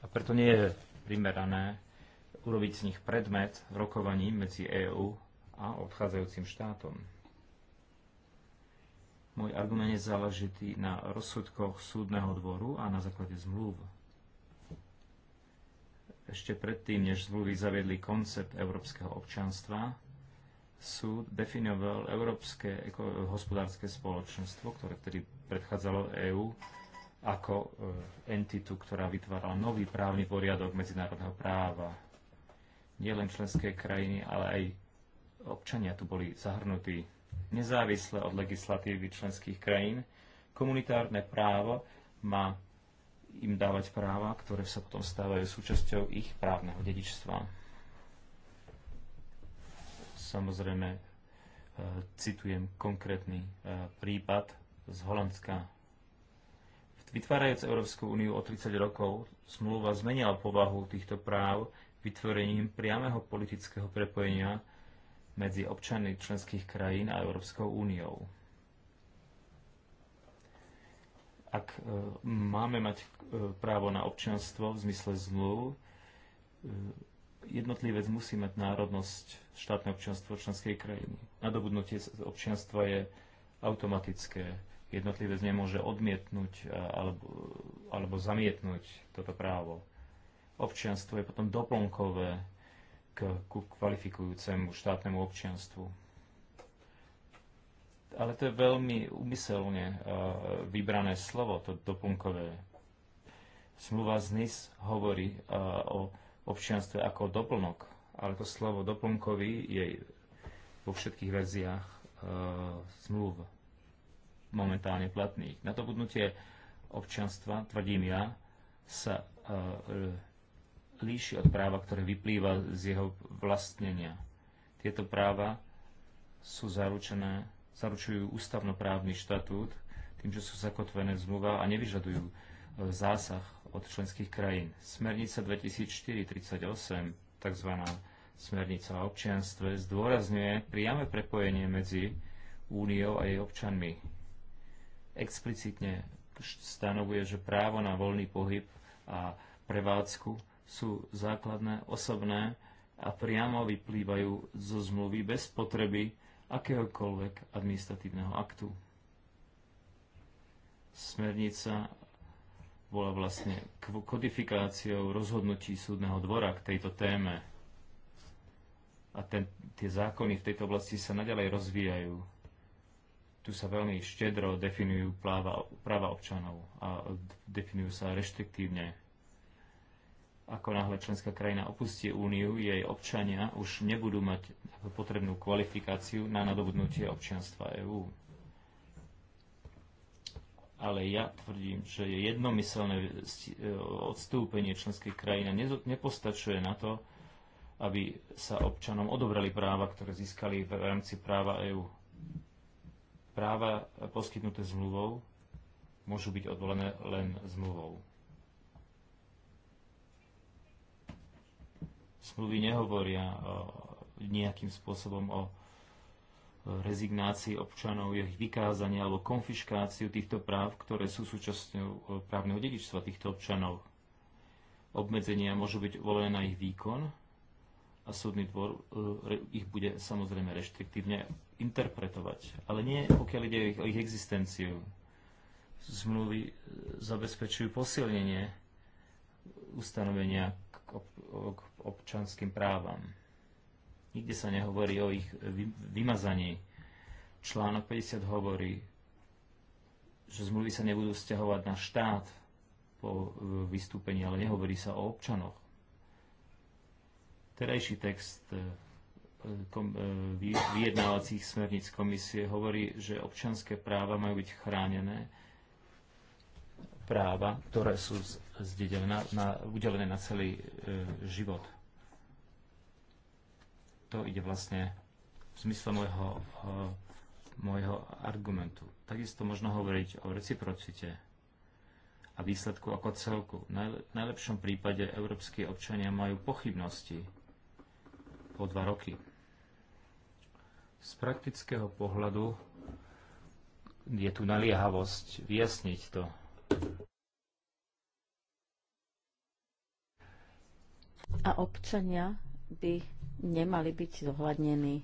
A preto nie je primerané urobiť z nich predmet v rokovaní medzi EÚ a odchádzajúcim štátom. Môj argument je záležitý na rozsudkoch súdneho dvoru a na základe zmluv ešte predtým, než zmluvy zaviedli koncept európskeho občanstva, súd definoval Európske hospodárske spoločenstvo, ktoré tedy predchádzalo EÚ, ako e, entitu, ktorá vytvárala nový právny poriadok medzinárodného práva. Nielen členské krajiny, ale aj občania tu boli zahrnutí. Nezávisle od legislatívy členských krajín, komunitárne právo má im dávať práva, ktoré sa potom stávajú súčasťou ich právneho dedičstva. Samozrejme, e, citujem konkrétny e, prípad z Holandska. Vytvárajúc Európsku úniu o 30 rokov, zmluva zmenila povahu týchto práv vytvorením priameho politického prepojenia medzi občanmi členských krajín a Európskou úniou. Ak e, máme mať e, právo na občianstvo v zmysle zmluv, e, jednotlivec musí mať národnosť, štátne občianstvo členskej krajiny. Nadobudnutie občianstva je automatické. Jednotlivec nemôže odmietnúť alebo, alebo zamietnúť toto právo. Občianstvo je potom doplnkové k, ku kvalifikujúcemu štátnemu občianstvu ale to je veľmi umyselne eh, vybrané slovo, to doplnkové. Smluva z NIS hovorí eh, o občianstve ako doplnok, ale to slovo doplnkový je vo všetkých verziách zmluv eh, momentálne platných. Na to budnutie občanstva, tvrdím ja, sa líši od práva, ktoré vyplýva z jeho vlastnenia. Tieto práva sú zaručené zaručujú ústavnoprávny štatút tým, že sú zakotvené v zmluvách a nevyžadujú e, zásah od členských krajín. Smernica 2004-38, tzv. Smernica o občianstve, zdôrazňuje priame prepojenie medzi úniou a jej občanmi. Explicitne stanovuje, že právo na voľný pohyb a prevádzku sú základné, osobné a priamo vyplývajú zo zmluvy bez potreby akéhokoľvek administratívneho aktu. Smernica bola vlastne kodifikáciou rozhodnutí súdneho dvora k tejto téme. A ten, tie zákony v tejto oblasti sa nadalej rozvíjajú. Tu sa veľmi štedro definujú práva, práva občanov a definujú sa reštriktívne ako náhle členská krajina opustí úniu, jej občania už nebudú mať potrebnú kvalifikáciu na nadobudnutie občianstva EÚ. Ale ja tvrdím, že je jednomyselné e, odstúpenie členskej krajiny nepostačuje na to, aby sa občanom odobrali práva, ktoré získali v rámci práva EÚ. Práva poskytnuté zmluvou môžu byť odvolené len zmluvou. Smluvy nehovoria e, nejakým spôsobom o e, rezignácii občanov, ich vykázanie alebo konfiškáciu týchto práv, ktoré sú súčasťou e, právneho dedičstva týchto občanov. Obmedzenia môžu byť volené na ich výkon a súdny dvor ich bude samozrejme reštriktívne interpretovať, ale nie pokiaľ ide o ich existenciu. Zmluvy zabezpečujú posilnenie ustanovenia k, k občanským právam. Nikde sa nehovorí o ich vymazaní. Článok 50 hovorí, že zmluvy sa nebudú vzťahovať na štát po e, vystúpení, ale nehovorí sa o občanoch. Terajší text e, e, vyjednávacích smerníc komisie hovorí, že občanské práva majú byť chránené práva, ktoré sú zdedené, na, udelené na celý e, život. To ide vlastne v zmysle môjho, e, môjho argumentu. Takisto možno hovoriť o reciprocite a výsledku ako celku. V najlepšom prípade európsky občania majú pochybnosti o dva roky. Z praktického pohľadu je tu naliehavosť vyjasniť to. A občania by nemali byť zohľadnení.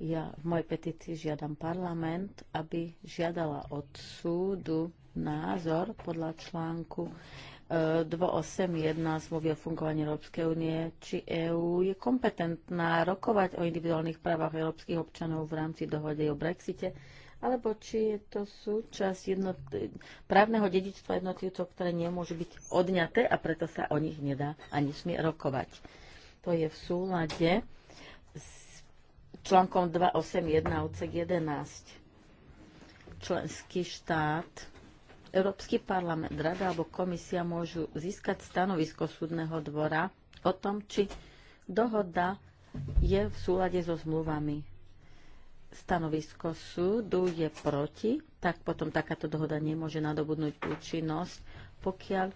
Ja v mojej petícii žiadam parlament, aby žiadala od súdu názor podľa článku 281 e, zmluvy o fungovaní Európskej únie, či EÚ je kompetentná rokovať o individuálnych právach európskych občanov v rámci dohody o Brexite alebo či je to súčasť jednot... právneho dedičstva jednotlivcov, ktoré nemôžu byť odňaté a preto sa o nich nedá ani smie rokovať. To je v súlade s článkom 281 odsek 11. Členský štát, Európsky parlament, Rada alebo komisia môžu získať stanovisko súdneho dvora o tom, či dohoda je v súlade so zmluvami stanovisko súdu je proti, tak potom takáto dohoda nemôže nadobudnúť účinnosť, pokiaľ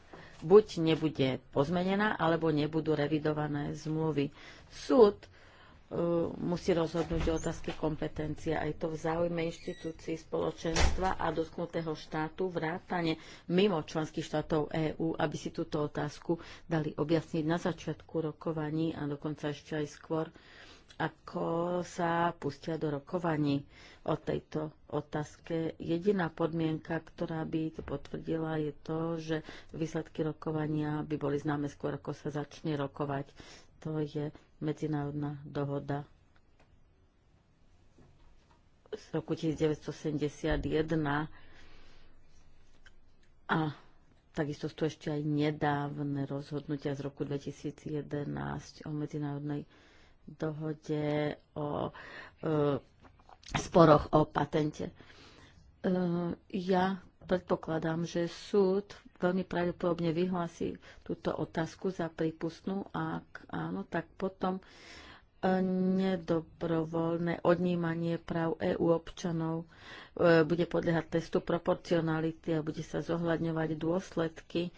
buď nebude pozmenená, alebo nebudú revidované zmluvy. Súd uh, musí rozhodnúť o otázke kompetencie, Aj to v záujme inštitúcií spoločenstva a dotknutého štátu vrátane mimo členských štátov EÚ, aby si túto otázku dali objasniť na začiatku rokovaní a dokonca ešte aj skôr. Uh, ako sa pustia do rokovaní o tejto otázke. Jediná podmienka, ktorá by to potvrdila, je to, že výsledky rokovania by boli známe skôr, ako sa začne rokovať. To je medzinárodná dohoda z roku 1971 a Takisto sú tu ešte aj nedávne rozhodnutia z roku 2011 o medzinárodnej dohode o e, sporoch o patente. E, ja predpokladám, že súd veľmi pravdepodobne vyhlási túto otázku za prípustnú a ak áno, tak potom e, nedobrovoľné odnímanie práv EU občanov bude podliehať testu proporcionality a bude sa zohľadňovať dôsledky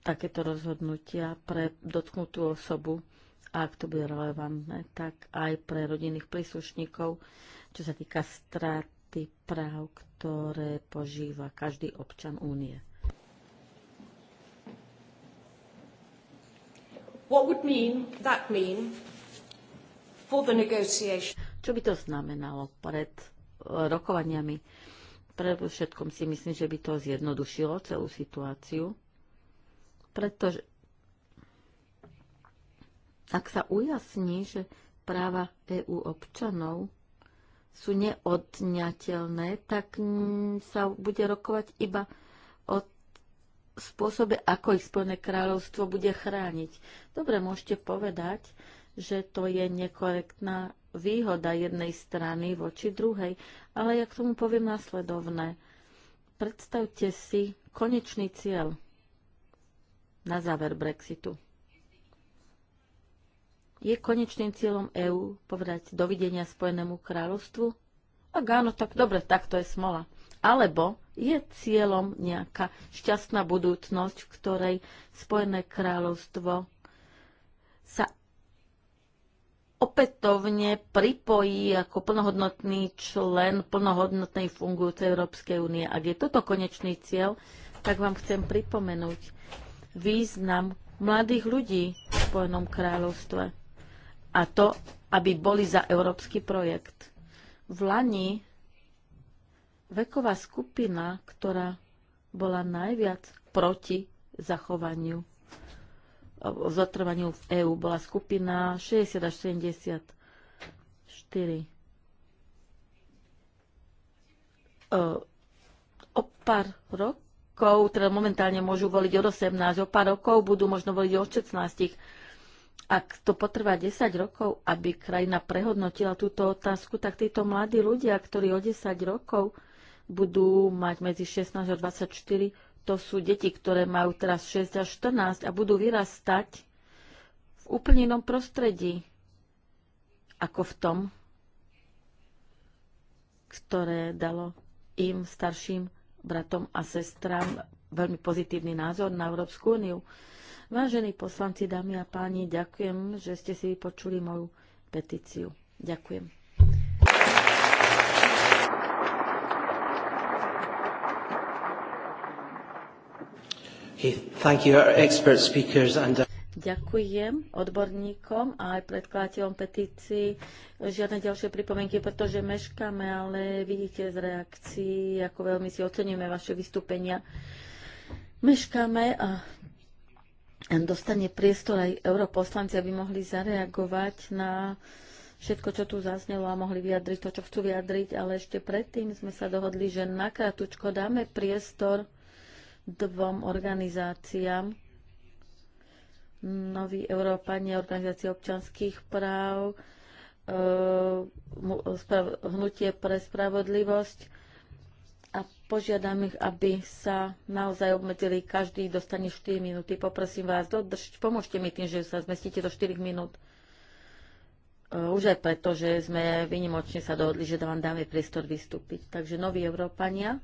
takéto rozhodnutia pre dotknutú osobu ak to bude relevantné, tak aj pre rodinných príslušníkov, čo sa týka straty práv, ktoré požíva každý občan únie. What would mean, that mean for the negotiation? Čo by to znamenalo pred eh, rokovaniami? Pre všetkom si myslím, že by to zjednodušilo celú situáciu, pretože ak sa ujasní, že práva EÚ občanov sú neodňateľné, tak sa bude rokovať iba o spôsobe, ako ich Spojené kráľovstvo bude chrániť. Dobre, môžete povedať, že to je nekorektná výhoda jednej strany voči druhej, ale ja k tomu poviem následovné. Predstavte si konečný cieľ na záver Brexitu. Je konečným cieľom EÚ povedať dovidenia Spojenému kráľovstvu? Ak áno, tak dobre, tak to je smola. Alebo je cieľom nejaká šťastná budúcnosť, v ktorej Spojené kráľovstvo sa opätovne pripojí ako plnohodnotný člen plnohodnotnej fungujúcej Európskej únie. Ak je toto konečný cieľ, tak vám chcem pripomenúť význam mladých ľudí v Spojenom kráľovstve a to, aby boli za európsky projekt. V Lani veková skupina, ktorá bola najviac proti zachovaniu zotrvaniu v EÚ bola skupina 60 až 74. O pár rokov, teda momentálne môžu voliť od 18, o pár rokov budú možno voliť od 16 ak to potrvá 10 rokov, aby krajina prehodnotila túto otázku, tak títo mladí ľudia, ktorí o 10 rokov budú mať medzi 16 a 24, to sú deti, ktoré majú teraz 6 až 14 a budú vyrastať v úplne inom prostredí ako v tom, ktoré dalo im, starším bratom a sestram veľmi pozitívny názor na Európsku úniu. Vážení poslanci, dámy a páni, ďakujem, že ste si vypočuli moju petíciu. Ďakujem. Uh, ďakujem odborníkom a aj predkladateľom petícií. Žiadne ďalšie pripomienky, pretože meškáme, ale vidíte z reakcií, ako veľmi si oceníme vaše vystúpenia. Meškáme a dostane priestor aj europoslanci, aby mohli zareagovať na všetko, čo tu zaznelo a mohli vyjadriť to, čo chcú vyjadriť, ale ešte predtým sme sa dohodli, že na krátučko dáme priestor dvom organizáciám. Nový Európanie, organizácie občanských práv, e, hnutie pre spravodlivosť a požiadam ich, aby sa naozaj obmedzili. Každý dostane 4 minúty. Poprosím vás, dodržť. pomôžte mi tým, že sa zmestíte do 4 minút. E, už aj preto, že sme vynimočne sa dohodli, že vám dáme priestor vystúpiť. Takže noví Európania.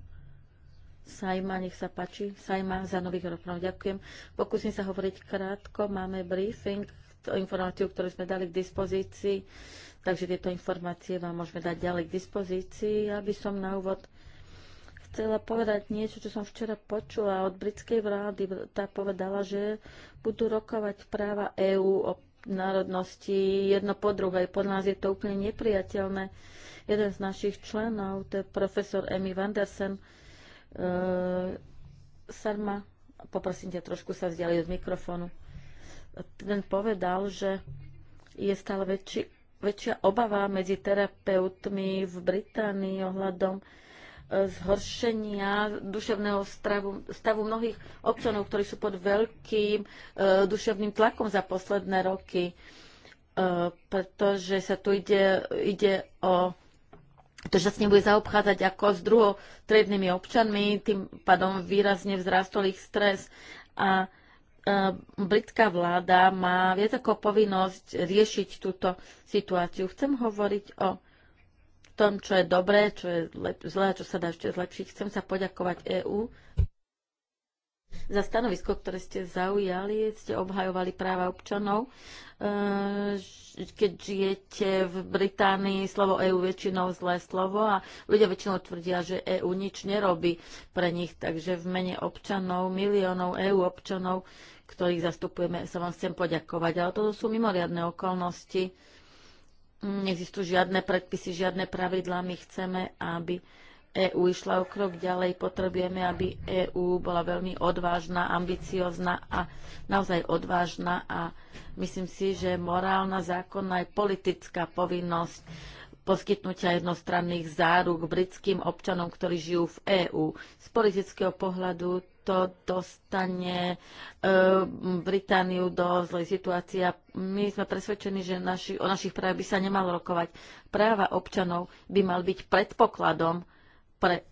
Sajma, nech sa páči. Sajma za nových Európanov. Ďakujem. Pokúsim sa hovoriť krátko. Máme briefing, informáciu, ktorú sme dali k dispozícii. Takže tieto informácie vám môžeme dať ďalej k dispozícii. Aby som na úvod chcela povedať niečo, čo som včera počula od britskej vlády. Tá povedala, že budú rokovať práva EÚ o národnosti jedno po druhej. Pod nás je to úplne nepriateľné. Jeden z našich členov, to je profesor Emmy Vandersen, uh, eh, Sarma, poprosím ťa, trošku sa vzdiali od mikrofónu. Ten povedal, že je stále väčší, väčšia obava medzi terapeutmi v Británii ohľadom zhoršenia duševného stavu, stavu mnohých občanov, ktorí sú pod veľkým e, duševným tlakom za posledné roky, e, pretože sa tu ide, ide o to, že sa s ním bude zaobchádzať ako s druhotriednými občanmi, tým pádom výrazne vzrastol ich stres a e, britská vláda má viac ako povinnosť riešiť túto situáciu. Chcem hovoriť o tom, čo je dobré, čo je zlé, čo sa dá ešte zlepšiť. Chcem sa poďakovať EÚ za stanovisko, ktoré ste zaujali, ste obhajovali práva občanov. E, keď žijete v Británii, slovo EÚ väčšinou zlé slovo a ľudia väčšinou tvrdia, že EÚ nič nerobí pre nich. Takže v mene občanov, miliónov EÚ občanov, ktorých zastupujeme, sa vám chcem poďakovať. Ale toto sú mimoriadne okolnosti Neexistujú žiadne predpisy, žiadne pravidlá. My chceme, aby EÚ išla o krok ďalej. Potrebujeme, aby EÚ bola veľmi odvážna, ambiciozna a naozaj odvážna. A myslím si, že morálna, zákonná aj politická povinnosť poskytnutia jednostranných záruk britským občanom, ktorí žijú v EÚ. Z politického pohľadu to dostane e, Britániu do zlej situácie. My sme presvedčení, že naši, o našich právach by sa nemalo rokovať. Práva občanov by mal byť predpokladom pre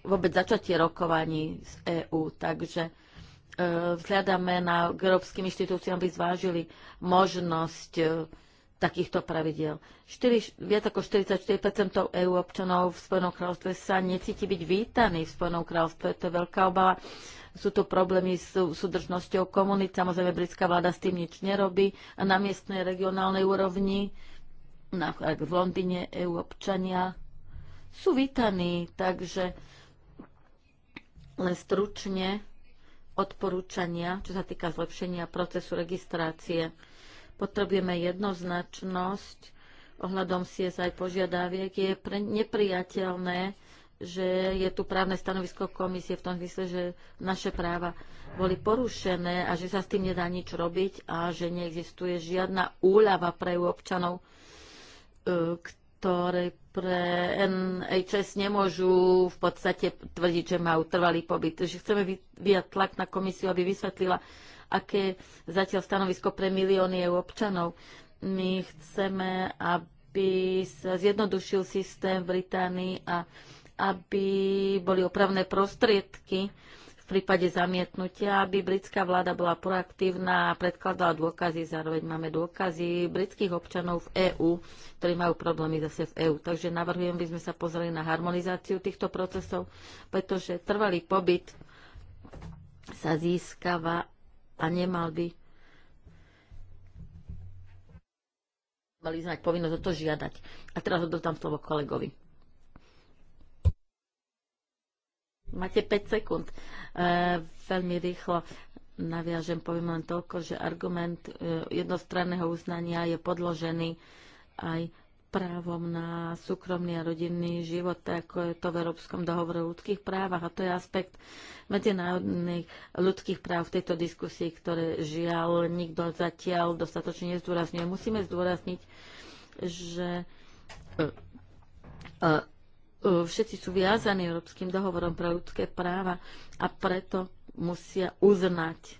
vôbec začatie rokovaní z EÚ. Takže e, vzhľadáme na európskym inštitúciám, aby zvážili možnosť e, takýchto pravidiel. 4, viac ako 44 EU občanov v Spojenom kráľovstve sa necíti byť vítaní v Spojenom kráľovstve. To je veľká obava. Sú tu problémy s súdržnosťou komunít. Samozrejme, britská vláda s tým nič nerobí. A na miestnej regionálnej úrovni, napríklad v Londýne, EU občania sú vítaní. Takže len stručne odporúčania, čo sa týka zlepšenia procesu registrácie potrebujeme jednoznačnosť ohľadom si aj požiadaviek. Je pre nepriateľné, že je tu právne stanovisko komisie v tom zmysle, že naše práva boli porušené a že sa s tým nedá nič robiť a že neexistuje žiadna úľava pre občanov, e, ktoré pre NHS nemôžu v podstate tvrdiť, že majú trvalý pobyt. Takže chceme vyjať tlak na komisiu, aby vysvetlila, aké zatiaľ stanovisko pre milióny EU občanov. My chceme, aby sa zjednodušil systém v Británii a aby boli opravné prostriedky v prípade zamietnutia, aby britská vláda bola proaktívna a predkladala dôkazy. Zároveň máme dôkazy britských občanov v EÚ, ktorí majú problémy zase v EÚ. Takže navrhujem, by sme sa pozreli na harmonizáciu týchto procesov, pretože trvalý pobyt sa získava a nemal by mali znať povinnosť o to žiadať. A teraz odovzdám slovo kolegovi. Máte 5 sekúnd. E, veľmi rýchlo naviažem, poviem len toľko, že argument e, jednostranného uznania je podložený aj právom na súkromný a rodinný život, tak ako je to v Európskom dohovore o ľudských právach. A to je aspekt medzinárodných ľudských práv v tejto diskusii, ktoré žiaľ nikto zatiaľ dostatočne nezdôrazňuje. Musíme zdôrazniť, že e, e, e, všetci sú viazaní Európskym dohovorom pre ľudské práva a preto musia uznať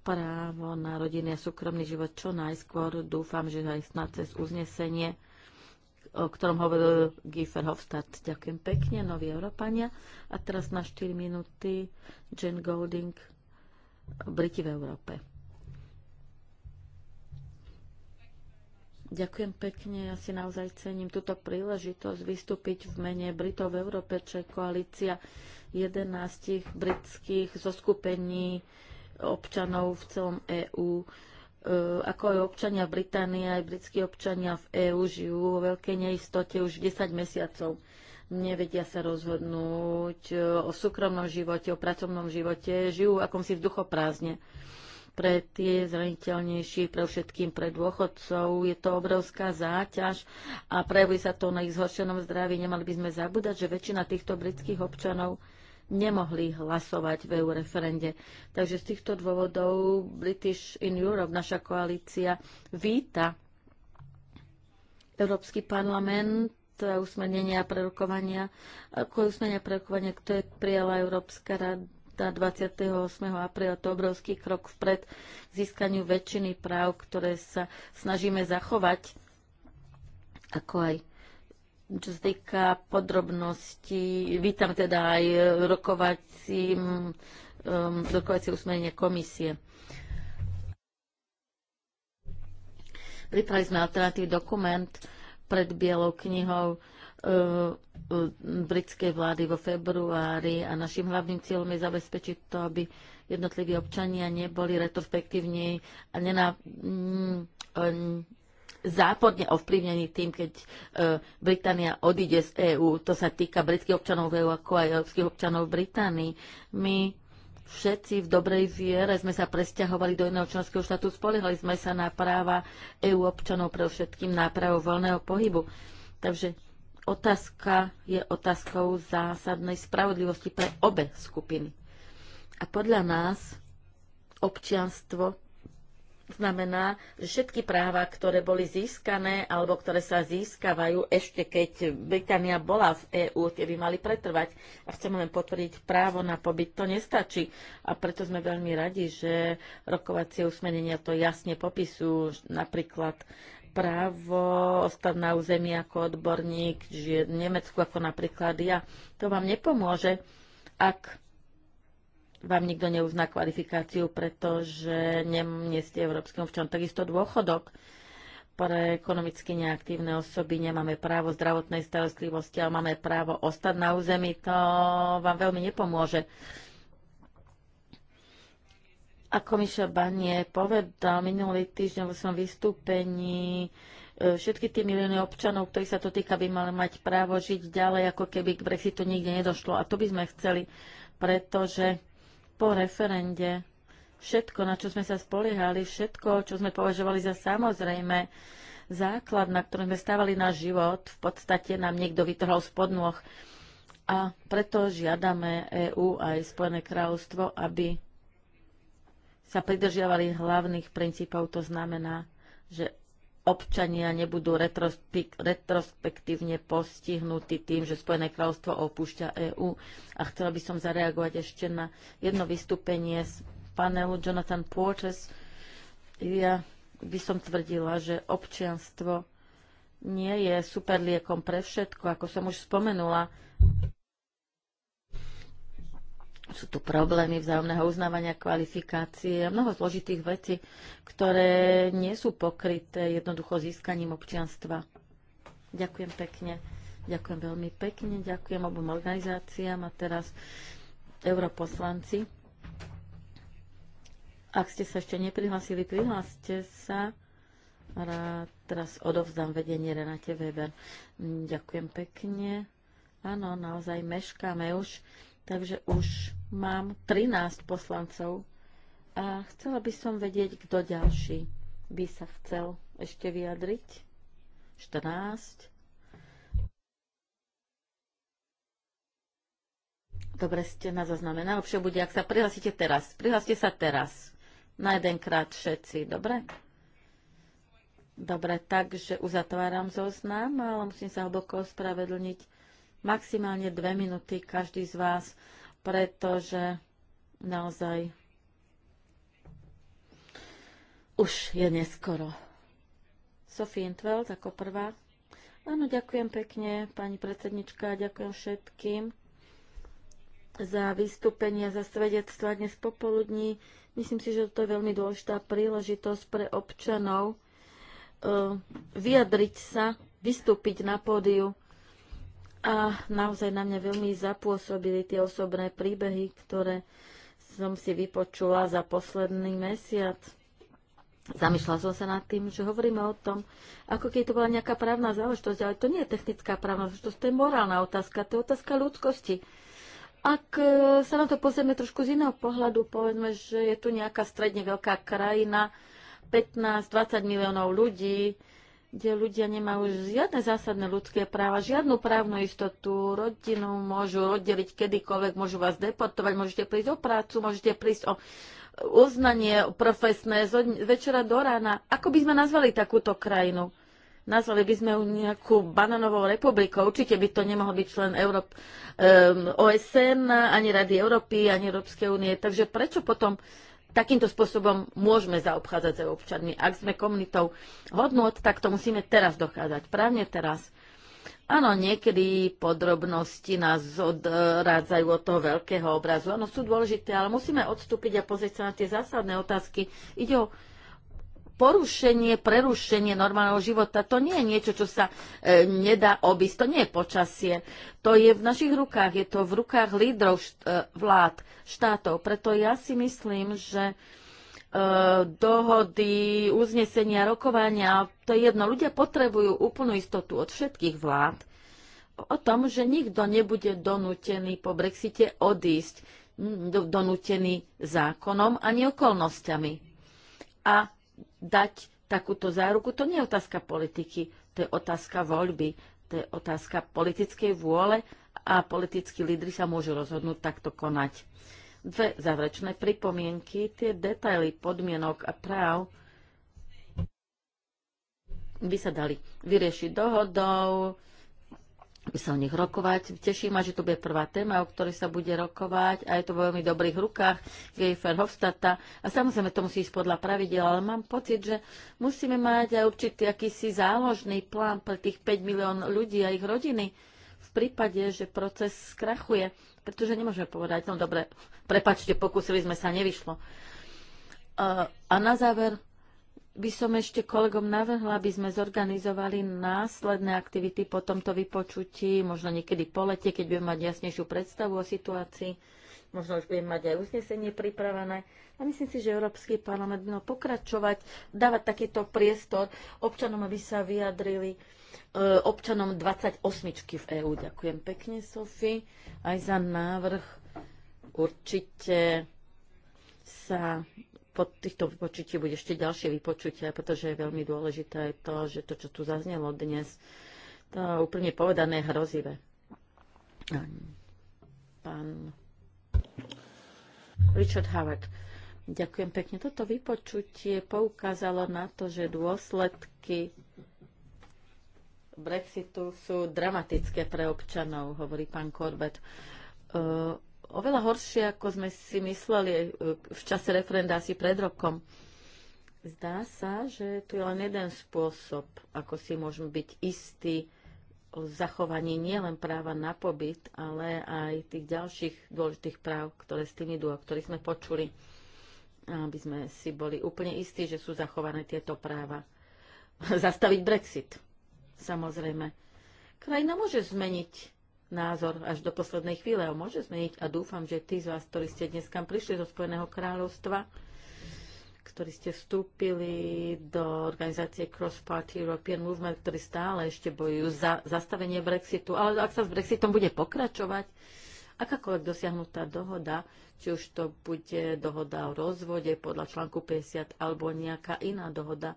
právo na rodinný a súkromný život čo najskôr. Dúfam, že aj snad cez uznesenie o ktorom hovoril Giefer Hofstadt. Ďakujem pekne, noví Európania. A teraz na 4 minúty Jane Golding, Briti v Európe. Ďakujem pekne, ja si naozaj cením túto príležitosť vystúpiť v mene Britov v Európe, čo je koalícia 11 britských zoskupení občanov v celom EÚ E, ako aj občania Británie, aj britskí občania v EÚ žijú vo veľkej neistote už 10 mesiacov. Nevedia sa rozhodnúť e, o súkromnom živote, o pracovnom živote, žijú v akomsi vzduchoprázdne. Pre tie zraniteľnejšie, pre všetkým pre dôchodcov je to obrovská záťaž a prejavuje sa to na ich zhoršenom zdraví. Nemali by sme zabúdať, že väčšina týchto britských občanov nemohli hlasovať v EU referende. Takže z týchto dôvodov British in Europe, naša koalícia, víta Európsky parlament eh, usmernenia prerokovania, ako usmernenia a prerokovania, ktoré prijala Európska rada 28. apríla. To obrovský krok vpred k získaniu väčšiny práv, ktoré sa snažíme zachovať, ako aj čo sa týka podrobností, vítam teda aj rokovací, um, rokovacie usmerenie komisie. Pripravili sme alternatívny dokument pred Bielou knihou eh, eh, britskej vlády vo februári a našim hlavným cieľom je zabezpečiť to, aby jednotliví občania neboli retrospektívni a nená, mm, eh, západne ovplyvnení tým, keď e, Británia odíde z EÚ. To sa týka britských občanov v EÚ ako aj európskych občanov v Británii. My všetci v dobrej viere sme sa presťahovali do iného členského štátu, spoliehali sme sa na práva EÚ občanov, pre všetkým na právo voľného pohybu. Takže otázka je otázkou zásadnej spravodlivosti pre obe skupiny. A podľa nás občianstvo znamená, že všetky práva, ktoré boli získané alebo ktoré sa získavajú ešte keď Británia bola v EÚ, tie by mali pretrvať. A chcem len potvrdiť, právo na pobyt to nestačí. A preto sme veľmi radi, že rokovacie usmenenia to jasne popisujú. Napríklad právo ostať na území ako odborník, že v Nemecku ako napríklad ja. To vám nepomôže, ak vám nikto neuzná kvalifikáciu, pretože nem, nie ste európskym občanom. Takisto dôchodok pre ekonomicky neaktívne osoby nemáme právo zdravotnej starostlivosti, ale máme právo ostať na území. To vám veľmi nepomôže. Ako Miša Banie povedal minulý týždeň vo svojom vystúpení, e, všetky tie milióny občanov, ktorí sa to týka, by mali mať právo žiť ďalej, ako keby k Brexitu nikde nedošlo. A to by sme chceli, pretože po referende všetko, na čo sme sa spoliehali, všetko, čo sme považovali za samozrejme, základ, na ktorom sme stávali náš život, v podstate nám niekto vytrhol spod nôh. A preto žiadame EÚ aj Spojené kráľovstvo, aby sa pridržiavali hlavných princípov. To znamená, že občania nebudú retrospektívne postihnutí tým, že Spojené kráľovstvo opúšťa EÚ. A chcela by som zareagovať ešte na jedno vystúpenie z panelu Jonathan Porches. Ja by som tvrdila, že občianstvo nie je superliekom pre všetko. Ako som už spomenula, sú tu problémy vzájomného uznávania kvalifikácie a mnoho zložitých vecí, ktoré nie sú pokryté jednoducho získaním občianstva. Ďakujem pekne. Ďakujem veľmi pekne. Ďakujem obom organizáciám a teraz europoslanci. Ak ste sa ešte neprihlásili, prihláste sa. Rád teraz odovzdám vedenie Renate Weber. Ďakujem pekne. Áno, naozaj meškáme už. Takže už mám 13 poslancov a chcela by som vedieť, kto ďalší by sa chcel ešte vyjadriť. 14. Dobre ste na zazname. Najlepšie bude, ak sa prihlasíte teraz. Prihlaste sa teraz. Na jedenkrát všetci, dobre? Dobre, takže uzatváram zoznam, ale musím sa hlboko ospravedlniť maximálne dve minúty každý z vás, pretože naozaj už je neskoro. Sofie Intveld ako prvá. Áno, ďakujem pekne, pani predsednička, ďakujem všetkým za vystúpenie, za svedectva dnes popoludní. Myslím si, že toto je veľmi dôležitá príležitosť pre občanov eh, vyjadriť sa, vystúpiť na pódiu a naozaj na mňa veľmi zapôsobili tie osobné príbehy, ktoré som si vypočula za posledný mesiac. Zamýšľala som sa nad tým, že hovoríme o tom, ako keď to bola nejaká právna záležitosť, ale to nie je technická právna záležitosť, to je morálna otázka, to je otázka ľudskosti. Ak e, sa na to pozrieme trošku z iného pohľadu, povedzme, že je tu nejaká stredne veľká krajina, 15-20 miliónov ľudí, kde ľudia nemajú žiadne zásadné ľudské práva, žiadnu právnu istotu, rodinu môžu oddeliť kedykoľvek, môžu vás deportovať, môžete prísť o prácu, môžete prísť o uznanie profesné z večera do rána. Ako by sme nazvali takúto krajinu? Nazvali by sme ju nejakú bananovou republikou. Určite by to nemohol byť člen Európ, um, OSN, ani Rady Európy, ani Európskej únie. Takže prečo potom takýmto spôsobom môžeme zaobchádzať s občanmi. Ak sme komunitou hodnot, tak to musíme teraz dochádzať, právne teraz. Áno, niekedy podrobnosti nás odrádzajú od toho veľkého obrazu. Áno, sú dôležité, ale musíme odstúpiť a pozrieť sa na tie zásadné otázky. Ide o porušenie, prerušenie normálneho života, to nie je niečo, čo sa e, nedá obísť, to nie je počasie. To je v našich rukách, je to v rukách lídrov št, e, vlád, štátov. Preto ja si myslím, že e, dohody, uznesenia, rokovania, to je jedno. Ľudia potrebujú úplnú istotu od všetkých vlád o tom, že nikto nebude donútený po Brexite odísť, donútený zákonom ani okolnosťami. A dať takúto záruku, to nie je otázka politiky, to je otázka voľby, to je otázka politickej vôle a politickí lídry sa môžu rozhodnúť takto konať. Dve záverečné pripomienky, tie detaily podmienok a práv by sa dali vyriešiť dohodou, by sa o nich rokovať. Teší ma, že to bude prvá téma, o ktorej sa bude rokovať a je to vo veľmi dobrých rukách Gej Verhofstadta. A samozrejme to musí ísť podľa pravidel, ale mám pocit, že musíme mať aj určitý akýsi záložný plán pre tých 5 milión ľudí a ich rodiny v prípade, že proces skrachuje, pretože nemôžeme povedať, no dobre, prepačte, pokúsili sme sa, nevyšlo. A na záver by som ešte kolegom navrhla, aby sme zorganizovali následné aktivity po tomto vypočutí, možno niekedy po lete, keď budeme mať jasnejšiu predstavu o situácii, možno už budeme mať aj uznesenie pripravené. A myslím si, že Európsky parlament by mal pokračovať, dávať takýto priestor občanom, aby sa vyjadrili e, občanom 28 v EÚ. Ďakujem pekne, Sofi, aj za návrh. Určite sa po týchto vypočutí bude ešte ďalšie vypočutie, pretože je veľmi dôležité aj to, že to, čo tu zaznelo dnes, to úplne povedané hrozivé. Pán Richard Howard. Ďakujem pekne. Toto vypočutie poukázalo na to, že dôsledky Brexitu sú dramatické pre občanov, hovorí pán Corbett. Uh, oveľa horšie, ako sme si mysleli eh, v čase referenda asi pred rokom. Zdá sa, že tu je len jeden spôsob, ako si môžeme byť istí o zachovaní nielen práva na pobyt, ale aj tých ďalších dôležitých práv, ktoré s tým idú, o ktorých sme počuli, aby sme si boli úplne istí, že sú zachované tieto práva. Zastaviť Brexit, samozrejme. Krajina môže zmeniť názor až do poslednej chvíle ho môže zmeniť a dúfam, že tí z vás, ktorí ste dnes kam prišli zo Spojeného kráľovstva, ktorí ste vstúpili do organizácie Cross-Party European Movement, ktorí stále ešte bojujú za zastavenie Brexitu. Ale ak sa s Brexitom bude pokračovať, akákoľvek dosiahnutá dohoda, či už to bude dohoda o rozvode podľa článku 50 alebo nejaká iná dohoda, e,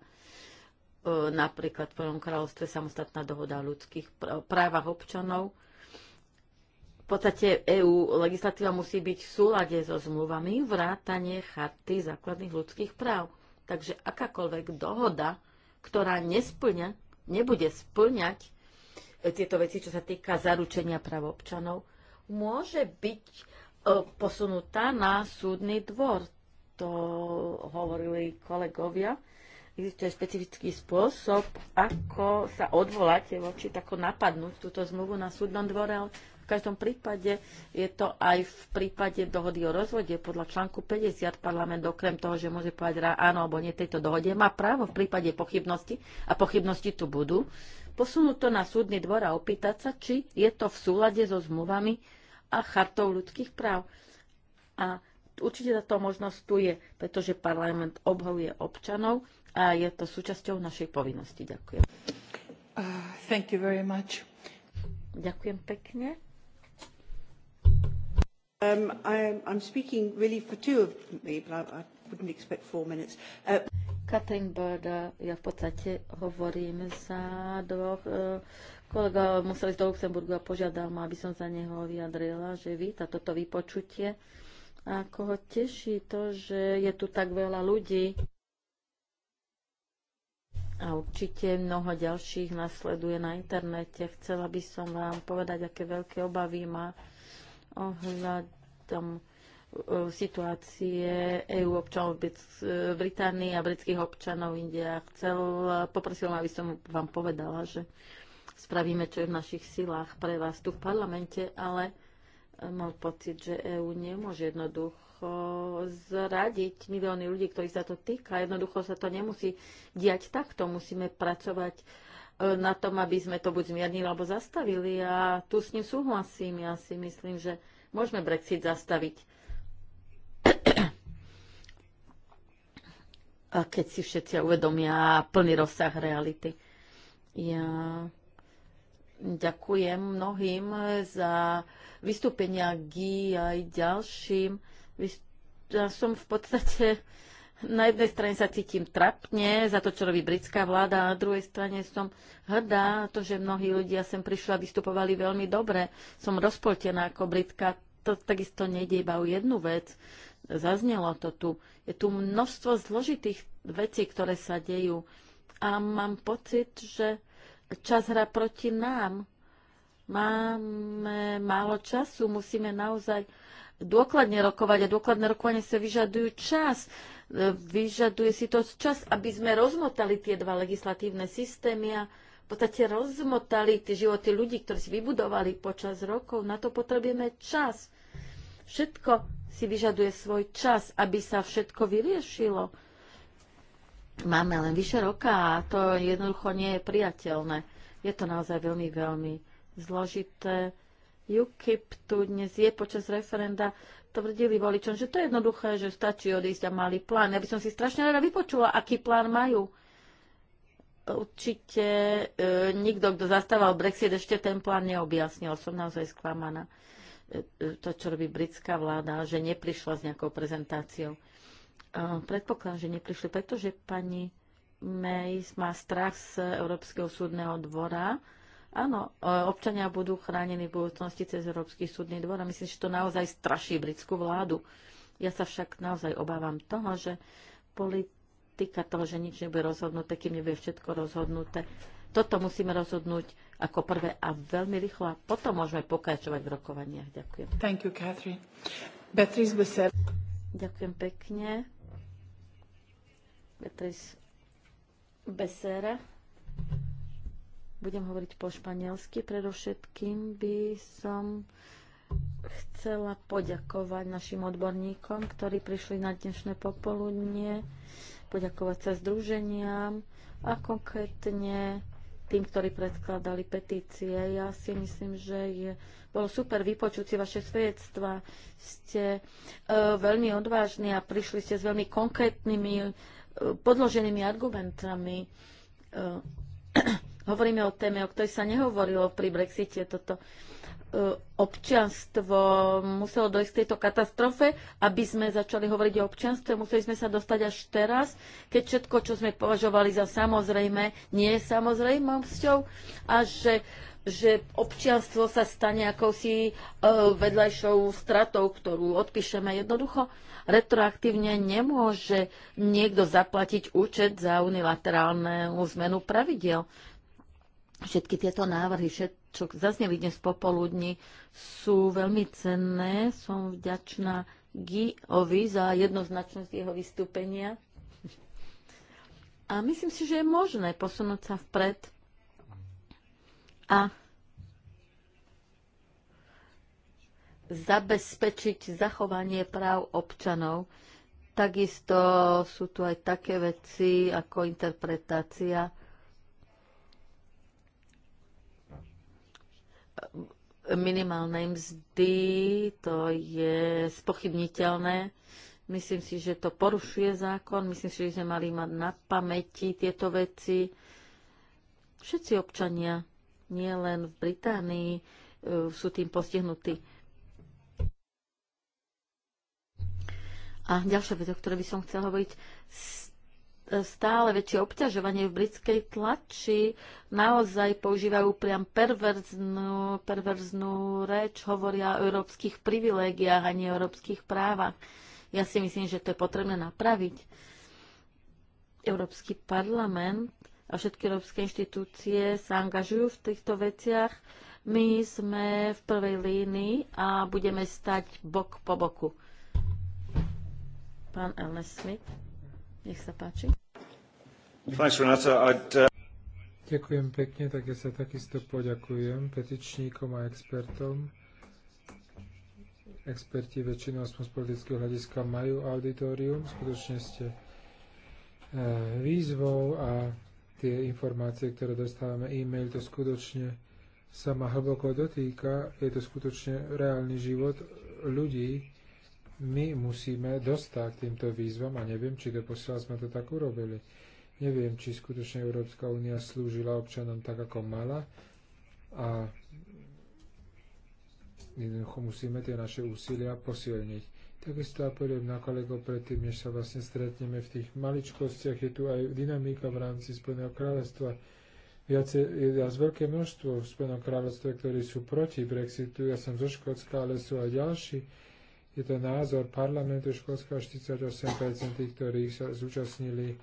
napríklad v Spojenom kráľovstve samostatná dohoda o ľudských právach občanov, podstate EÚ legislatíva musí byť v súlade so zmluvami vrátanie charty základných ľudských práv. Takže akákoľvek dohoda, ktorá nesplňa, nebude splňať e, tieto veci, čo sa týka zaručenia práv občanov, môže byť e, posunutá na súdny dvor. To hovorili kolegovia. Existuje špecifický spôsob, ako sa odvolať voči, ako napadnúť túto zmluvu na súdnom dvore, ale každom prípade je to aj v prípade dohody o rozvode podľa článku 50 parlament okrem toho, že môže povedať rá áno alebo nie tejto dohode, má právo v prípade pochybnosti a pochybnosti tu budú, posunúť to na súdny dvor a opýtať sa, či je to v súlade so zmluvami a chartou ľudských práv. A určite táto možnosť tu je, pretože parlament obhovuje občanov a je to súčasťou našej povinnosti. Ďakujem. Uh, thank you very much. Ďakujem pekne. Um, I, I'm speaking really for two of me, but I, I wouldn't expect four minutes. Uh, Katrin Berda, uh, ja v podstate hovorím za dvoch. Uh, kolega musel ísť do Luxemburgu a požiadal ma, aby som za neho vyjadrila, že víta toto vypočutie. A koho teší to, že je tu tak veľa ľudí a určite mnoho ďalších nasleduje na internete. Chcela by som vám povedať, aké veľké obavy má ohľadom e, situácie EU občanov v e, Británii a britských občanov v Ja Chcel, e, poprosil, aby som vám povedala, že spravíme, čo je v našich silách pre vás tu v parlamente, ale mám pocit, že EÚ nemôže jednoducho zradiť milióny ľudí, ktorých sa to týka. Jednoducho sa to nemusí diať takto. Musíme pracovať na tom, aby sme to buď zmiernili alebo zastavili. A tu s ním súhlasím. Ja si myslím, že môžeme Brexit zastaviť. A keď si všetci uvedomia plný rozsah reality. Ja ďakujem mnohým za vystúpenia GI aj ďalším. Ja som v podstate na jednej strane sa cítim trapne za to, čo robí britská vláda, a na druhej strane som hrdá to, že mnohí ľudia sem prišli a vystupovali veľmi dobre. Som rozpoltená ako britka. To takisto nejde iba o jednu vec. Zaznelo to tu. Je tu množstvo zložitých vecí, ktoré sa dejú. A mám pocit, že čas hra proti nám. Máme málo času, musíme naozaj dôkladne rokovať a dôkladné rokovanie sa vyžadujú čas. E, vyžaduje si to čas, aby sme rozmotali tie dva legislatívne systémy a v podstate rozmotali tie životy ľudí, ktorí si vybudovali počas rokov. Na to potrebujeme čas. Všetko si vyžaduje svoj čas, aby sa všetko vyriešilo. Máme len vyše roka a to jednoducho nie je priateľné. Je to naozaj veľmi, veľmi zložité UKIP tu dnes je počas referenda, tvrdili voličom, že to je jednoduché, že stačí odísť a mali plán. Ja by som si strašne rada vypočula, aký plán majú. Určite e, nikto, kto zastával Brexit, ešte ten plán neobjasnil. Som naozaj sklamaná. E, e to, čo robí britská vláda, že neprišla s nejakou prezentáciou. E, predpokladám, že neprišli, pretože pani May má strach z Európskeho súdneho dvora, Áno, e, občania budú chránení v budúcnosti cez Európsky súdny dvor a myslím, že to naozaj straší britskú vládu. Ja sa však naozaj obávam toho, že politika toho, že nič nebude rozhodnuté, kým nebude všetko rozhodnuté, toto musíme rozhodnúť ako prvé a veľmi rýchlo a potom môžeme pokračovať v rokovaniach. Ďakujem. Thank you, Catherine. Beatrice Ďakujem pekne. Beatrice Besera budem hovoriť po španielsky. Predovšetkým by som chcela poďakovať našim odborníkom, ktorí prišli na dnešné popoludnie, poďakovať sa združeniam a konkrétne tým, ktorí predkladali petície. Ja si myslím, že je, bolo super vypočuť si vaše svedectva. Ste e, veľmi odvážni a prišli ste s veľmi konkrétnymi, e, podloženými argumentami. E, hovoríme o téme, o ktorej sa nehovorilo pri Brexite, toto e, občianstvo, muselo dojsť k tejto katastrofe, aby sme začali hovoriť o občianstve, museli sme sa dostať až teraz, keď všetko, čo sme považovali za samozrejme, nie je samozrejmosťou a že, že občianstvo sa stane akousi e, vedľajšou stratou, ktorú odpíšeme jednoducho. Retroaktívne nemôže niekto zaplatiť účet za unilaterálnu zmenu pravidel. Všetky tieto návrhy, čo zazneli dnes popoludní, sú veľmi cenné. Som vďačná Giovi za jednoznačnosť jeho vystúpenia. A myslím si, že je možné posunúť sa vpred a zabezpečiť zachovanie práv občanov. Takisto sú tu aj také veci ako interpretácia minimálnej mzdy, to je spochybniteľné. Myslím si, že to porušuje zákon, myslím si, že sme mali mať na pamäti tieto veci. Všetci občania, nie len v Británii, e, sú tým postihnutí. A ďalšia vec, o ktorej by som chcela hovoriť, stále väčšie obťažovanie v britskej tlači. Naozaj používajú priam perverznú, perverznú reč, hovoria o európskych privilégiách a nie o európskych právach. Ja si myslím, že to je potrebné napraviť. Európsky parlament a všetky európske inštitúcie sa angažujú v týchto veciach. My sme v prvej línii a budeme stať bok po boku. Pán Elnes Smith. Nech sa páči. Uh, Ďakujem pekne, tak ja sa takisto poďakujem petičníkom a expertom. Experti väčšinou aspoň z politického hľadiska majú auditorium. Skutočne ste eh, výzvou a tie informácie, ktoré dostávame e-mail, to skutočne sa ma hlboko dotýka. Je to skutočne reálny život ľudí, my musíme dostať týmto výzvam a neviem, či doposiaľ sme to tak urobili. Neviem, či skutočne Európska únia slúžila občanom tak, ako mala a jednoducho musíme tie naše úsilia posilniť. Takisto poviem na kolego predtým, než sa vlastne stretneme v tých maličkostiach. Je tu aj dynamika v rámci Spojeného kráľovstva. Viacej, je nás veľké množstvo v Spojenom kráľovstve, ktorí sú proti Brexitu. Ja som zo Škótska, ale sú aj ďalší je to názor parlamentu Škótska 48%, tých, ktorí sa zúčastnili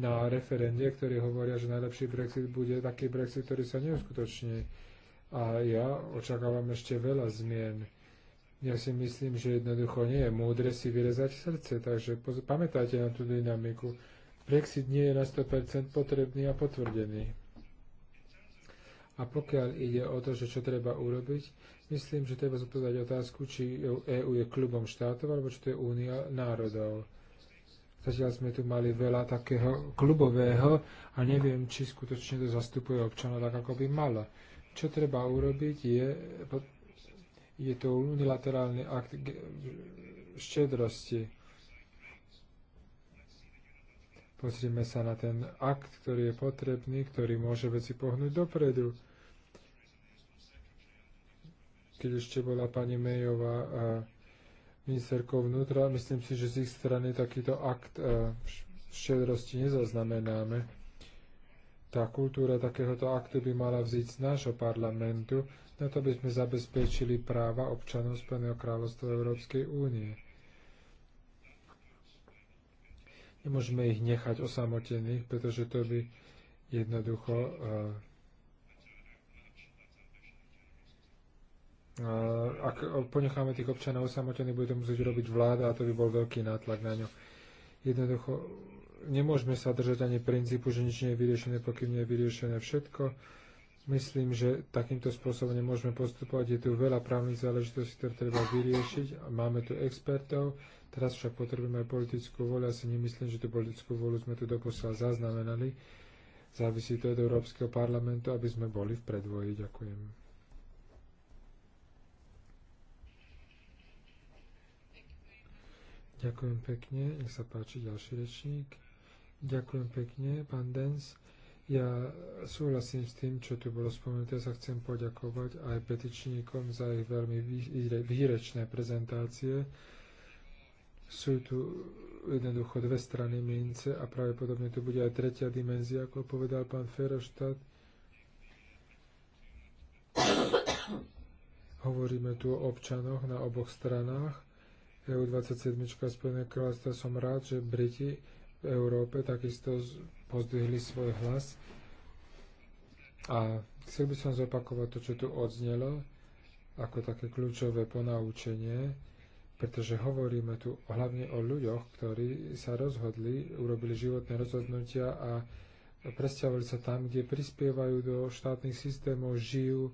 na referende, ktorí hovoria, že najlepší Brexit bude taký Brexit, ktorý sa neuskutoční. A ja očakávam ešte veľa zmien. Ja si myslím, že jednoducho nie je múdre si vyrezať srdce, takže pamätajte na tú dynamiku. Brexit nie je na 100% potrebný a potvrdený. A pokiaľ ide o to, že čo treba urobiť, myslím, že treba zodpovedať otázku, či EÚ je klubom štátov, alebo či to je únia národov. Zatiaľ sme tu mali veľa takého klubového a neviem, či skutočne to zastupuje občanov tak, ako by malo. Čo treba urobiť je, je to unilaterálny akt štedrosti. Pozrime sa na ten akt, ktorý je potrebný, ktorý môže veci pohnúť dopredu keď ešte bola pani Mejová ministerkou vnútra. Myslím si, že z ich strany takýto akt e, štedrosti nezaznamenáme. Tá kultúra takéhoto aktu by mala vzít z nášho parlamentu, na to by sme zabezpečili práva občanov Spojeného kráľovstva Európskej únie. Nemôžeme ich nechať osamotených, pretože to by jednoducho e, ak ponecháme tých občanov osamotených, bude to musieť robiť vláda a to by bol veľký nátlak na ňu. Jednoducho nemôžeme sa držať ani princípu, že nič nie je vyriešené, pokým nie je vyriešené všetko. Myslím, že takýmto spôsobom nemôžeme postupovať. Je tu veľa právnych záležitostí, ktoré treba vyriešiť. Máme tu expertov, teraz však potrebujeme aj politickú voľu. Ja si nemyslím, že tú politickú voľu sme tu doposiaľ zaznamenali. Závisí to od Európskeho parlamentu, aby sme boli v predvoji. Ďakujem. Ďakujem pekne, nech sa páči ďalší rečník. Ďakujem pekne, pán Dens. Ja súhlasím s tým, čo tu bolo spomenuté. Ja sa chcem poďakovať aj petičníkom za ich veľmi výrečné prezentácie. Sú tu jednoducho dve strany mince a pravdepodobne tu bude aj tretia dimenzia, ako povedal pán Feroštát. Hovoríme tu o občanoch na oboch stranách EU27 Spojené kráľovstva. Som rád, že Briti v Európe takisto pozdvihli svoj hlas. A chcel by som zopakovať to, čo tu odznelo, ako také kľúčové ponaučenie, pretože hovoríme tu hlavne o ľuďoch, ktorí sa rozhodli, urobili životné rozhodnutia a presťahovali sa tam, kde prispievajú do štátnych systémov, žijú,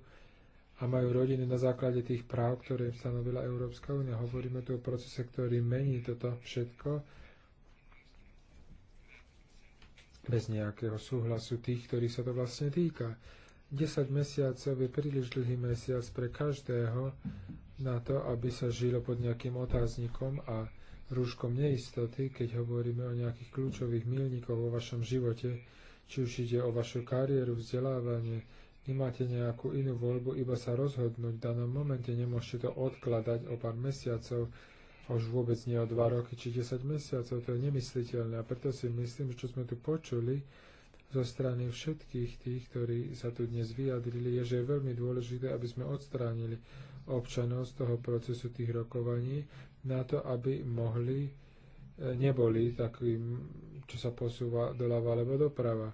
a majú rodiny na základe tých práv, ktoré im stanovila Európska únia. Hovoríme tu o procese, ktorý mení toto všetko bez nejakého súhlasu tých, ktorí sa to vlastne týka. 10 mesiacov je príliš dlhý mesiac pre každého na to, aby sa žilo pod nejakým otáznikom a rúškom neistoty, keď hovoríme o nejakých kľúčových milníkoch vo vašom živote, či už ide o vašu kariéru, vzdelávanie, nemáte nejakú inú voľbu, iba sa rozhodnúť v danom momente, nemôžete to odkladať o pár mesiacov, a už vôbec nie o 2 roky či 10 mesiacov, to je nemysliteľné. A preto si myslím, že čo sme tu počuli zo strany všetkých tých, ktorí sa tu dnes vyjadrili, je, že je veľmi dôležité, aby sme odstránili občanov z toho procesu tých rokovaní na to, aby mohli, e, neboli takým, čo sa posúva doľava alebo doprava.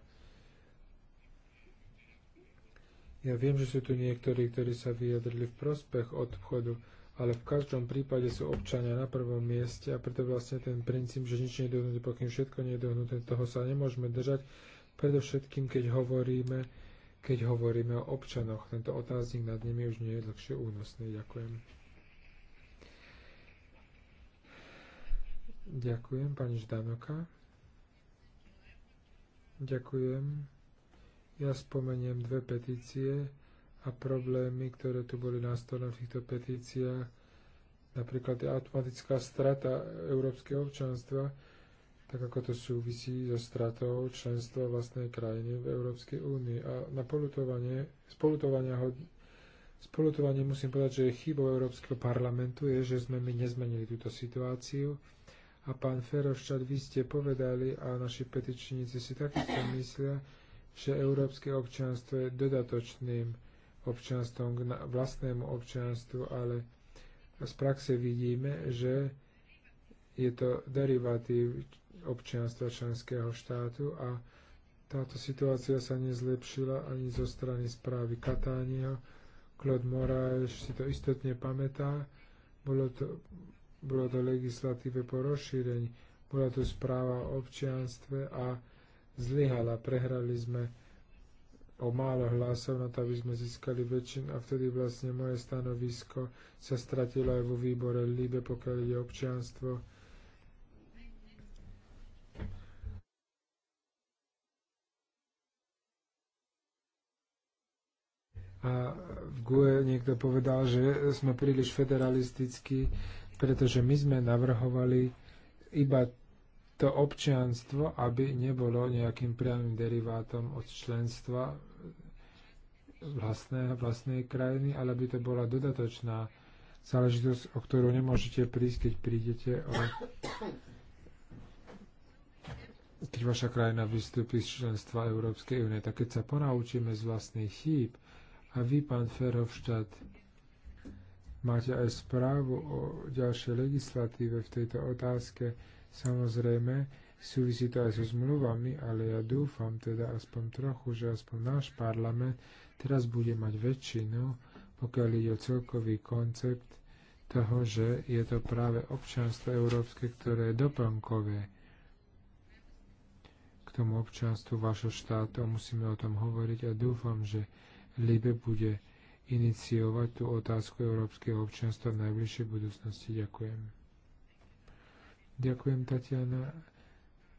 Ja viem, že sú tu niektorí, ktorí sa vyjadrili v prospech odchodu, ale v každom prípade sú občania na prvom mieste a preto vlastne ten princíp, že nič nie je dohnuté, pokým všetko nie je dohnuté, toho sa nemôžeme držať, predovšetkým keď hovoríme, keď hovoríme o občanoch. Tento otáznik nad nimi už nie je dlhšie únosný. Ďakujem. Ďakujem, pani Ždanoka. Ďakujem. Ja spomeniem dve petície a problémy, ktoré tu boli nastolené v týchto petíciách, napríklad je automatická strata európskeho občanstva, tak ako to súvisí so stratou členstva vlastnej krajiny v Európskej únii. A na polutovanie, spolutovania ho, spolutovanie musím povedať, že je chybou Európskeho parlamentu je, že sme my nezmenili túto situáciu. A pán Feroščad, vy ste povedali a naši petičníci si takisto myslia, že európske je dodatočným občanstvom k vlastnému občanstvu, ale z praxe vidíme, že je to derivatív občianstva členského štátu a táto situácia sa nezlepšila ani zo strany správy Katánieho. Claude Moraes si to istotne pamätá. Bolo to, bolo to legislatíve po rozšírení. Bola to správa o občianstve a zlyhala. Prehrali sme o málo hlasov na to, aby sme získali väčšinu a vtedy vlastne moje stanovisko sa stratilo aj vo výbore Líbe, pokiaľ ide občianstvo. A v GUE niekto povedal, že sme príliš federalistickí, pretože my sme navrhovali iba to občianstvo, aby nebolo nejakým priamým derivátom od členstva e, vlastného, vlastnej krajiny, ale aby to bola dodatočná záležitosť, o ktorú nemôžete prísť, keď prídete o keď vaša krajina vystúpi z členstva Európskej únie. Tak keď sa ponaučíme z vlastných chýb a vy, pán Ferhovštát, máte aj správu o ďalšej legislatíve v tejto otázke, Samozrejme, súvisí to aj so zmluvami, ale ja dúfam teda aspoň trochu, že aspoň náš parlament teraz bude mať väčšinu, pokiaľ ide o celkový koncept toho, že je to práve občanstvo európske, ktoré je doplnkové k tomu občanstvu vašho štátu. Musíme o tom hovoriť a dúfam, že Libe bude iniciovať tú otázku európskeho občanstva v najbližšej budúcnosti. Ďakujem. Ďakujem, Tatiana.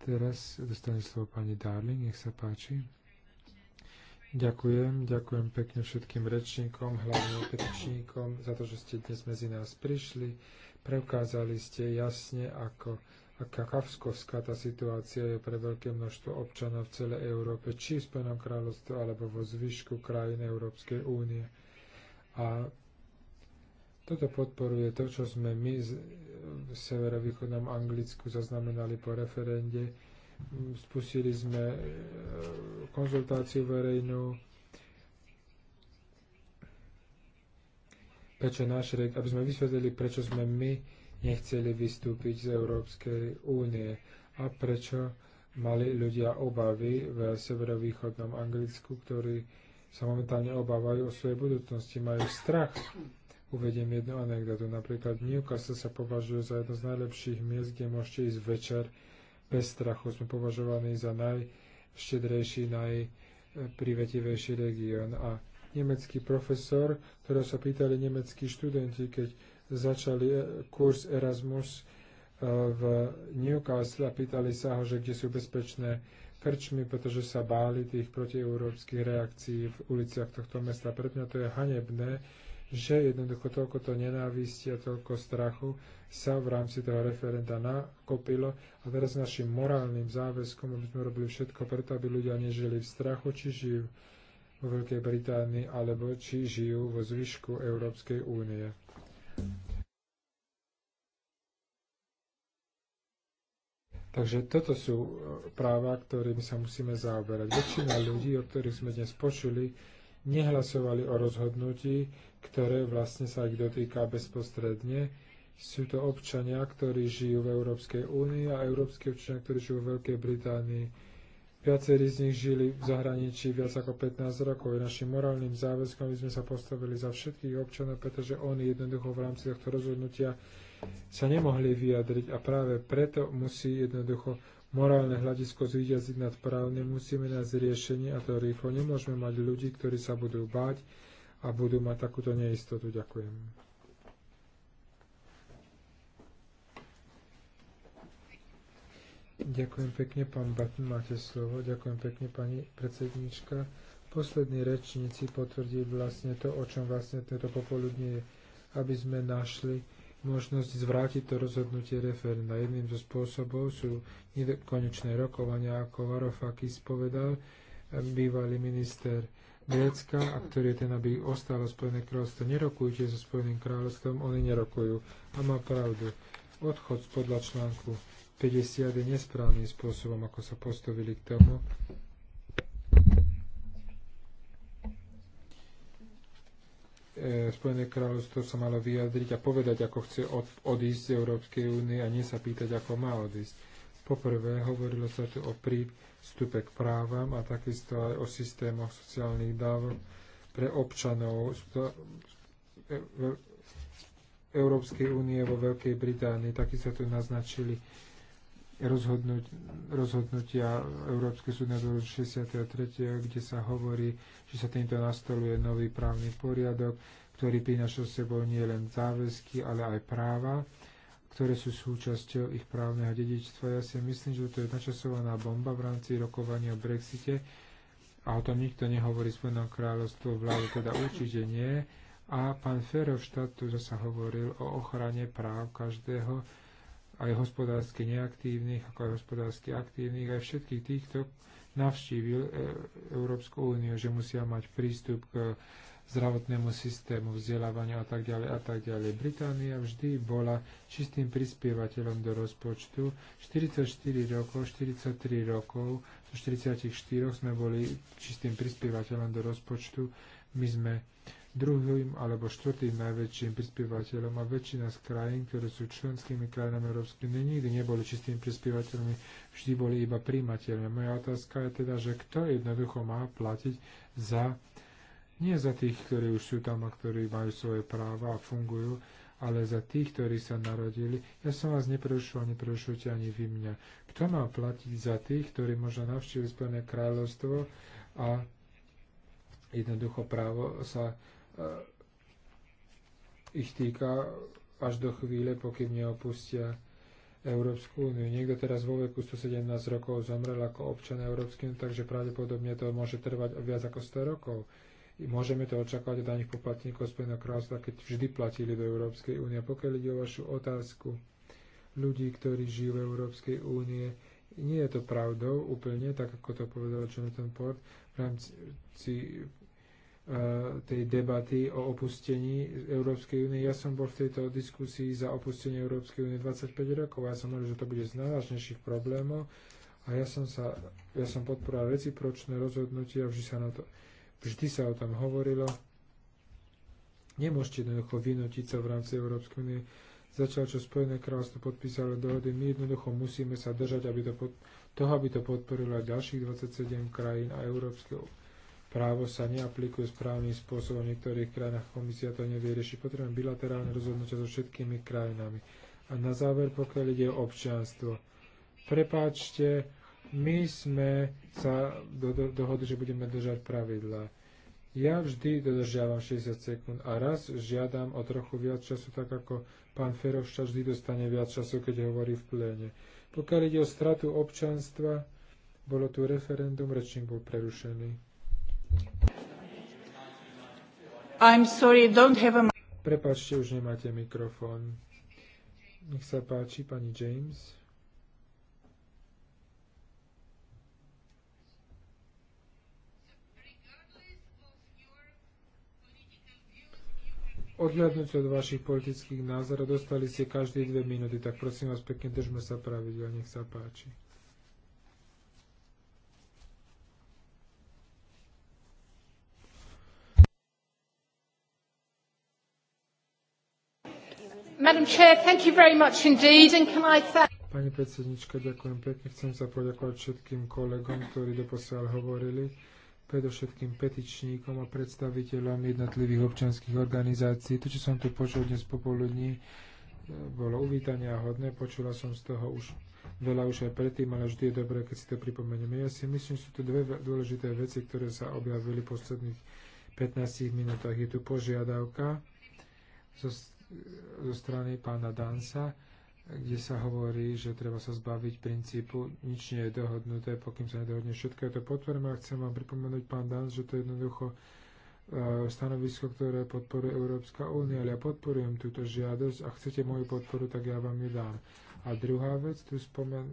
Teraz dostane slovo pani Darling, nech sa páči. Ďakujem, ďakujem pekne všetkým rečníkom, hlavne rečníkom, za to, že ste dnes medzi nás prišli. Preukázali ste jasne, ako aká tá situácia je pre veľké množstvo občanov v celej Európe, či v Spojenom kráľovstve, alebo vo zvyšku krajín Európskej únie. A toto podporuje to, čo sme my e, v severovýchodnom Anglicku zaznamenali po referende. Mm, spustili sme e, konzultáciu verejnú, prečo náš rek, aby sme vysvetlili, prečo sme my nechceli vystúpiť z Európskej únie a prečo mali ľudia obavy v severovýchodnom Anglicku, ktorí sa momentálne obávajú o svojej budúcnosti, majú strach Uvediem jednu anekdotu. Napríklad Newcastle sa považuje za jedno z najlepších miest, kde môžete ísť večer bez strachu. Sme považovaní za najštedrejší, najprivetivejší región. A nemecký profesor, ktorého sa pýtali nemeckí študenti, keď začali eh, kurz Erasmus eh, v Newcastle a pýtali sa ho, že kde sú bezpečné krčmy, pretože sa báli tých protieurópskych reakcií v uliciach tohto mesta. Pre mňa to je hanebné, že jednoducho toľko to nenávisti a toľko strachu sa v rámci toho referenda nakopilo a teraz našim morálnym záväzkom, aby sme robili všetko preto, aby ľudia nežili v strachu, či žijú vo Veľkej Británii alebo či žijú vo zvyšku Európskej únie. Takže toto sú e, práva, ktorými sa musíme zaoberať. Väčšina ľudí, o ktorých sme dnes počuli, nehlasovali o rozhodnutí, ktoré vlastne sa ich dotýka bezprostredne. Sú to občania, ktorí žijú v Európskej únii a európske občania, ktorí žijú v Veľkej Británii. Viacerí z nich žili v zahraničí viac ako 15 rokov. Je našim morálnym záväzkom, aby sme sa postavili za všetkých občanov, pretože oni jednoducho v rámci tohto rozhodnutia sa nemohli vyjadriť a práve preto musí jednoducho morálne hľadisko zvýťaziť nad právne, musíme nájsť riešenie a to rýchlo. Nemôžeme mať ľudí, ktorí sa budú báť, a budú mať takúto neistotu. Ďakujem. Ďakujem pekne, pán Batn, máte slovo. Ďakujem pekne, pani predsednička. Poslední rečníci potvrdili vlastne to, o čom vlastne toto popoludne je, aby sme našli možnosť zvrátiť to rozhodnutie referenda. Jedným zo spôsobov sú konečné rokovania, ako Varofakis povedal, bývalý minister Grécka a ktorý je ten, aby ostalo Spojené kráľovstvo. Nerokujte so Spojeným kráľovstvom, oni nerokujú. A má pravdu. Odchod podľa článku 50 je nesprávnym spôsobom, ako sa postavili k tomu. E, Spojené kráľovstvo sa malo vyjadriť a povedať, ako chce od, odísť z Európskej únie a nie sa pýtať, ako má odísť Poprvé hovorilo sa tu o prístupe k právam a takisto aj o systémoch sociálnych dávok pre občanov e- e- Európskej únie vo Veľkej Británii. Taky sa tu naznačili rozhodnutia Európskej súdne dvoru 63., kde sa hovorí, že sa týmto nastoluje nový právny poriadok, ktorý prináša s sebou nielen záväzky, ale aj práva ktoré sú súčasťou ich právneho dedičstva. Ja si myslím, že to je načasovaná bomba v rámci rokovania o Brexite a o tom nikto nehovorí Spojenom kráľovstvu, vládu teda určite nie. A pán Ferovštát tu zase hovoril o ochrane práv každého, aj hospodársky neaktívnych, ako aj hospodársky aktívnych, aj všetkých týchto navštívil e, Európsku úniu, že musia mať prístup k zdravotnému systému, vzdelávaniu a tak ďalej a tak ďalej. Británia vždy bola čistým prispievateľom do rozpočtu. 44 rokov, 43 rokov, zo 44 sme boli čistým prispievateľom do rozpočtu. My sme druhým alebo štvrtým najväčším prispievateľom a väčšina z krajín, ktoré sú členskými krajinami Európskej únie, nikdy neboli čistými prispievateľmi, vždy boli iba príjimateľmi. Moja otázka je teda, že kto jednoducho má platiť za nie za tých, ktorí už sú tam a ktorí majú svoje práva a fungujú, ale za tých, ktorí sa narodili. Ja som vás neprerušil, neprerušujte ani vy mňa. Kto má platiť za tých, ktorí možno navštívili Spojené kráľovstvo a jednoducho právo sa uh, ich týka až do chvíle, pokým neopustia Európsku úniu. Niekto teraz vo veku 117 rokov zomrel ako občan Európsky, takže pravdepodobne to môže trvať viac ako 100 rokov. Uh, Môžeme to očakávať od daných poplatníkov Spojeného kráľovstva, keď vždy platili do Európskej únie. Pokiaľ ide o vašu otázku ľudí, ktorí žijú v Európskej únie, nie je to pravdou úplne, tak ako to povedal Jonathan Port v rámci e, tej debaty o opustení Európskej únie. Ja som bol v tejto diskusii za opustenie Európskej únie 25 rokov a ja som hovoril, že to bude z najvážnejších problémov a ja som, sa, ja som podporoval recipročné rozhodnutia, vždy sa na to Vždy sa o tom hovorilo. Nemôžete jednoducho vynútiť sa v rámci Európskej únie. Začal, čo Spojené kráľstvo podpísalo dohody, my jednoducho musíme sa držať aby to pod, toho, aby to podporilo aj ďalších 27 krajín a Európske právo sa neaplikuje správnym spôsobom. V niektorých krajinách komisia to nevyrieši. Potrebujeme bilaterálne rozhodnutia so všetkými krajinami. A na záver, pokiaľ ide o občianstvo. Prepáčte, my sme sa do, do, dohodli, že budeme držať pravidla. Ja vždy dodržiavam 60 sekúnd a raz žiadam o trochu viac času, tak ako pán Ferovša vždy dostane viac času, keď hovorí v pléne. Pokiaľ ide o stratu občanstva, bolo tu referendum, rečník bol prerušený. I'm sorry, don't have a... Prepačte, už nemáte mikrofón. Nech sa páči, pani James. Odhľadnúť od vašich politických názorov, dostali ste každé dve minúty, tak prosím vás pekne, držme sa pravidla, nech sa páči. Madam Chair, thank you very much indeed, and can I thank... Pani predsednička, ďakujem pekne. Chcem sa poďakovať všetkým kolegom, ktorí doposiaľ hovorili predovšetkým petičníkom a predstaviteľom jednotlivých občanských organizácií. To, čo som tu počul dnes popoludní, e, bolo uvítania hodné. Počula som z toho už veľa už aj predtým, ale vždy je dobré, keď si to pripomenieme. Ja si myslím, že sú tu dve dôležité veci, ktoré sa objavili v posledných 15 minútach. Je tu požiadavka zo, zo strany pána Dansa, kde sa hovorí, že treba sa zbaviť princípu, nič nie je dohodnuté, pokým sa nedohodne všetko. Ja to potvorím a chcem vám pripomenúť, pán Dans, že to je jednoducho e, stanovisko, ktoré podporuje Európska únia, ale ja podporujem túto žiadosť a chcete moju podporu, tak ja vám ju dám. A druhá vec, tu spomen,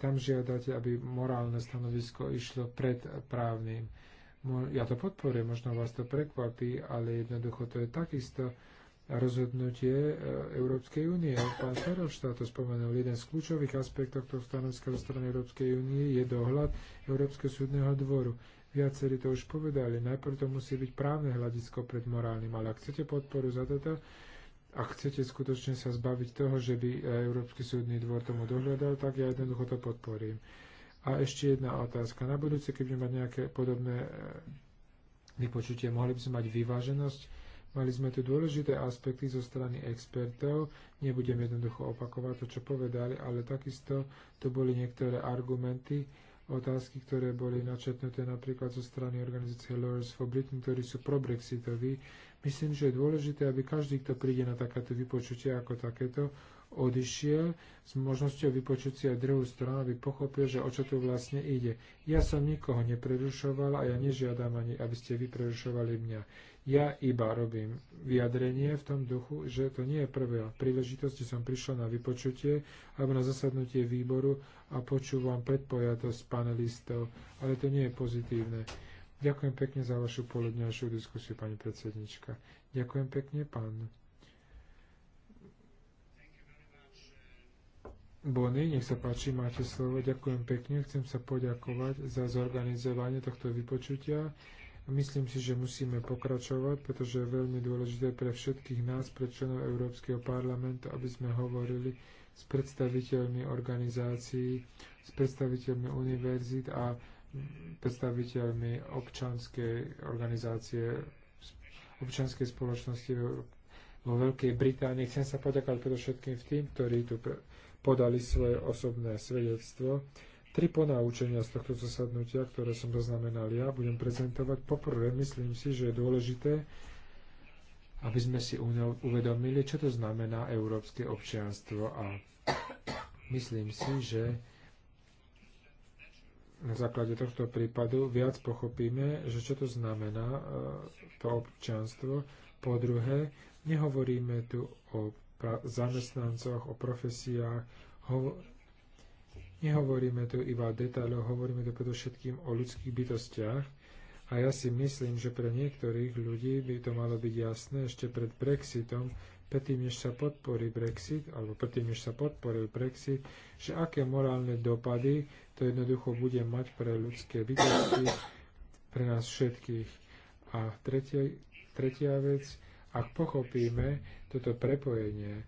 tam žiadate, aby morálne stanovisko išlo pred právnym. Ja to podporujem, možno vás to prekvapí, ale jednoducho to je takisto rozhodnutie e, Európskej únie. Pán Ferelštát to spomenul. Jeden z kľúčových aspektov tohto stanoviska zo strany Európskej únie je dohľad Európskeho súdneho dvoru. Viacerí to už povedali. Najprv to musí byť právne hľadisko pred morálnym, ale ak chcete podporu za toto, a chcete skutočne sa zbaviť toho, že by e, Európsky súdny dvor tomu dohľadal, tak ja jednoducho to podporím. A ešte jedna otázka. Na budúce, keď budeme mať nejaké podobné e, vypočutie, mohli by sme mať vyváženosť Mali sme tu dôležité aspekty zo strany expertov, nebudem jednoducho opakovať to, čo povedali, ale takisto to boli niektoré argumenty, otázky, ktoré boli načetnuté napríklad zo strany organizácie Lawyers for Britain, ktorí sú pro-Brexitoví. Myslím, že je dôležité, aby každý, kto príde na takéto vypočutie ako takéto, odišiel s možnosťou vypočuť si aj druhú stranu, aby pochopil, že o čo tu vlastne ide. Ja som nikoho neprerušoval a ja nežiadam ani, aby ste vy prerušovali mňa. Ja iba robím vyjadrenie v tom duchu, že to nie je prvé. príležitosť, že som prišla na vypočutie alebo na zasadnutie výboru a počúvam predpojatosť panelistov, ale to nie je pozitívne. Ďakujem pekne za vašu poludňajšiu diskusiu, pani predsednička. Ďakujem pekne, pán Bony, nech sa páči, máte slovo. Ďakujem pekne. Chcem sa poďakovať za zorganizovanie tohto vypočutia. Myslím si, že musíme pokračovať, pretože je veľmi dôležité pre všetkých nás, pre členov Európskeho parlamentu, aby sme hovorili s predstaviteľmi organizácií, s predstaviteľmi univerzít a predstaviteľmi občanskej organizácie, občanskej spoločnosti vo Veľkej Británii. Chcem sa poďakovať predovšetkým tým, ktorí tu podali svoje osobné svedectvo. Tri ponaučenia z tohto zasadnutia, ktoré som zaznamenal ja, budem prezentovať. Poprvé, myslím si, že je dôležité, aby sme si uvedomili, čo to znamená európske občianstvo a myslím si, že na základe tohto prípadu viac pochopíme, že čo to znamená e, to občianstvo. Po druhé, nehovoríme tu o zamestnancoch, o profesiách, Nehovoríme tu iba o detailoch, hovoríme tu predovšetkým o ľudských bytostiach. A ja si myslím, že pre niektorých ľudí by to malo byť jasné ešte pred Brexitom, predtým, než sa podporí Brexit, alebo predtým, než sa podporil Brexit, že aké morálne dopady to jednoducho bude mať pre ľudské bytosti, pre nás všetkých. A tretia, tretia vec, ak pochopíme toto prepojenie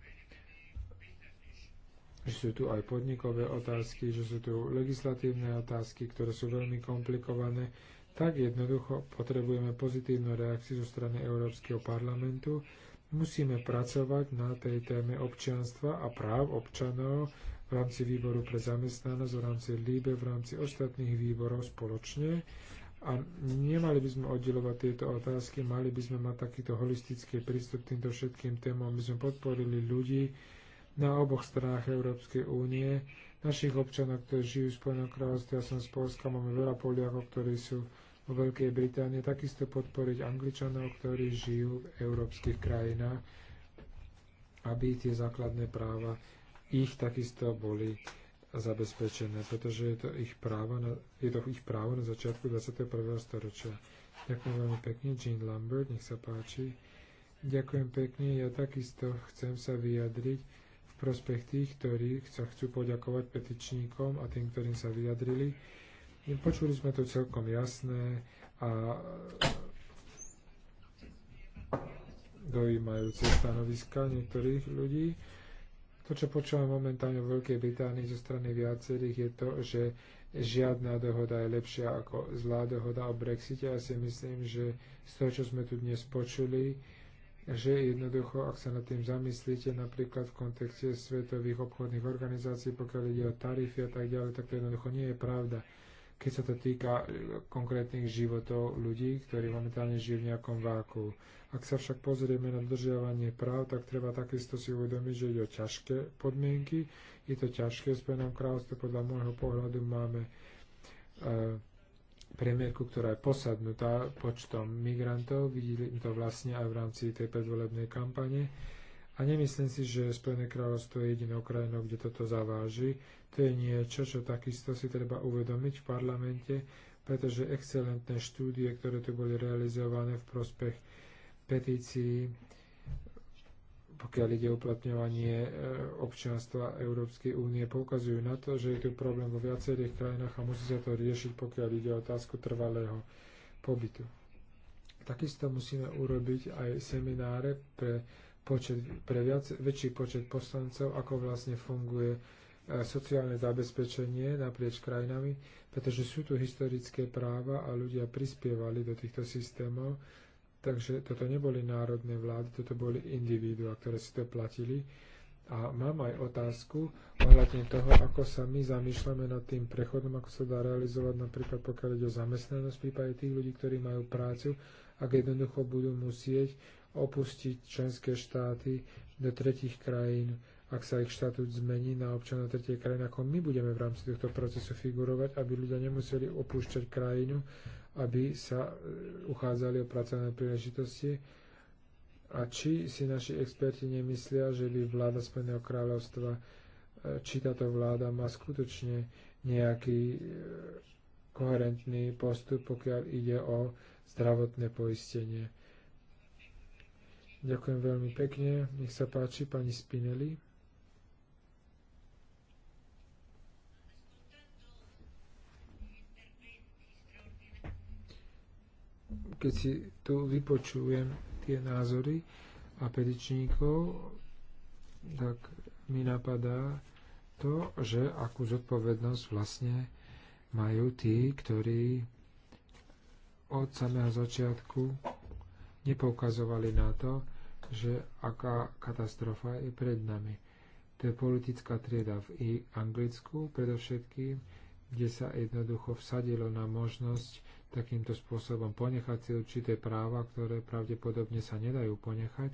že sú tu aj podnikové otázky, že sú tu legislatívne otázky, ktoré sú veľmi komplikované, tak jednoducho potrebujeme pozitívnu reakciu zo strany Európskeho parlamentu. Musíme pracovať na tej téme občianstva a práv občanov v rámci výboru pre zamestnanosť, v rámci LIBE, v rámci ostatných výborov spoločne. A nemali by sme oddelovať tieto otázky, mali by sme mať takýto holistický prístup k týmto všetkým témom, aby sme podporili ľudí, na oboch stranách Európskej únie. Našich občanov, ktorí žijú v Spojenom kráľovstve, ja som z Polska, máme veľa Poliakov, ktorí sú vo Veľkej Británii, takisto podporiť Angličanov, ktorí žijú v európskych krajinách, aby tie základné práva ich takisto boli zabezpečené, pretože je to ich právo na, je to ich právo na začiatku 21. storočia. Ďakujem veľmi pekne, Jean Lambert, nech sa páči. Ďakujem pekne, ja takisto chcem sa vyjadriť prospech tých, ktorí sa chcú poďakovať petičníkom a tým, ktorým sa vyjadrili. Počuli sme to celkom jasné a dojímajúce stanoviska niektorých ľudí. To, čo počúvam momentálne v Veľkej Británii zo strany viacerých, je to, že žiadna dohoda je lepšia ako zlá dohoda o Brexite. Ja si myslím, že z toho, čo sme tu dnes počuli, že jednoducho, ak sa nad tým zamyslíte, napríklad v kontexte svetových obchodných organizácií, pokiaľ ide o tarify a tak ďalej, tak to jednoducho nie je pravda. Keď sa to týka e, konkrétnych životov ľudí, ktorí momentálne žijú v nejakom váku. Ak sa však pozrieme na dodržiavanie práv, tak treba takisto si uvedomiť, že ide o ťažké podmienky. Je to ťažké v Spojenom kráľovstve, podľa môjho pohľadu máme uh, premiérku, ktorá je posadnutá počtom migrantov. videli to vlastne aj v rámci tej predvolebnej kampane. A nemyslím si, že Spojené kráľovstvo je jedinou krajinou, kde toto zaváži. To je niečo, čo takisto si treba uvedomiť v parlamente, pretože excelentné štúdie, ktoré tu boli realizované v prospech petícií pokiaľ ide o uplatňovanie e, občianstva Európskej únie, poukazujú na to, že je tu problém vo viacerých krajinách a musí sa to riešiť, pokiaľ ide o otázku trvalého pobytu. Takisto musíme urobiť aj semináre pre, počet, pre viac, väčší počet poslancov, ako vlastne funguje e, sociálne zabezpečenie naprieč krajinami, pretože sú tu historické práva a ľudia prispievali do týchto systémov Takže toto neboli národné vlády, toto boli individuá, ktoré si to platili. A mám aj otázku ohľadne toho, ako sa my zamýšľame nad tým prechodom, ako sa dá realizovať napríklad pokiaľ ide o zamestnanosť v prípade tých ľudí, ktorí majú prácu, ak jednoducho budú musieť opustiť členské štáty do tretich krajín, ak sa ich štatút zmení na občana tretej krajiny, ako my budeme v rámci tohto procesu figurovať, aby ľudia nemuseli opúšťať krajinu aby sa e, uchádzali o pracovné príležitosti a či si naši experti nemyslia, že by vláda Spojeného kráľovstva, e, či táto vláda má skutočne nejaký e, koherentný postup, pokiaľ ide o zdravotné poistenie. Ďakujem veľmi pekne. Nech sa páči, pani Spinelli. keď si tu vypočujem tie názory a pedičníkov, tak mi napadá to, že akú zodpovednosť vlastne majú tí, ktorí od samého začiatku nepoukazovali na to, že aká katastrofa je pred nami. To je politická trieda v Anglicku predovšetkým, kde sa jednoducho vsadilo na možnosť takýmto spôsobom ponechať si určité práva, ktoré pravdepodobne sa nedajú ponechať.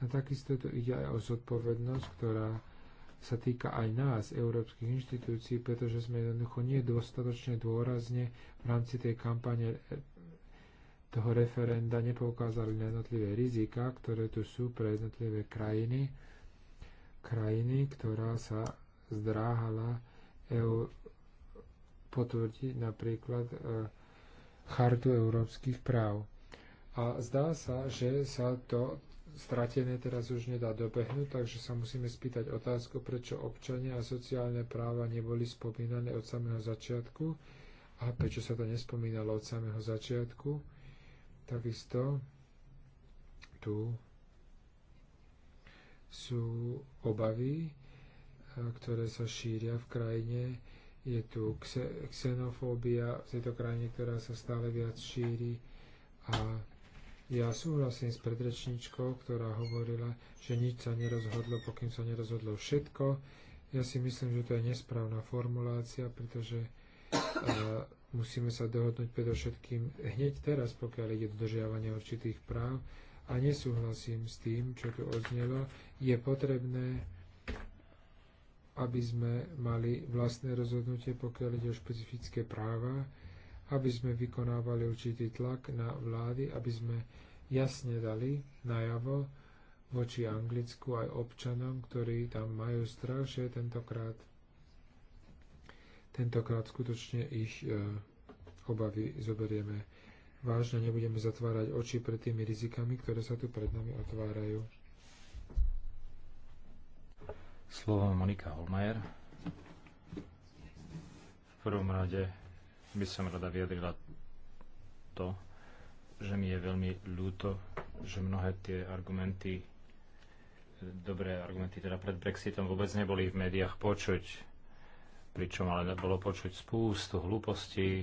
A takisto to ide aj o zodpovednosť, ktorá sa týka aj nás, európskych inštitúcií, pretože sme jednoducho nie dostatočne dôrazne v rámci tej kampane toho referenda nepoukázali na jednotlivé rizika, ktoré tu sú pre jednotlivé krajiny, krajiny, ktorá sa zdráhala EU potvrdiť napríklad e, chartu európskych práv. A zdá sa, že sa to stratené teraz už nedá dobehnúť, takže sa musíme spýtať otázku, prečo občania a sociálne práva neboli spomínané od samého začiatku a prečo sa to nespomínalo od samého začiatku. Takisto tu sú obavy, e, ktoré sa šíria v krajine je tu xenofóbia v tejto krajine, ktorá sa stále viac šíri a ja súhlasím s predrečničkou, ktorá hovorila, že nič sa nerozhodlo, pokým sa nerozhodlo všetko. Ja si myslím, že to je nesprávna formulácia, pretože e, musíme sa dohodnúť predovšetkým hneď teraz, pokiaľ ide dodržiavanie určitých práv. A nesúhlasím s tým, čo tu odznelo. Je potrebné aby sme mali vlastné rozhodnutie, pokiaľ ide o špecifické práva, aby sme vykonávali určitý tlak na vlády, aby sme jasne dali najavo voči Anglicku aj občanom, ktorí tam majú strach, že tentokrát, tentokrát skutočne ich e, obavy zoberieme vážne, nebudeme zatvárať oči pred tými rizikami, ktoré sa tu pred nami otvárajú. Slovo Monika Holmajer. V prvom rade by som rada vyjadrila to, že mi je veľmi ľúto, že mnohé tie argumenty, dobré argumenty teda pred Brexitom vôbec neboli v médiách počuť, pričom ale bolo počuť spústu hlúpostí,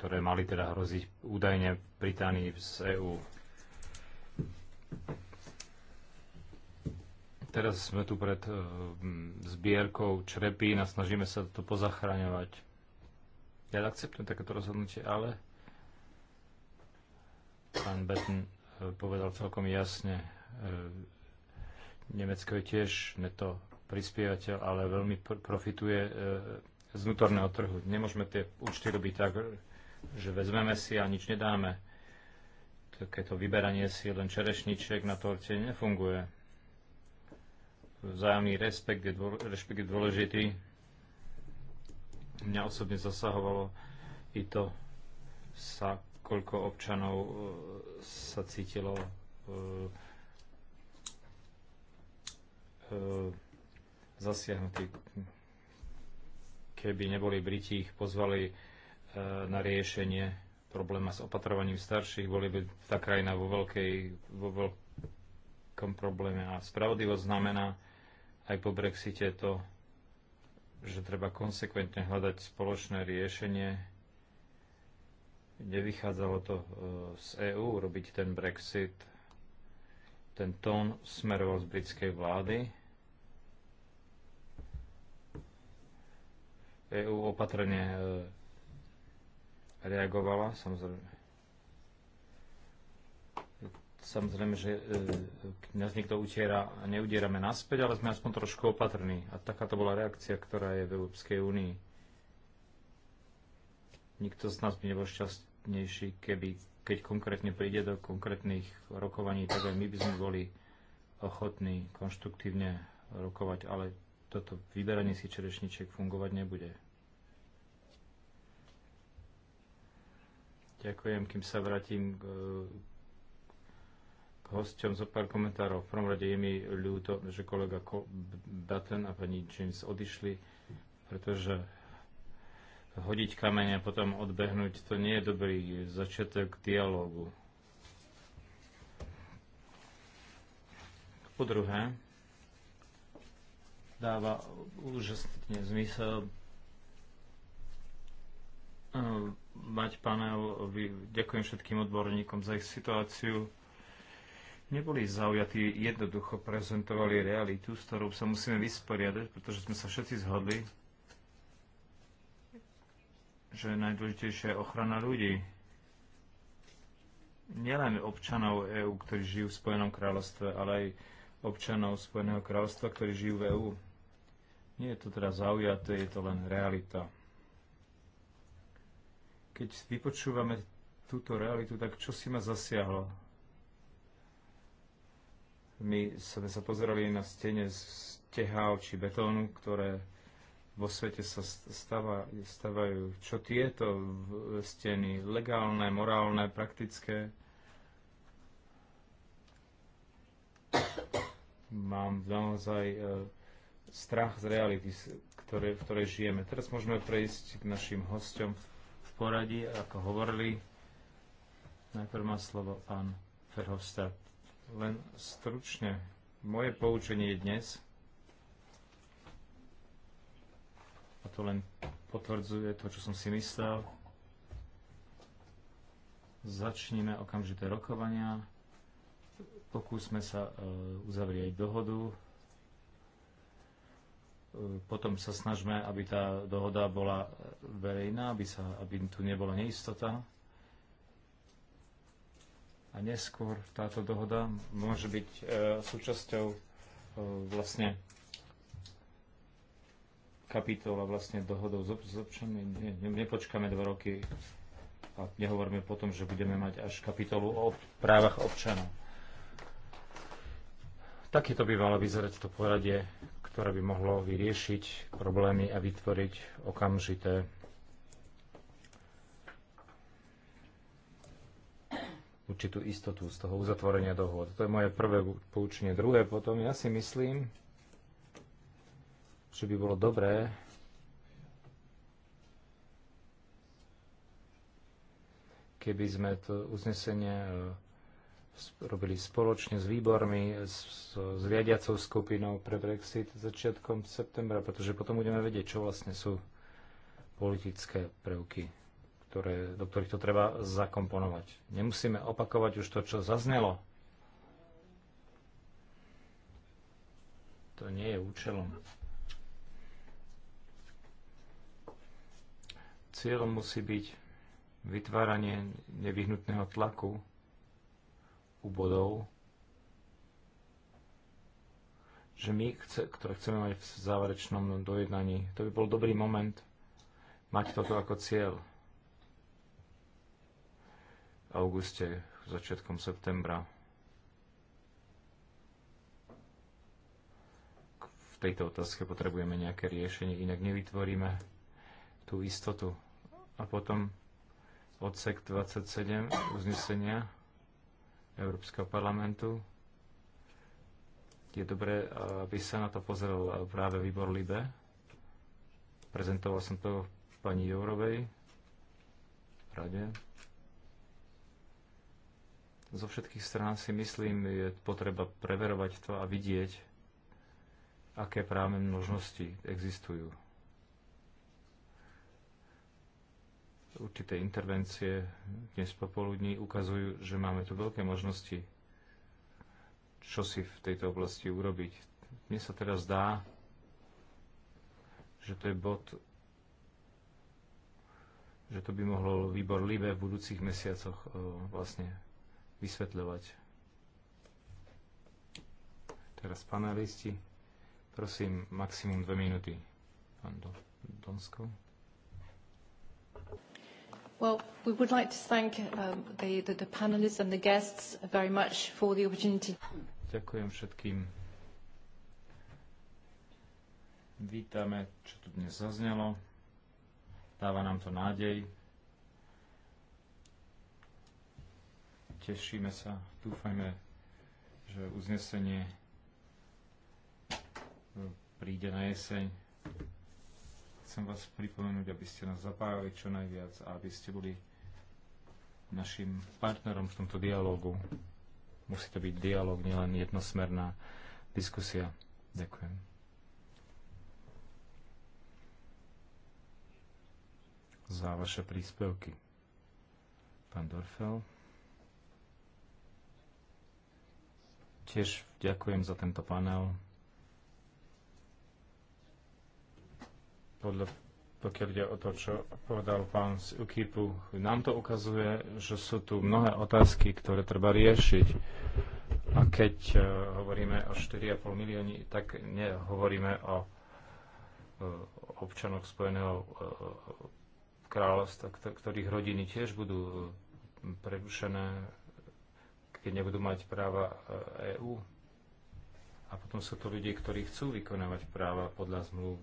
ktoré mali teda hroziť údajne Británii z EÚ Teraz sme tu pred e, zbierkou črepín a snažíme sa to pozachraňovať. Ja akceptujem takéto rozhodnutie, ale pán Betten e, povedal celkom jasne, e, Nemecko je tiež neto prispievateľ, ale veľmi pr- profituje z vnútorného trhu. Nemôžeme tie účty robiť tak, že vezmeme si a nič nedáme takéto vyberanie si len čerešničiek na torte nefunguje. Vzájomný respekt je, dôl, respekt je dôležitý. Mňa osobne zasahovalo i to, sa, koľko občanov e, sa cítilo e, e, zasiahnutí. Keby neboli Briti, ich pozvali e, na riešenie probléma s opatrovaním starších, boli by tá krajina vo, veľkej, vo veľkom probléme. A spravodlivosť znamená aj po Brexite to, že treba konsekventne hľadať spoločné riešenie. Nevychádzalo to e, z EÚ robiť ten Brexit. Ten tón smeroval z britskej vlády. EÚ opatrne e, reagovala. Samozrejme, samozrejme že e, nás niekto utiera a neudierame naspäť, ale sme aspoň trošku opatrní. A takáto bola reakcia, ktorá je v Európskej únii. Nikto z nás by nebol šťastnejší, keby, keď konkrétne príde do konkrétnych rokovaní, tak aj my by sme boli ochotní konštruktívne rokovať, ale toto vyberanie si čerešniček fungovať nebude. Ďakujem, kým sa vrátim k, eh, k hosťom zo pár komentárov. V prvom rade je mi ľúto, že kolega Dutton a pani James odišli, pretože hodiť kamene a potom odbehnúť, to nie je dobrý začiatok dialógu. Po druhé, dáva úžasný zmysel Ehm, mať panel. Ďakujem všetkým odborníkom za ich situáciu. Neboli zaujatí, jednoducho prezentovali realitu, s ktorou sa musíme vysporiadať, pretože sme sa všetci zhodli, že najdôležitejšia je ochrana ľudí. Nielen občanov EÚ, ktorí žijú v Spojenom kráľovstve, ale aj občanov Spojeného kráľovstva, ktorí žijú v EÚ. Nie je to teda zaujaté, je to len realita. Keď vypočúvame túto realitu, tak čo si ma zasiahlo? My sme sa pozerali na stene z tehál či betónu, ktoré vo svete sa stava, stavajú. Čo tieto steny? Legálne, morálne, praktické? Mám naozaj e, strach z reality, ktoré, v ktorej žijeme. Teraz môžeme prejsť k našim hostom v poradí, ako hovorili. Najprv má slovo pán Verhofstadt. Len stručne, moje poučenie je dnes, a to len potvrdzuje to, čo som si myslel, začníme okamžité rokovania, pokúsme sa e, uzavrieť dohodu, potom sa snažme, aby tá dohoda bola verejná, aby, sa, aby tu nebola neistota. A neskôr táto dohoda môže byť e, súčasťou e, vlastne kapitola vlastne dohodou s, občanmi. Ne, ne, nepočkáme dva roky a nehovoríme potom, že budeme mať až kapitolu o právach občanov. Takéto by malo vyzerať to poradie ktoré by mohlo vyriešiť problémy a vytvoriť okamžité určitú istotu z toho uzatvorenia dohôd. To je moje prvé poučenie. Druhé potom, ja si myslím, že by bolo dobré keby sme to uznesenie robili spoločne s výbormi, s, s riadiacou skupinou pre Brexit začiatkom septembra, pretože potom budeme vedieť, čo vlastne sú politické prvky, ktoré, do ktorých to treba zakomponovať. Nemusíme opakovať už to, čo zaznelo. To nie je účelom. Cieľom musí byť vytváranie nevyhnutného tlaku u bodov, že my, chce, ktoré chceme mať v záverečnom dojednaní, to by bol dobrý moment mať toto ako cieľ. V auguste, začiatkom septembra. V tejto otázke potrebujeme nejaké riešenie, inak nevytvoríme tú istotu. A potom odsek 27 uznesenia Európskeho parlamentu. Je dobré, aby sa na to pozrel práve výbor LIBE. Prezentoval som to pani Jourovej v rade. Zo všetkých strán si myslím, je potreba preverovať to a vidieť, aké právne množnosti existujú. určité intervencie dnes popoludní ukazujú, že máme tu veľké možnosti, čo si v tejto oblasti urobiť. Mne sa teda zdá, že to je bod, že to by mohlo výbor Libe v budúcich mesiacoch e, vlastne vysvetľovať. Teraz panelisti, prosím, maximum dve minúty. Pán Do Well, we would like to thank um, the, the, the panelists and the guests very much for the opportunity. Ďakujem všetkým. Vítame, čo tu dnes zaznelo. Dáva nám to nádej. Tešíme sa, dúfajme, že uznesenie e, príde na jeseň. Chcem vás pripomenúť, aby ste nás zapájali čo najviac a aby ste boli našim partnerom v tomto dialogu. Musí to byť dialog, nielen jednosmerná diskusia. Ďakujem. Za vaše príspevky. Pán Dorfel. Tiež ďakujem za tento panel. podľa, pokiaľ ide o to, čo povedal pán z UKIPu, nám to ukazuje, že sú tu mnohé otázky, ktoré treba riešiť. A keď e, hovoríme o 4,5 milióni, tak nehovoríme o e, občanoch Spojeného e, kráľovstva, ktorých rodiny tiež budú prerušené, keď nebudú mať práva EÚ. A potom sú to ľudia, ktorí chcú vykonávať práva podľa zmluv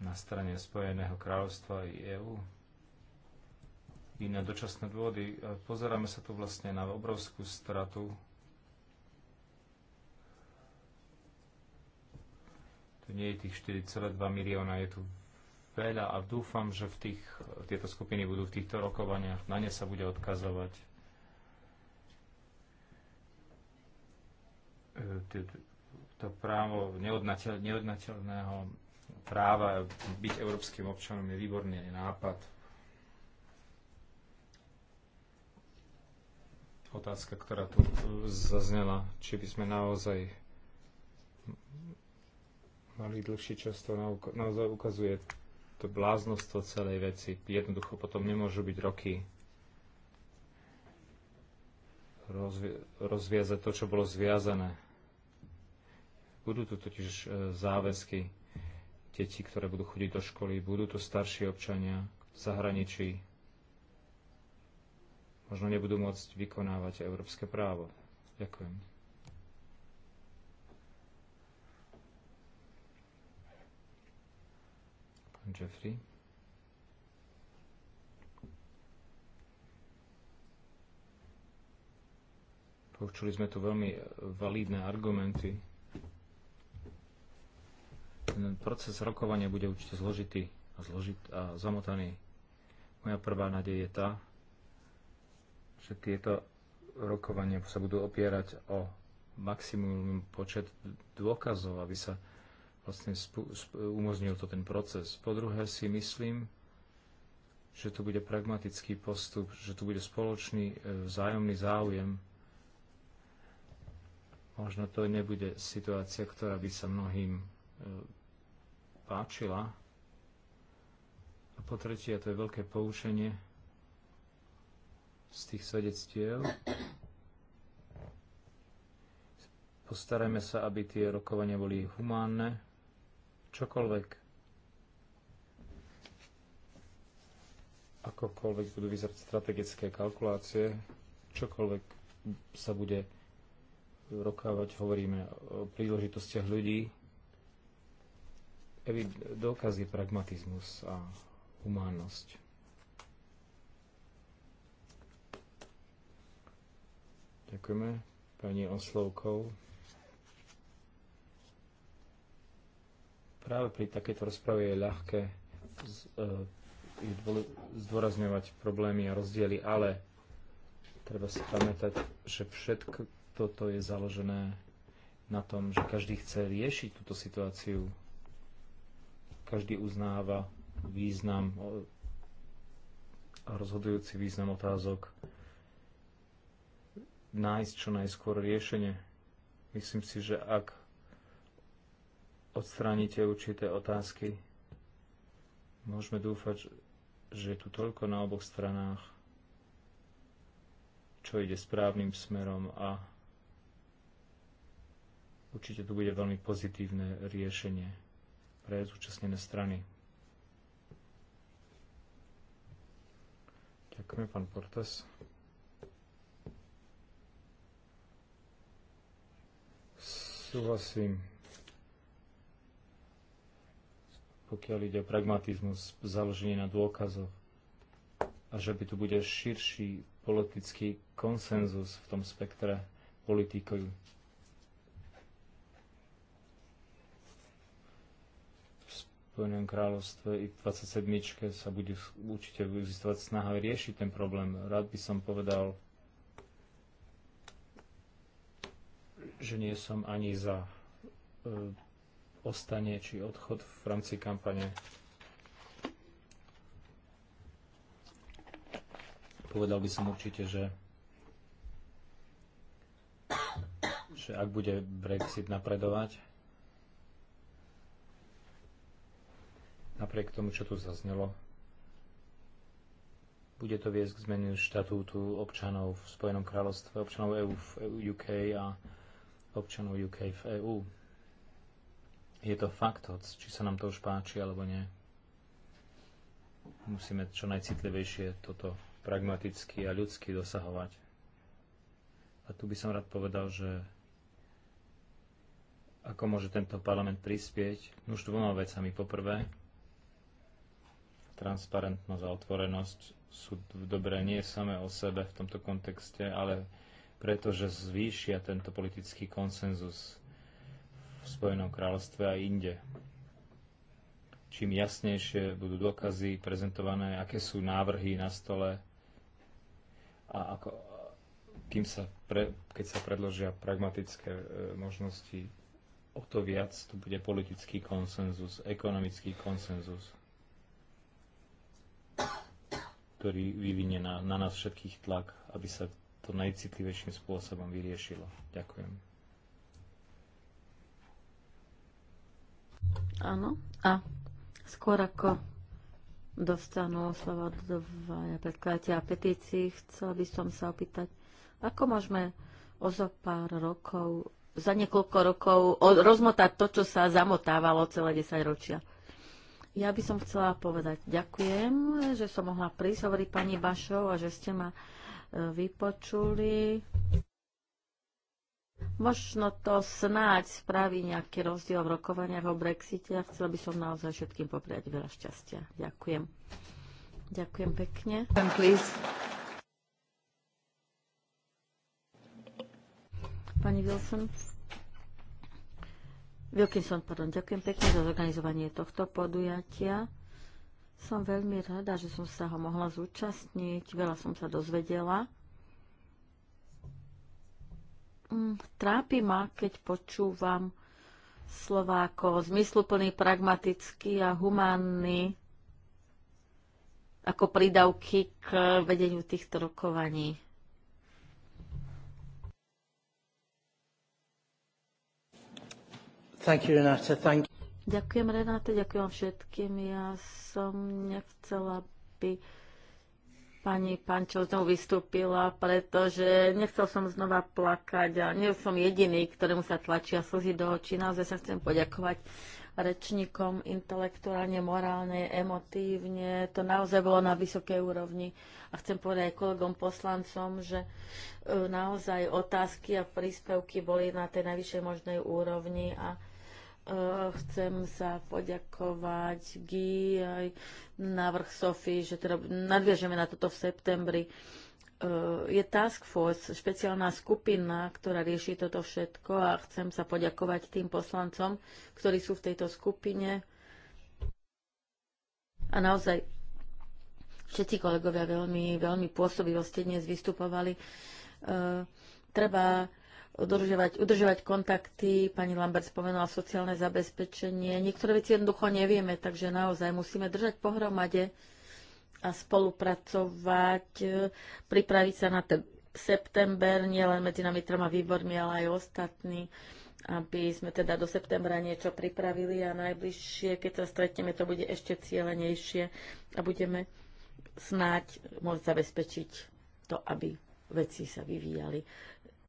na strane Spojeného kráľovstva i EÚ Iné dočasné dôvody. E, pozeráme sa tu vlastne na obrovskú stratu. Tu nie je tých 4,2 milióna, je tu veľa a dúfam, že v tých, tieto skupiny budú v týchto rokovaniach, na ne sa bude odkazovať. E, to právo neodnateľného práva byť európskym občanom je výborný nápad. Otázka, ktorá tu zaznela, či by sme naozaj mali dlhší čas, to naozaj ukazuje to to celej veci. Jednoducho potom nemôžu byť roky rozviazať to, čo bolo zviazané. Budú tu totiž e, záväzky deti, ktoré budú chodiť do školy, budú tu starší občania v zahraničí. Možno nebudú môcť vykonávať európske právo. Ďakujem. Pán Jeffrey. Počuli sme tu veľmi validné argumenty ten Proces rokovania bude určite zložitý a, zložit, a zamotaný. Moja prvá nádej je tá, že tieto rokovania sa budú opierať o maximum počet dôkazov, aby sa vlastne umožnil to ten proces. Po druhé si myslím, že tu bude pragmatický postup, že tu bude spoločný e, vzájomný záujem. Možno to nebude situácia, ktorá by sa mnohým E, páčila. A po tretie, a to je veľké poušenie z tých svedectiev, postarajme sa, aby tie rokovania boli humánne, čokoľvek akokoľvek budú vyzerať strategické kalkulácie, čokoľvek sa bude rokávať, hovoríme o príležitostiach ľudí, dôkaz je pragmatizmus a humánnosť. Ďakujeme pani Oslovkov. Práve pri takejto rozprave je ľahké e, zdôrazňovať problémy a rozdiely, ale treba si pamätať, že všetko toto je založené na tom, že každý chce riešiť túto situáciu každý uznáva význam, rozhodujúci význam otázok nájsť čo najskôr riešenie. Myslím si, že ak odstránite určité otázky, môžeme dúfať, že je tu toľko na oboch stranách, čo ide správnym smerom a určite tu bude veľmi pozitívne riešenie pre zúčastnené strany. Ďakujem, pán Portas. Súhlasím, pokiaľ ide o pragmatizmus založený na dôkazoch a že by tu bude širší politický konsenzus v tom spektre politikov Spojeném kráľovstve i 27. sa bude určite existovať snaha riešiť ten problém. Rád by som povedal, že nie som ani za e, ostanie či odchod v rámci kampane. Povedal by som určite, že že ak bude Brexit napredovať, napriek tomu, čo tu zaznelo, bude to viesť k zmenu štatútu občanov v Spojenom kráľovstve, občanov EU v UK a občanov UK v EU. Je to fakt, či sa nám to už páči alebo nie. Musíme čo najcitlivejšie toto pragmaticky a ľudsky dosahovať. A tu by som rád povedal, že ako môže tento parlament prispieť? No už dvoma vecami. Poprvé, transparentnosť a otvorenosť sú dobré nie samé o sebe v tomto kontexte, ale pretože zvýšia tento politický konsenzus v Spojenom kráľovstve a inde. Čím jasnejšie budú dokazy prezentované, aké sú návrhy na stole a ako, kým sa pre, keď sa predložia pragmatické e, možnosti, o to viac tu bude politický konsenzus, ekonomický konsenzus ktorý vyvinie na, na nás všetkých tlak, aby sa to najcitlivejším spôsobom vyriešilo. Ďakujem. Áno. A skôr ako dostanú slovo dvaja predkladateľa petícií, chcela by som sa opýtať, ako môžeme o zo pár rokov, za niekoľko rokov rozmotať to, čo sa zamotávalo celé 10 ročia? Ja by som chcela povedať ďakujem, že som mohla prísť, hovorí pani Bašov, a že ste ma e, vypočuli. Možno to snáď spraví nejaký rozdiel v rokovaniach o Brexite a chcela by som naozaj všetkým popriať veľa šťastia. Ďakujem. Ďakujem pekne. Pani Wilson. Wilkinson, pardon, ďakujem pekne za zorganizovanie tohto podujatia. Som veľmi rada, že som sa ho mohla zúčastniť. Veľa som sa dozvedela. Mm, trápi ma, keď počúvam slova ako zmysluplný, pragmatický a humánny ako prídavky k vedeniu týchto rokovaní. Thank you, Renata. Thank you. Ďakujem, Renáte, ďakujem vám všetkým. Ja som nechcela, aby pani Pančo znovu vystúpila, pretože nechcel som znova plakať a nie som jediný, ktorému sa tlačia slzy do očí. Naozaj sa chcem poďakovať rečníkom intelektuálne, morálne, emotívne. To naozaj bolo na vysokej úrovni. A chcem povedať aj kolegom poslancom, že e, naozaj otázky a príspevky boli na tej najvyššej možnej úrovni a Eh, chcem sa poďakovať GI aj návrh Sofy, že teda nadviažeme na toto v septembri. Eh, je Task Force, špeciálna skupina, ktorá rieši toto všetko a chcem sa poďakovať tým poslancom, ktorí sú v tejto skupine. A naozaj všetci kolegovia veľmi, veľmi pôsobivo ste dnes vystupovali. Eh, treba udržovať, udržovať kontakty. Pani Lambert spomenula sociálne zabezpečenie. Niektoré veci jednoducho nevieme, takže naozaj musíme držať pohromade a spolupracovať, e, pripraviť sa na ten september, nielen medzi nami troma výbormi, ale aj ostatní, aby sme teda do septembra niečo pripravili a najbližšie, keď sa stretneme, to bude ešte cieľenejšie a budeme snáď môcť zabezpečiť to, aby veci sa vyvíjali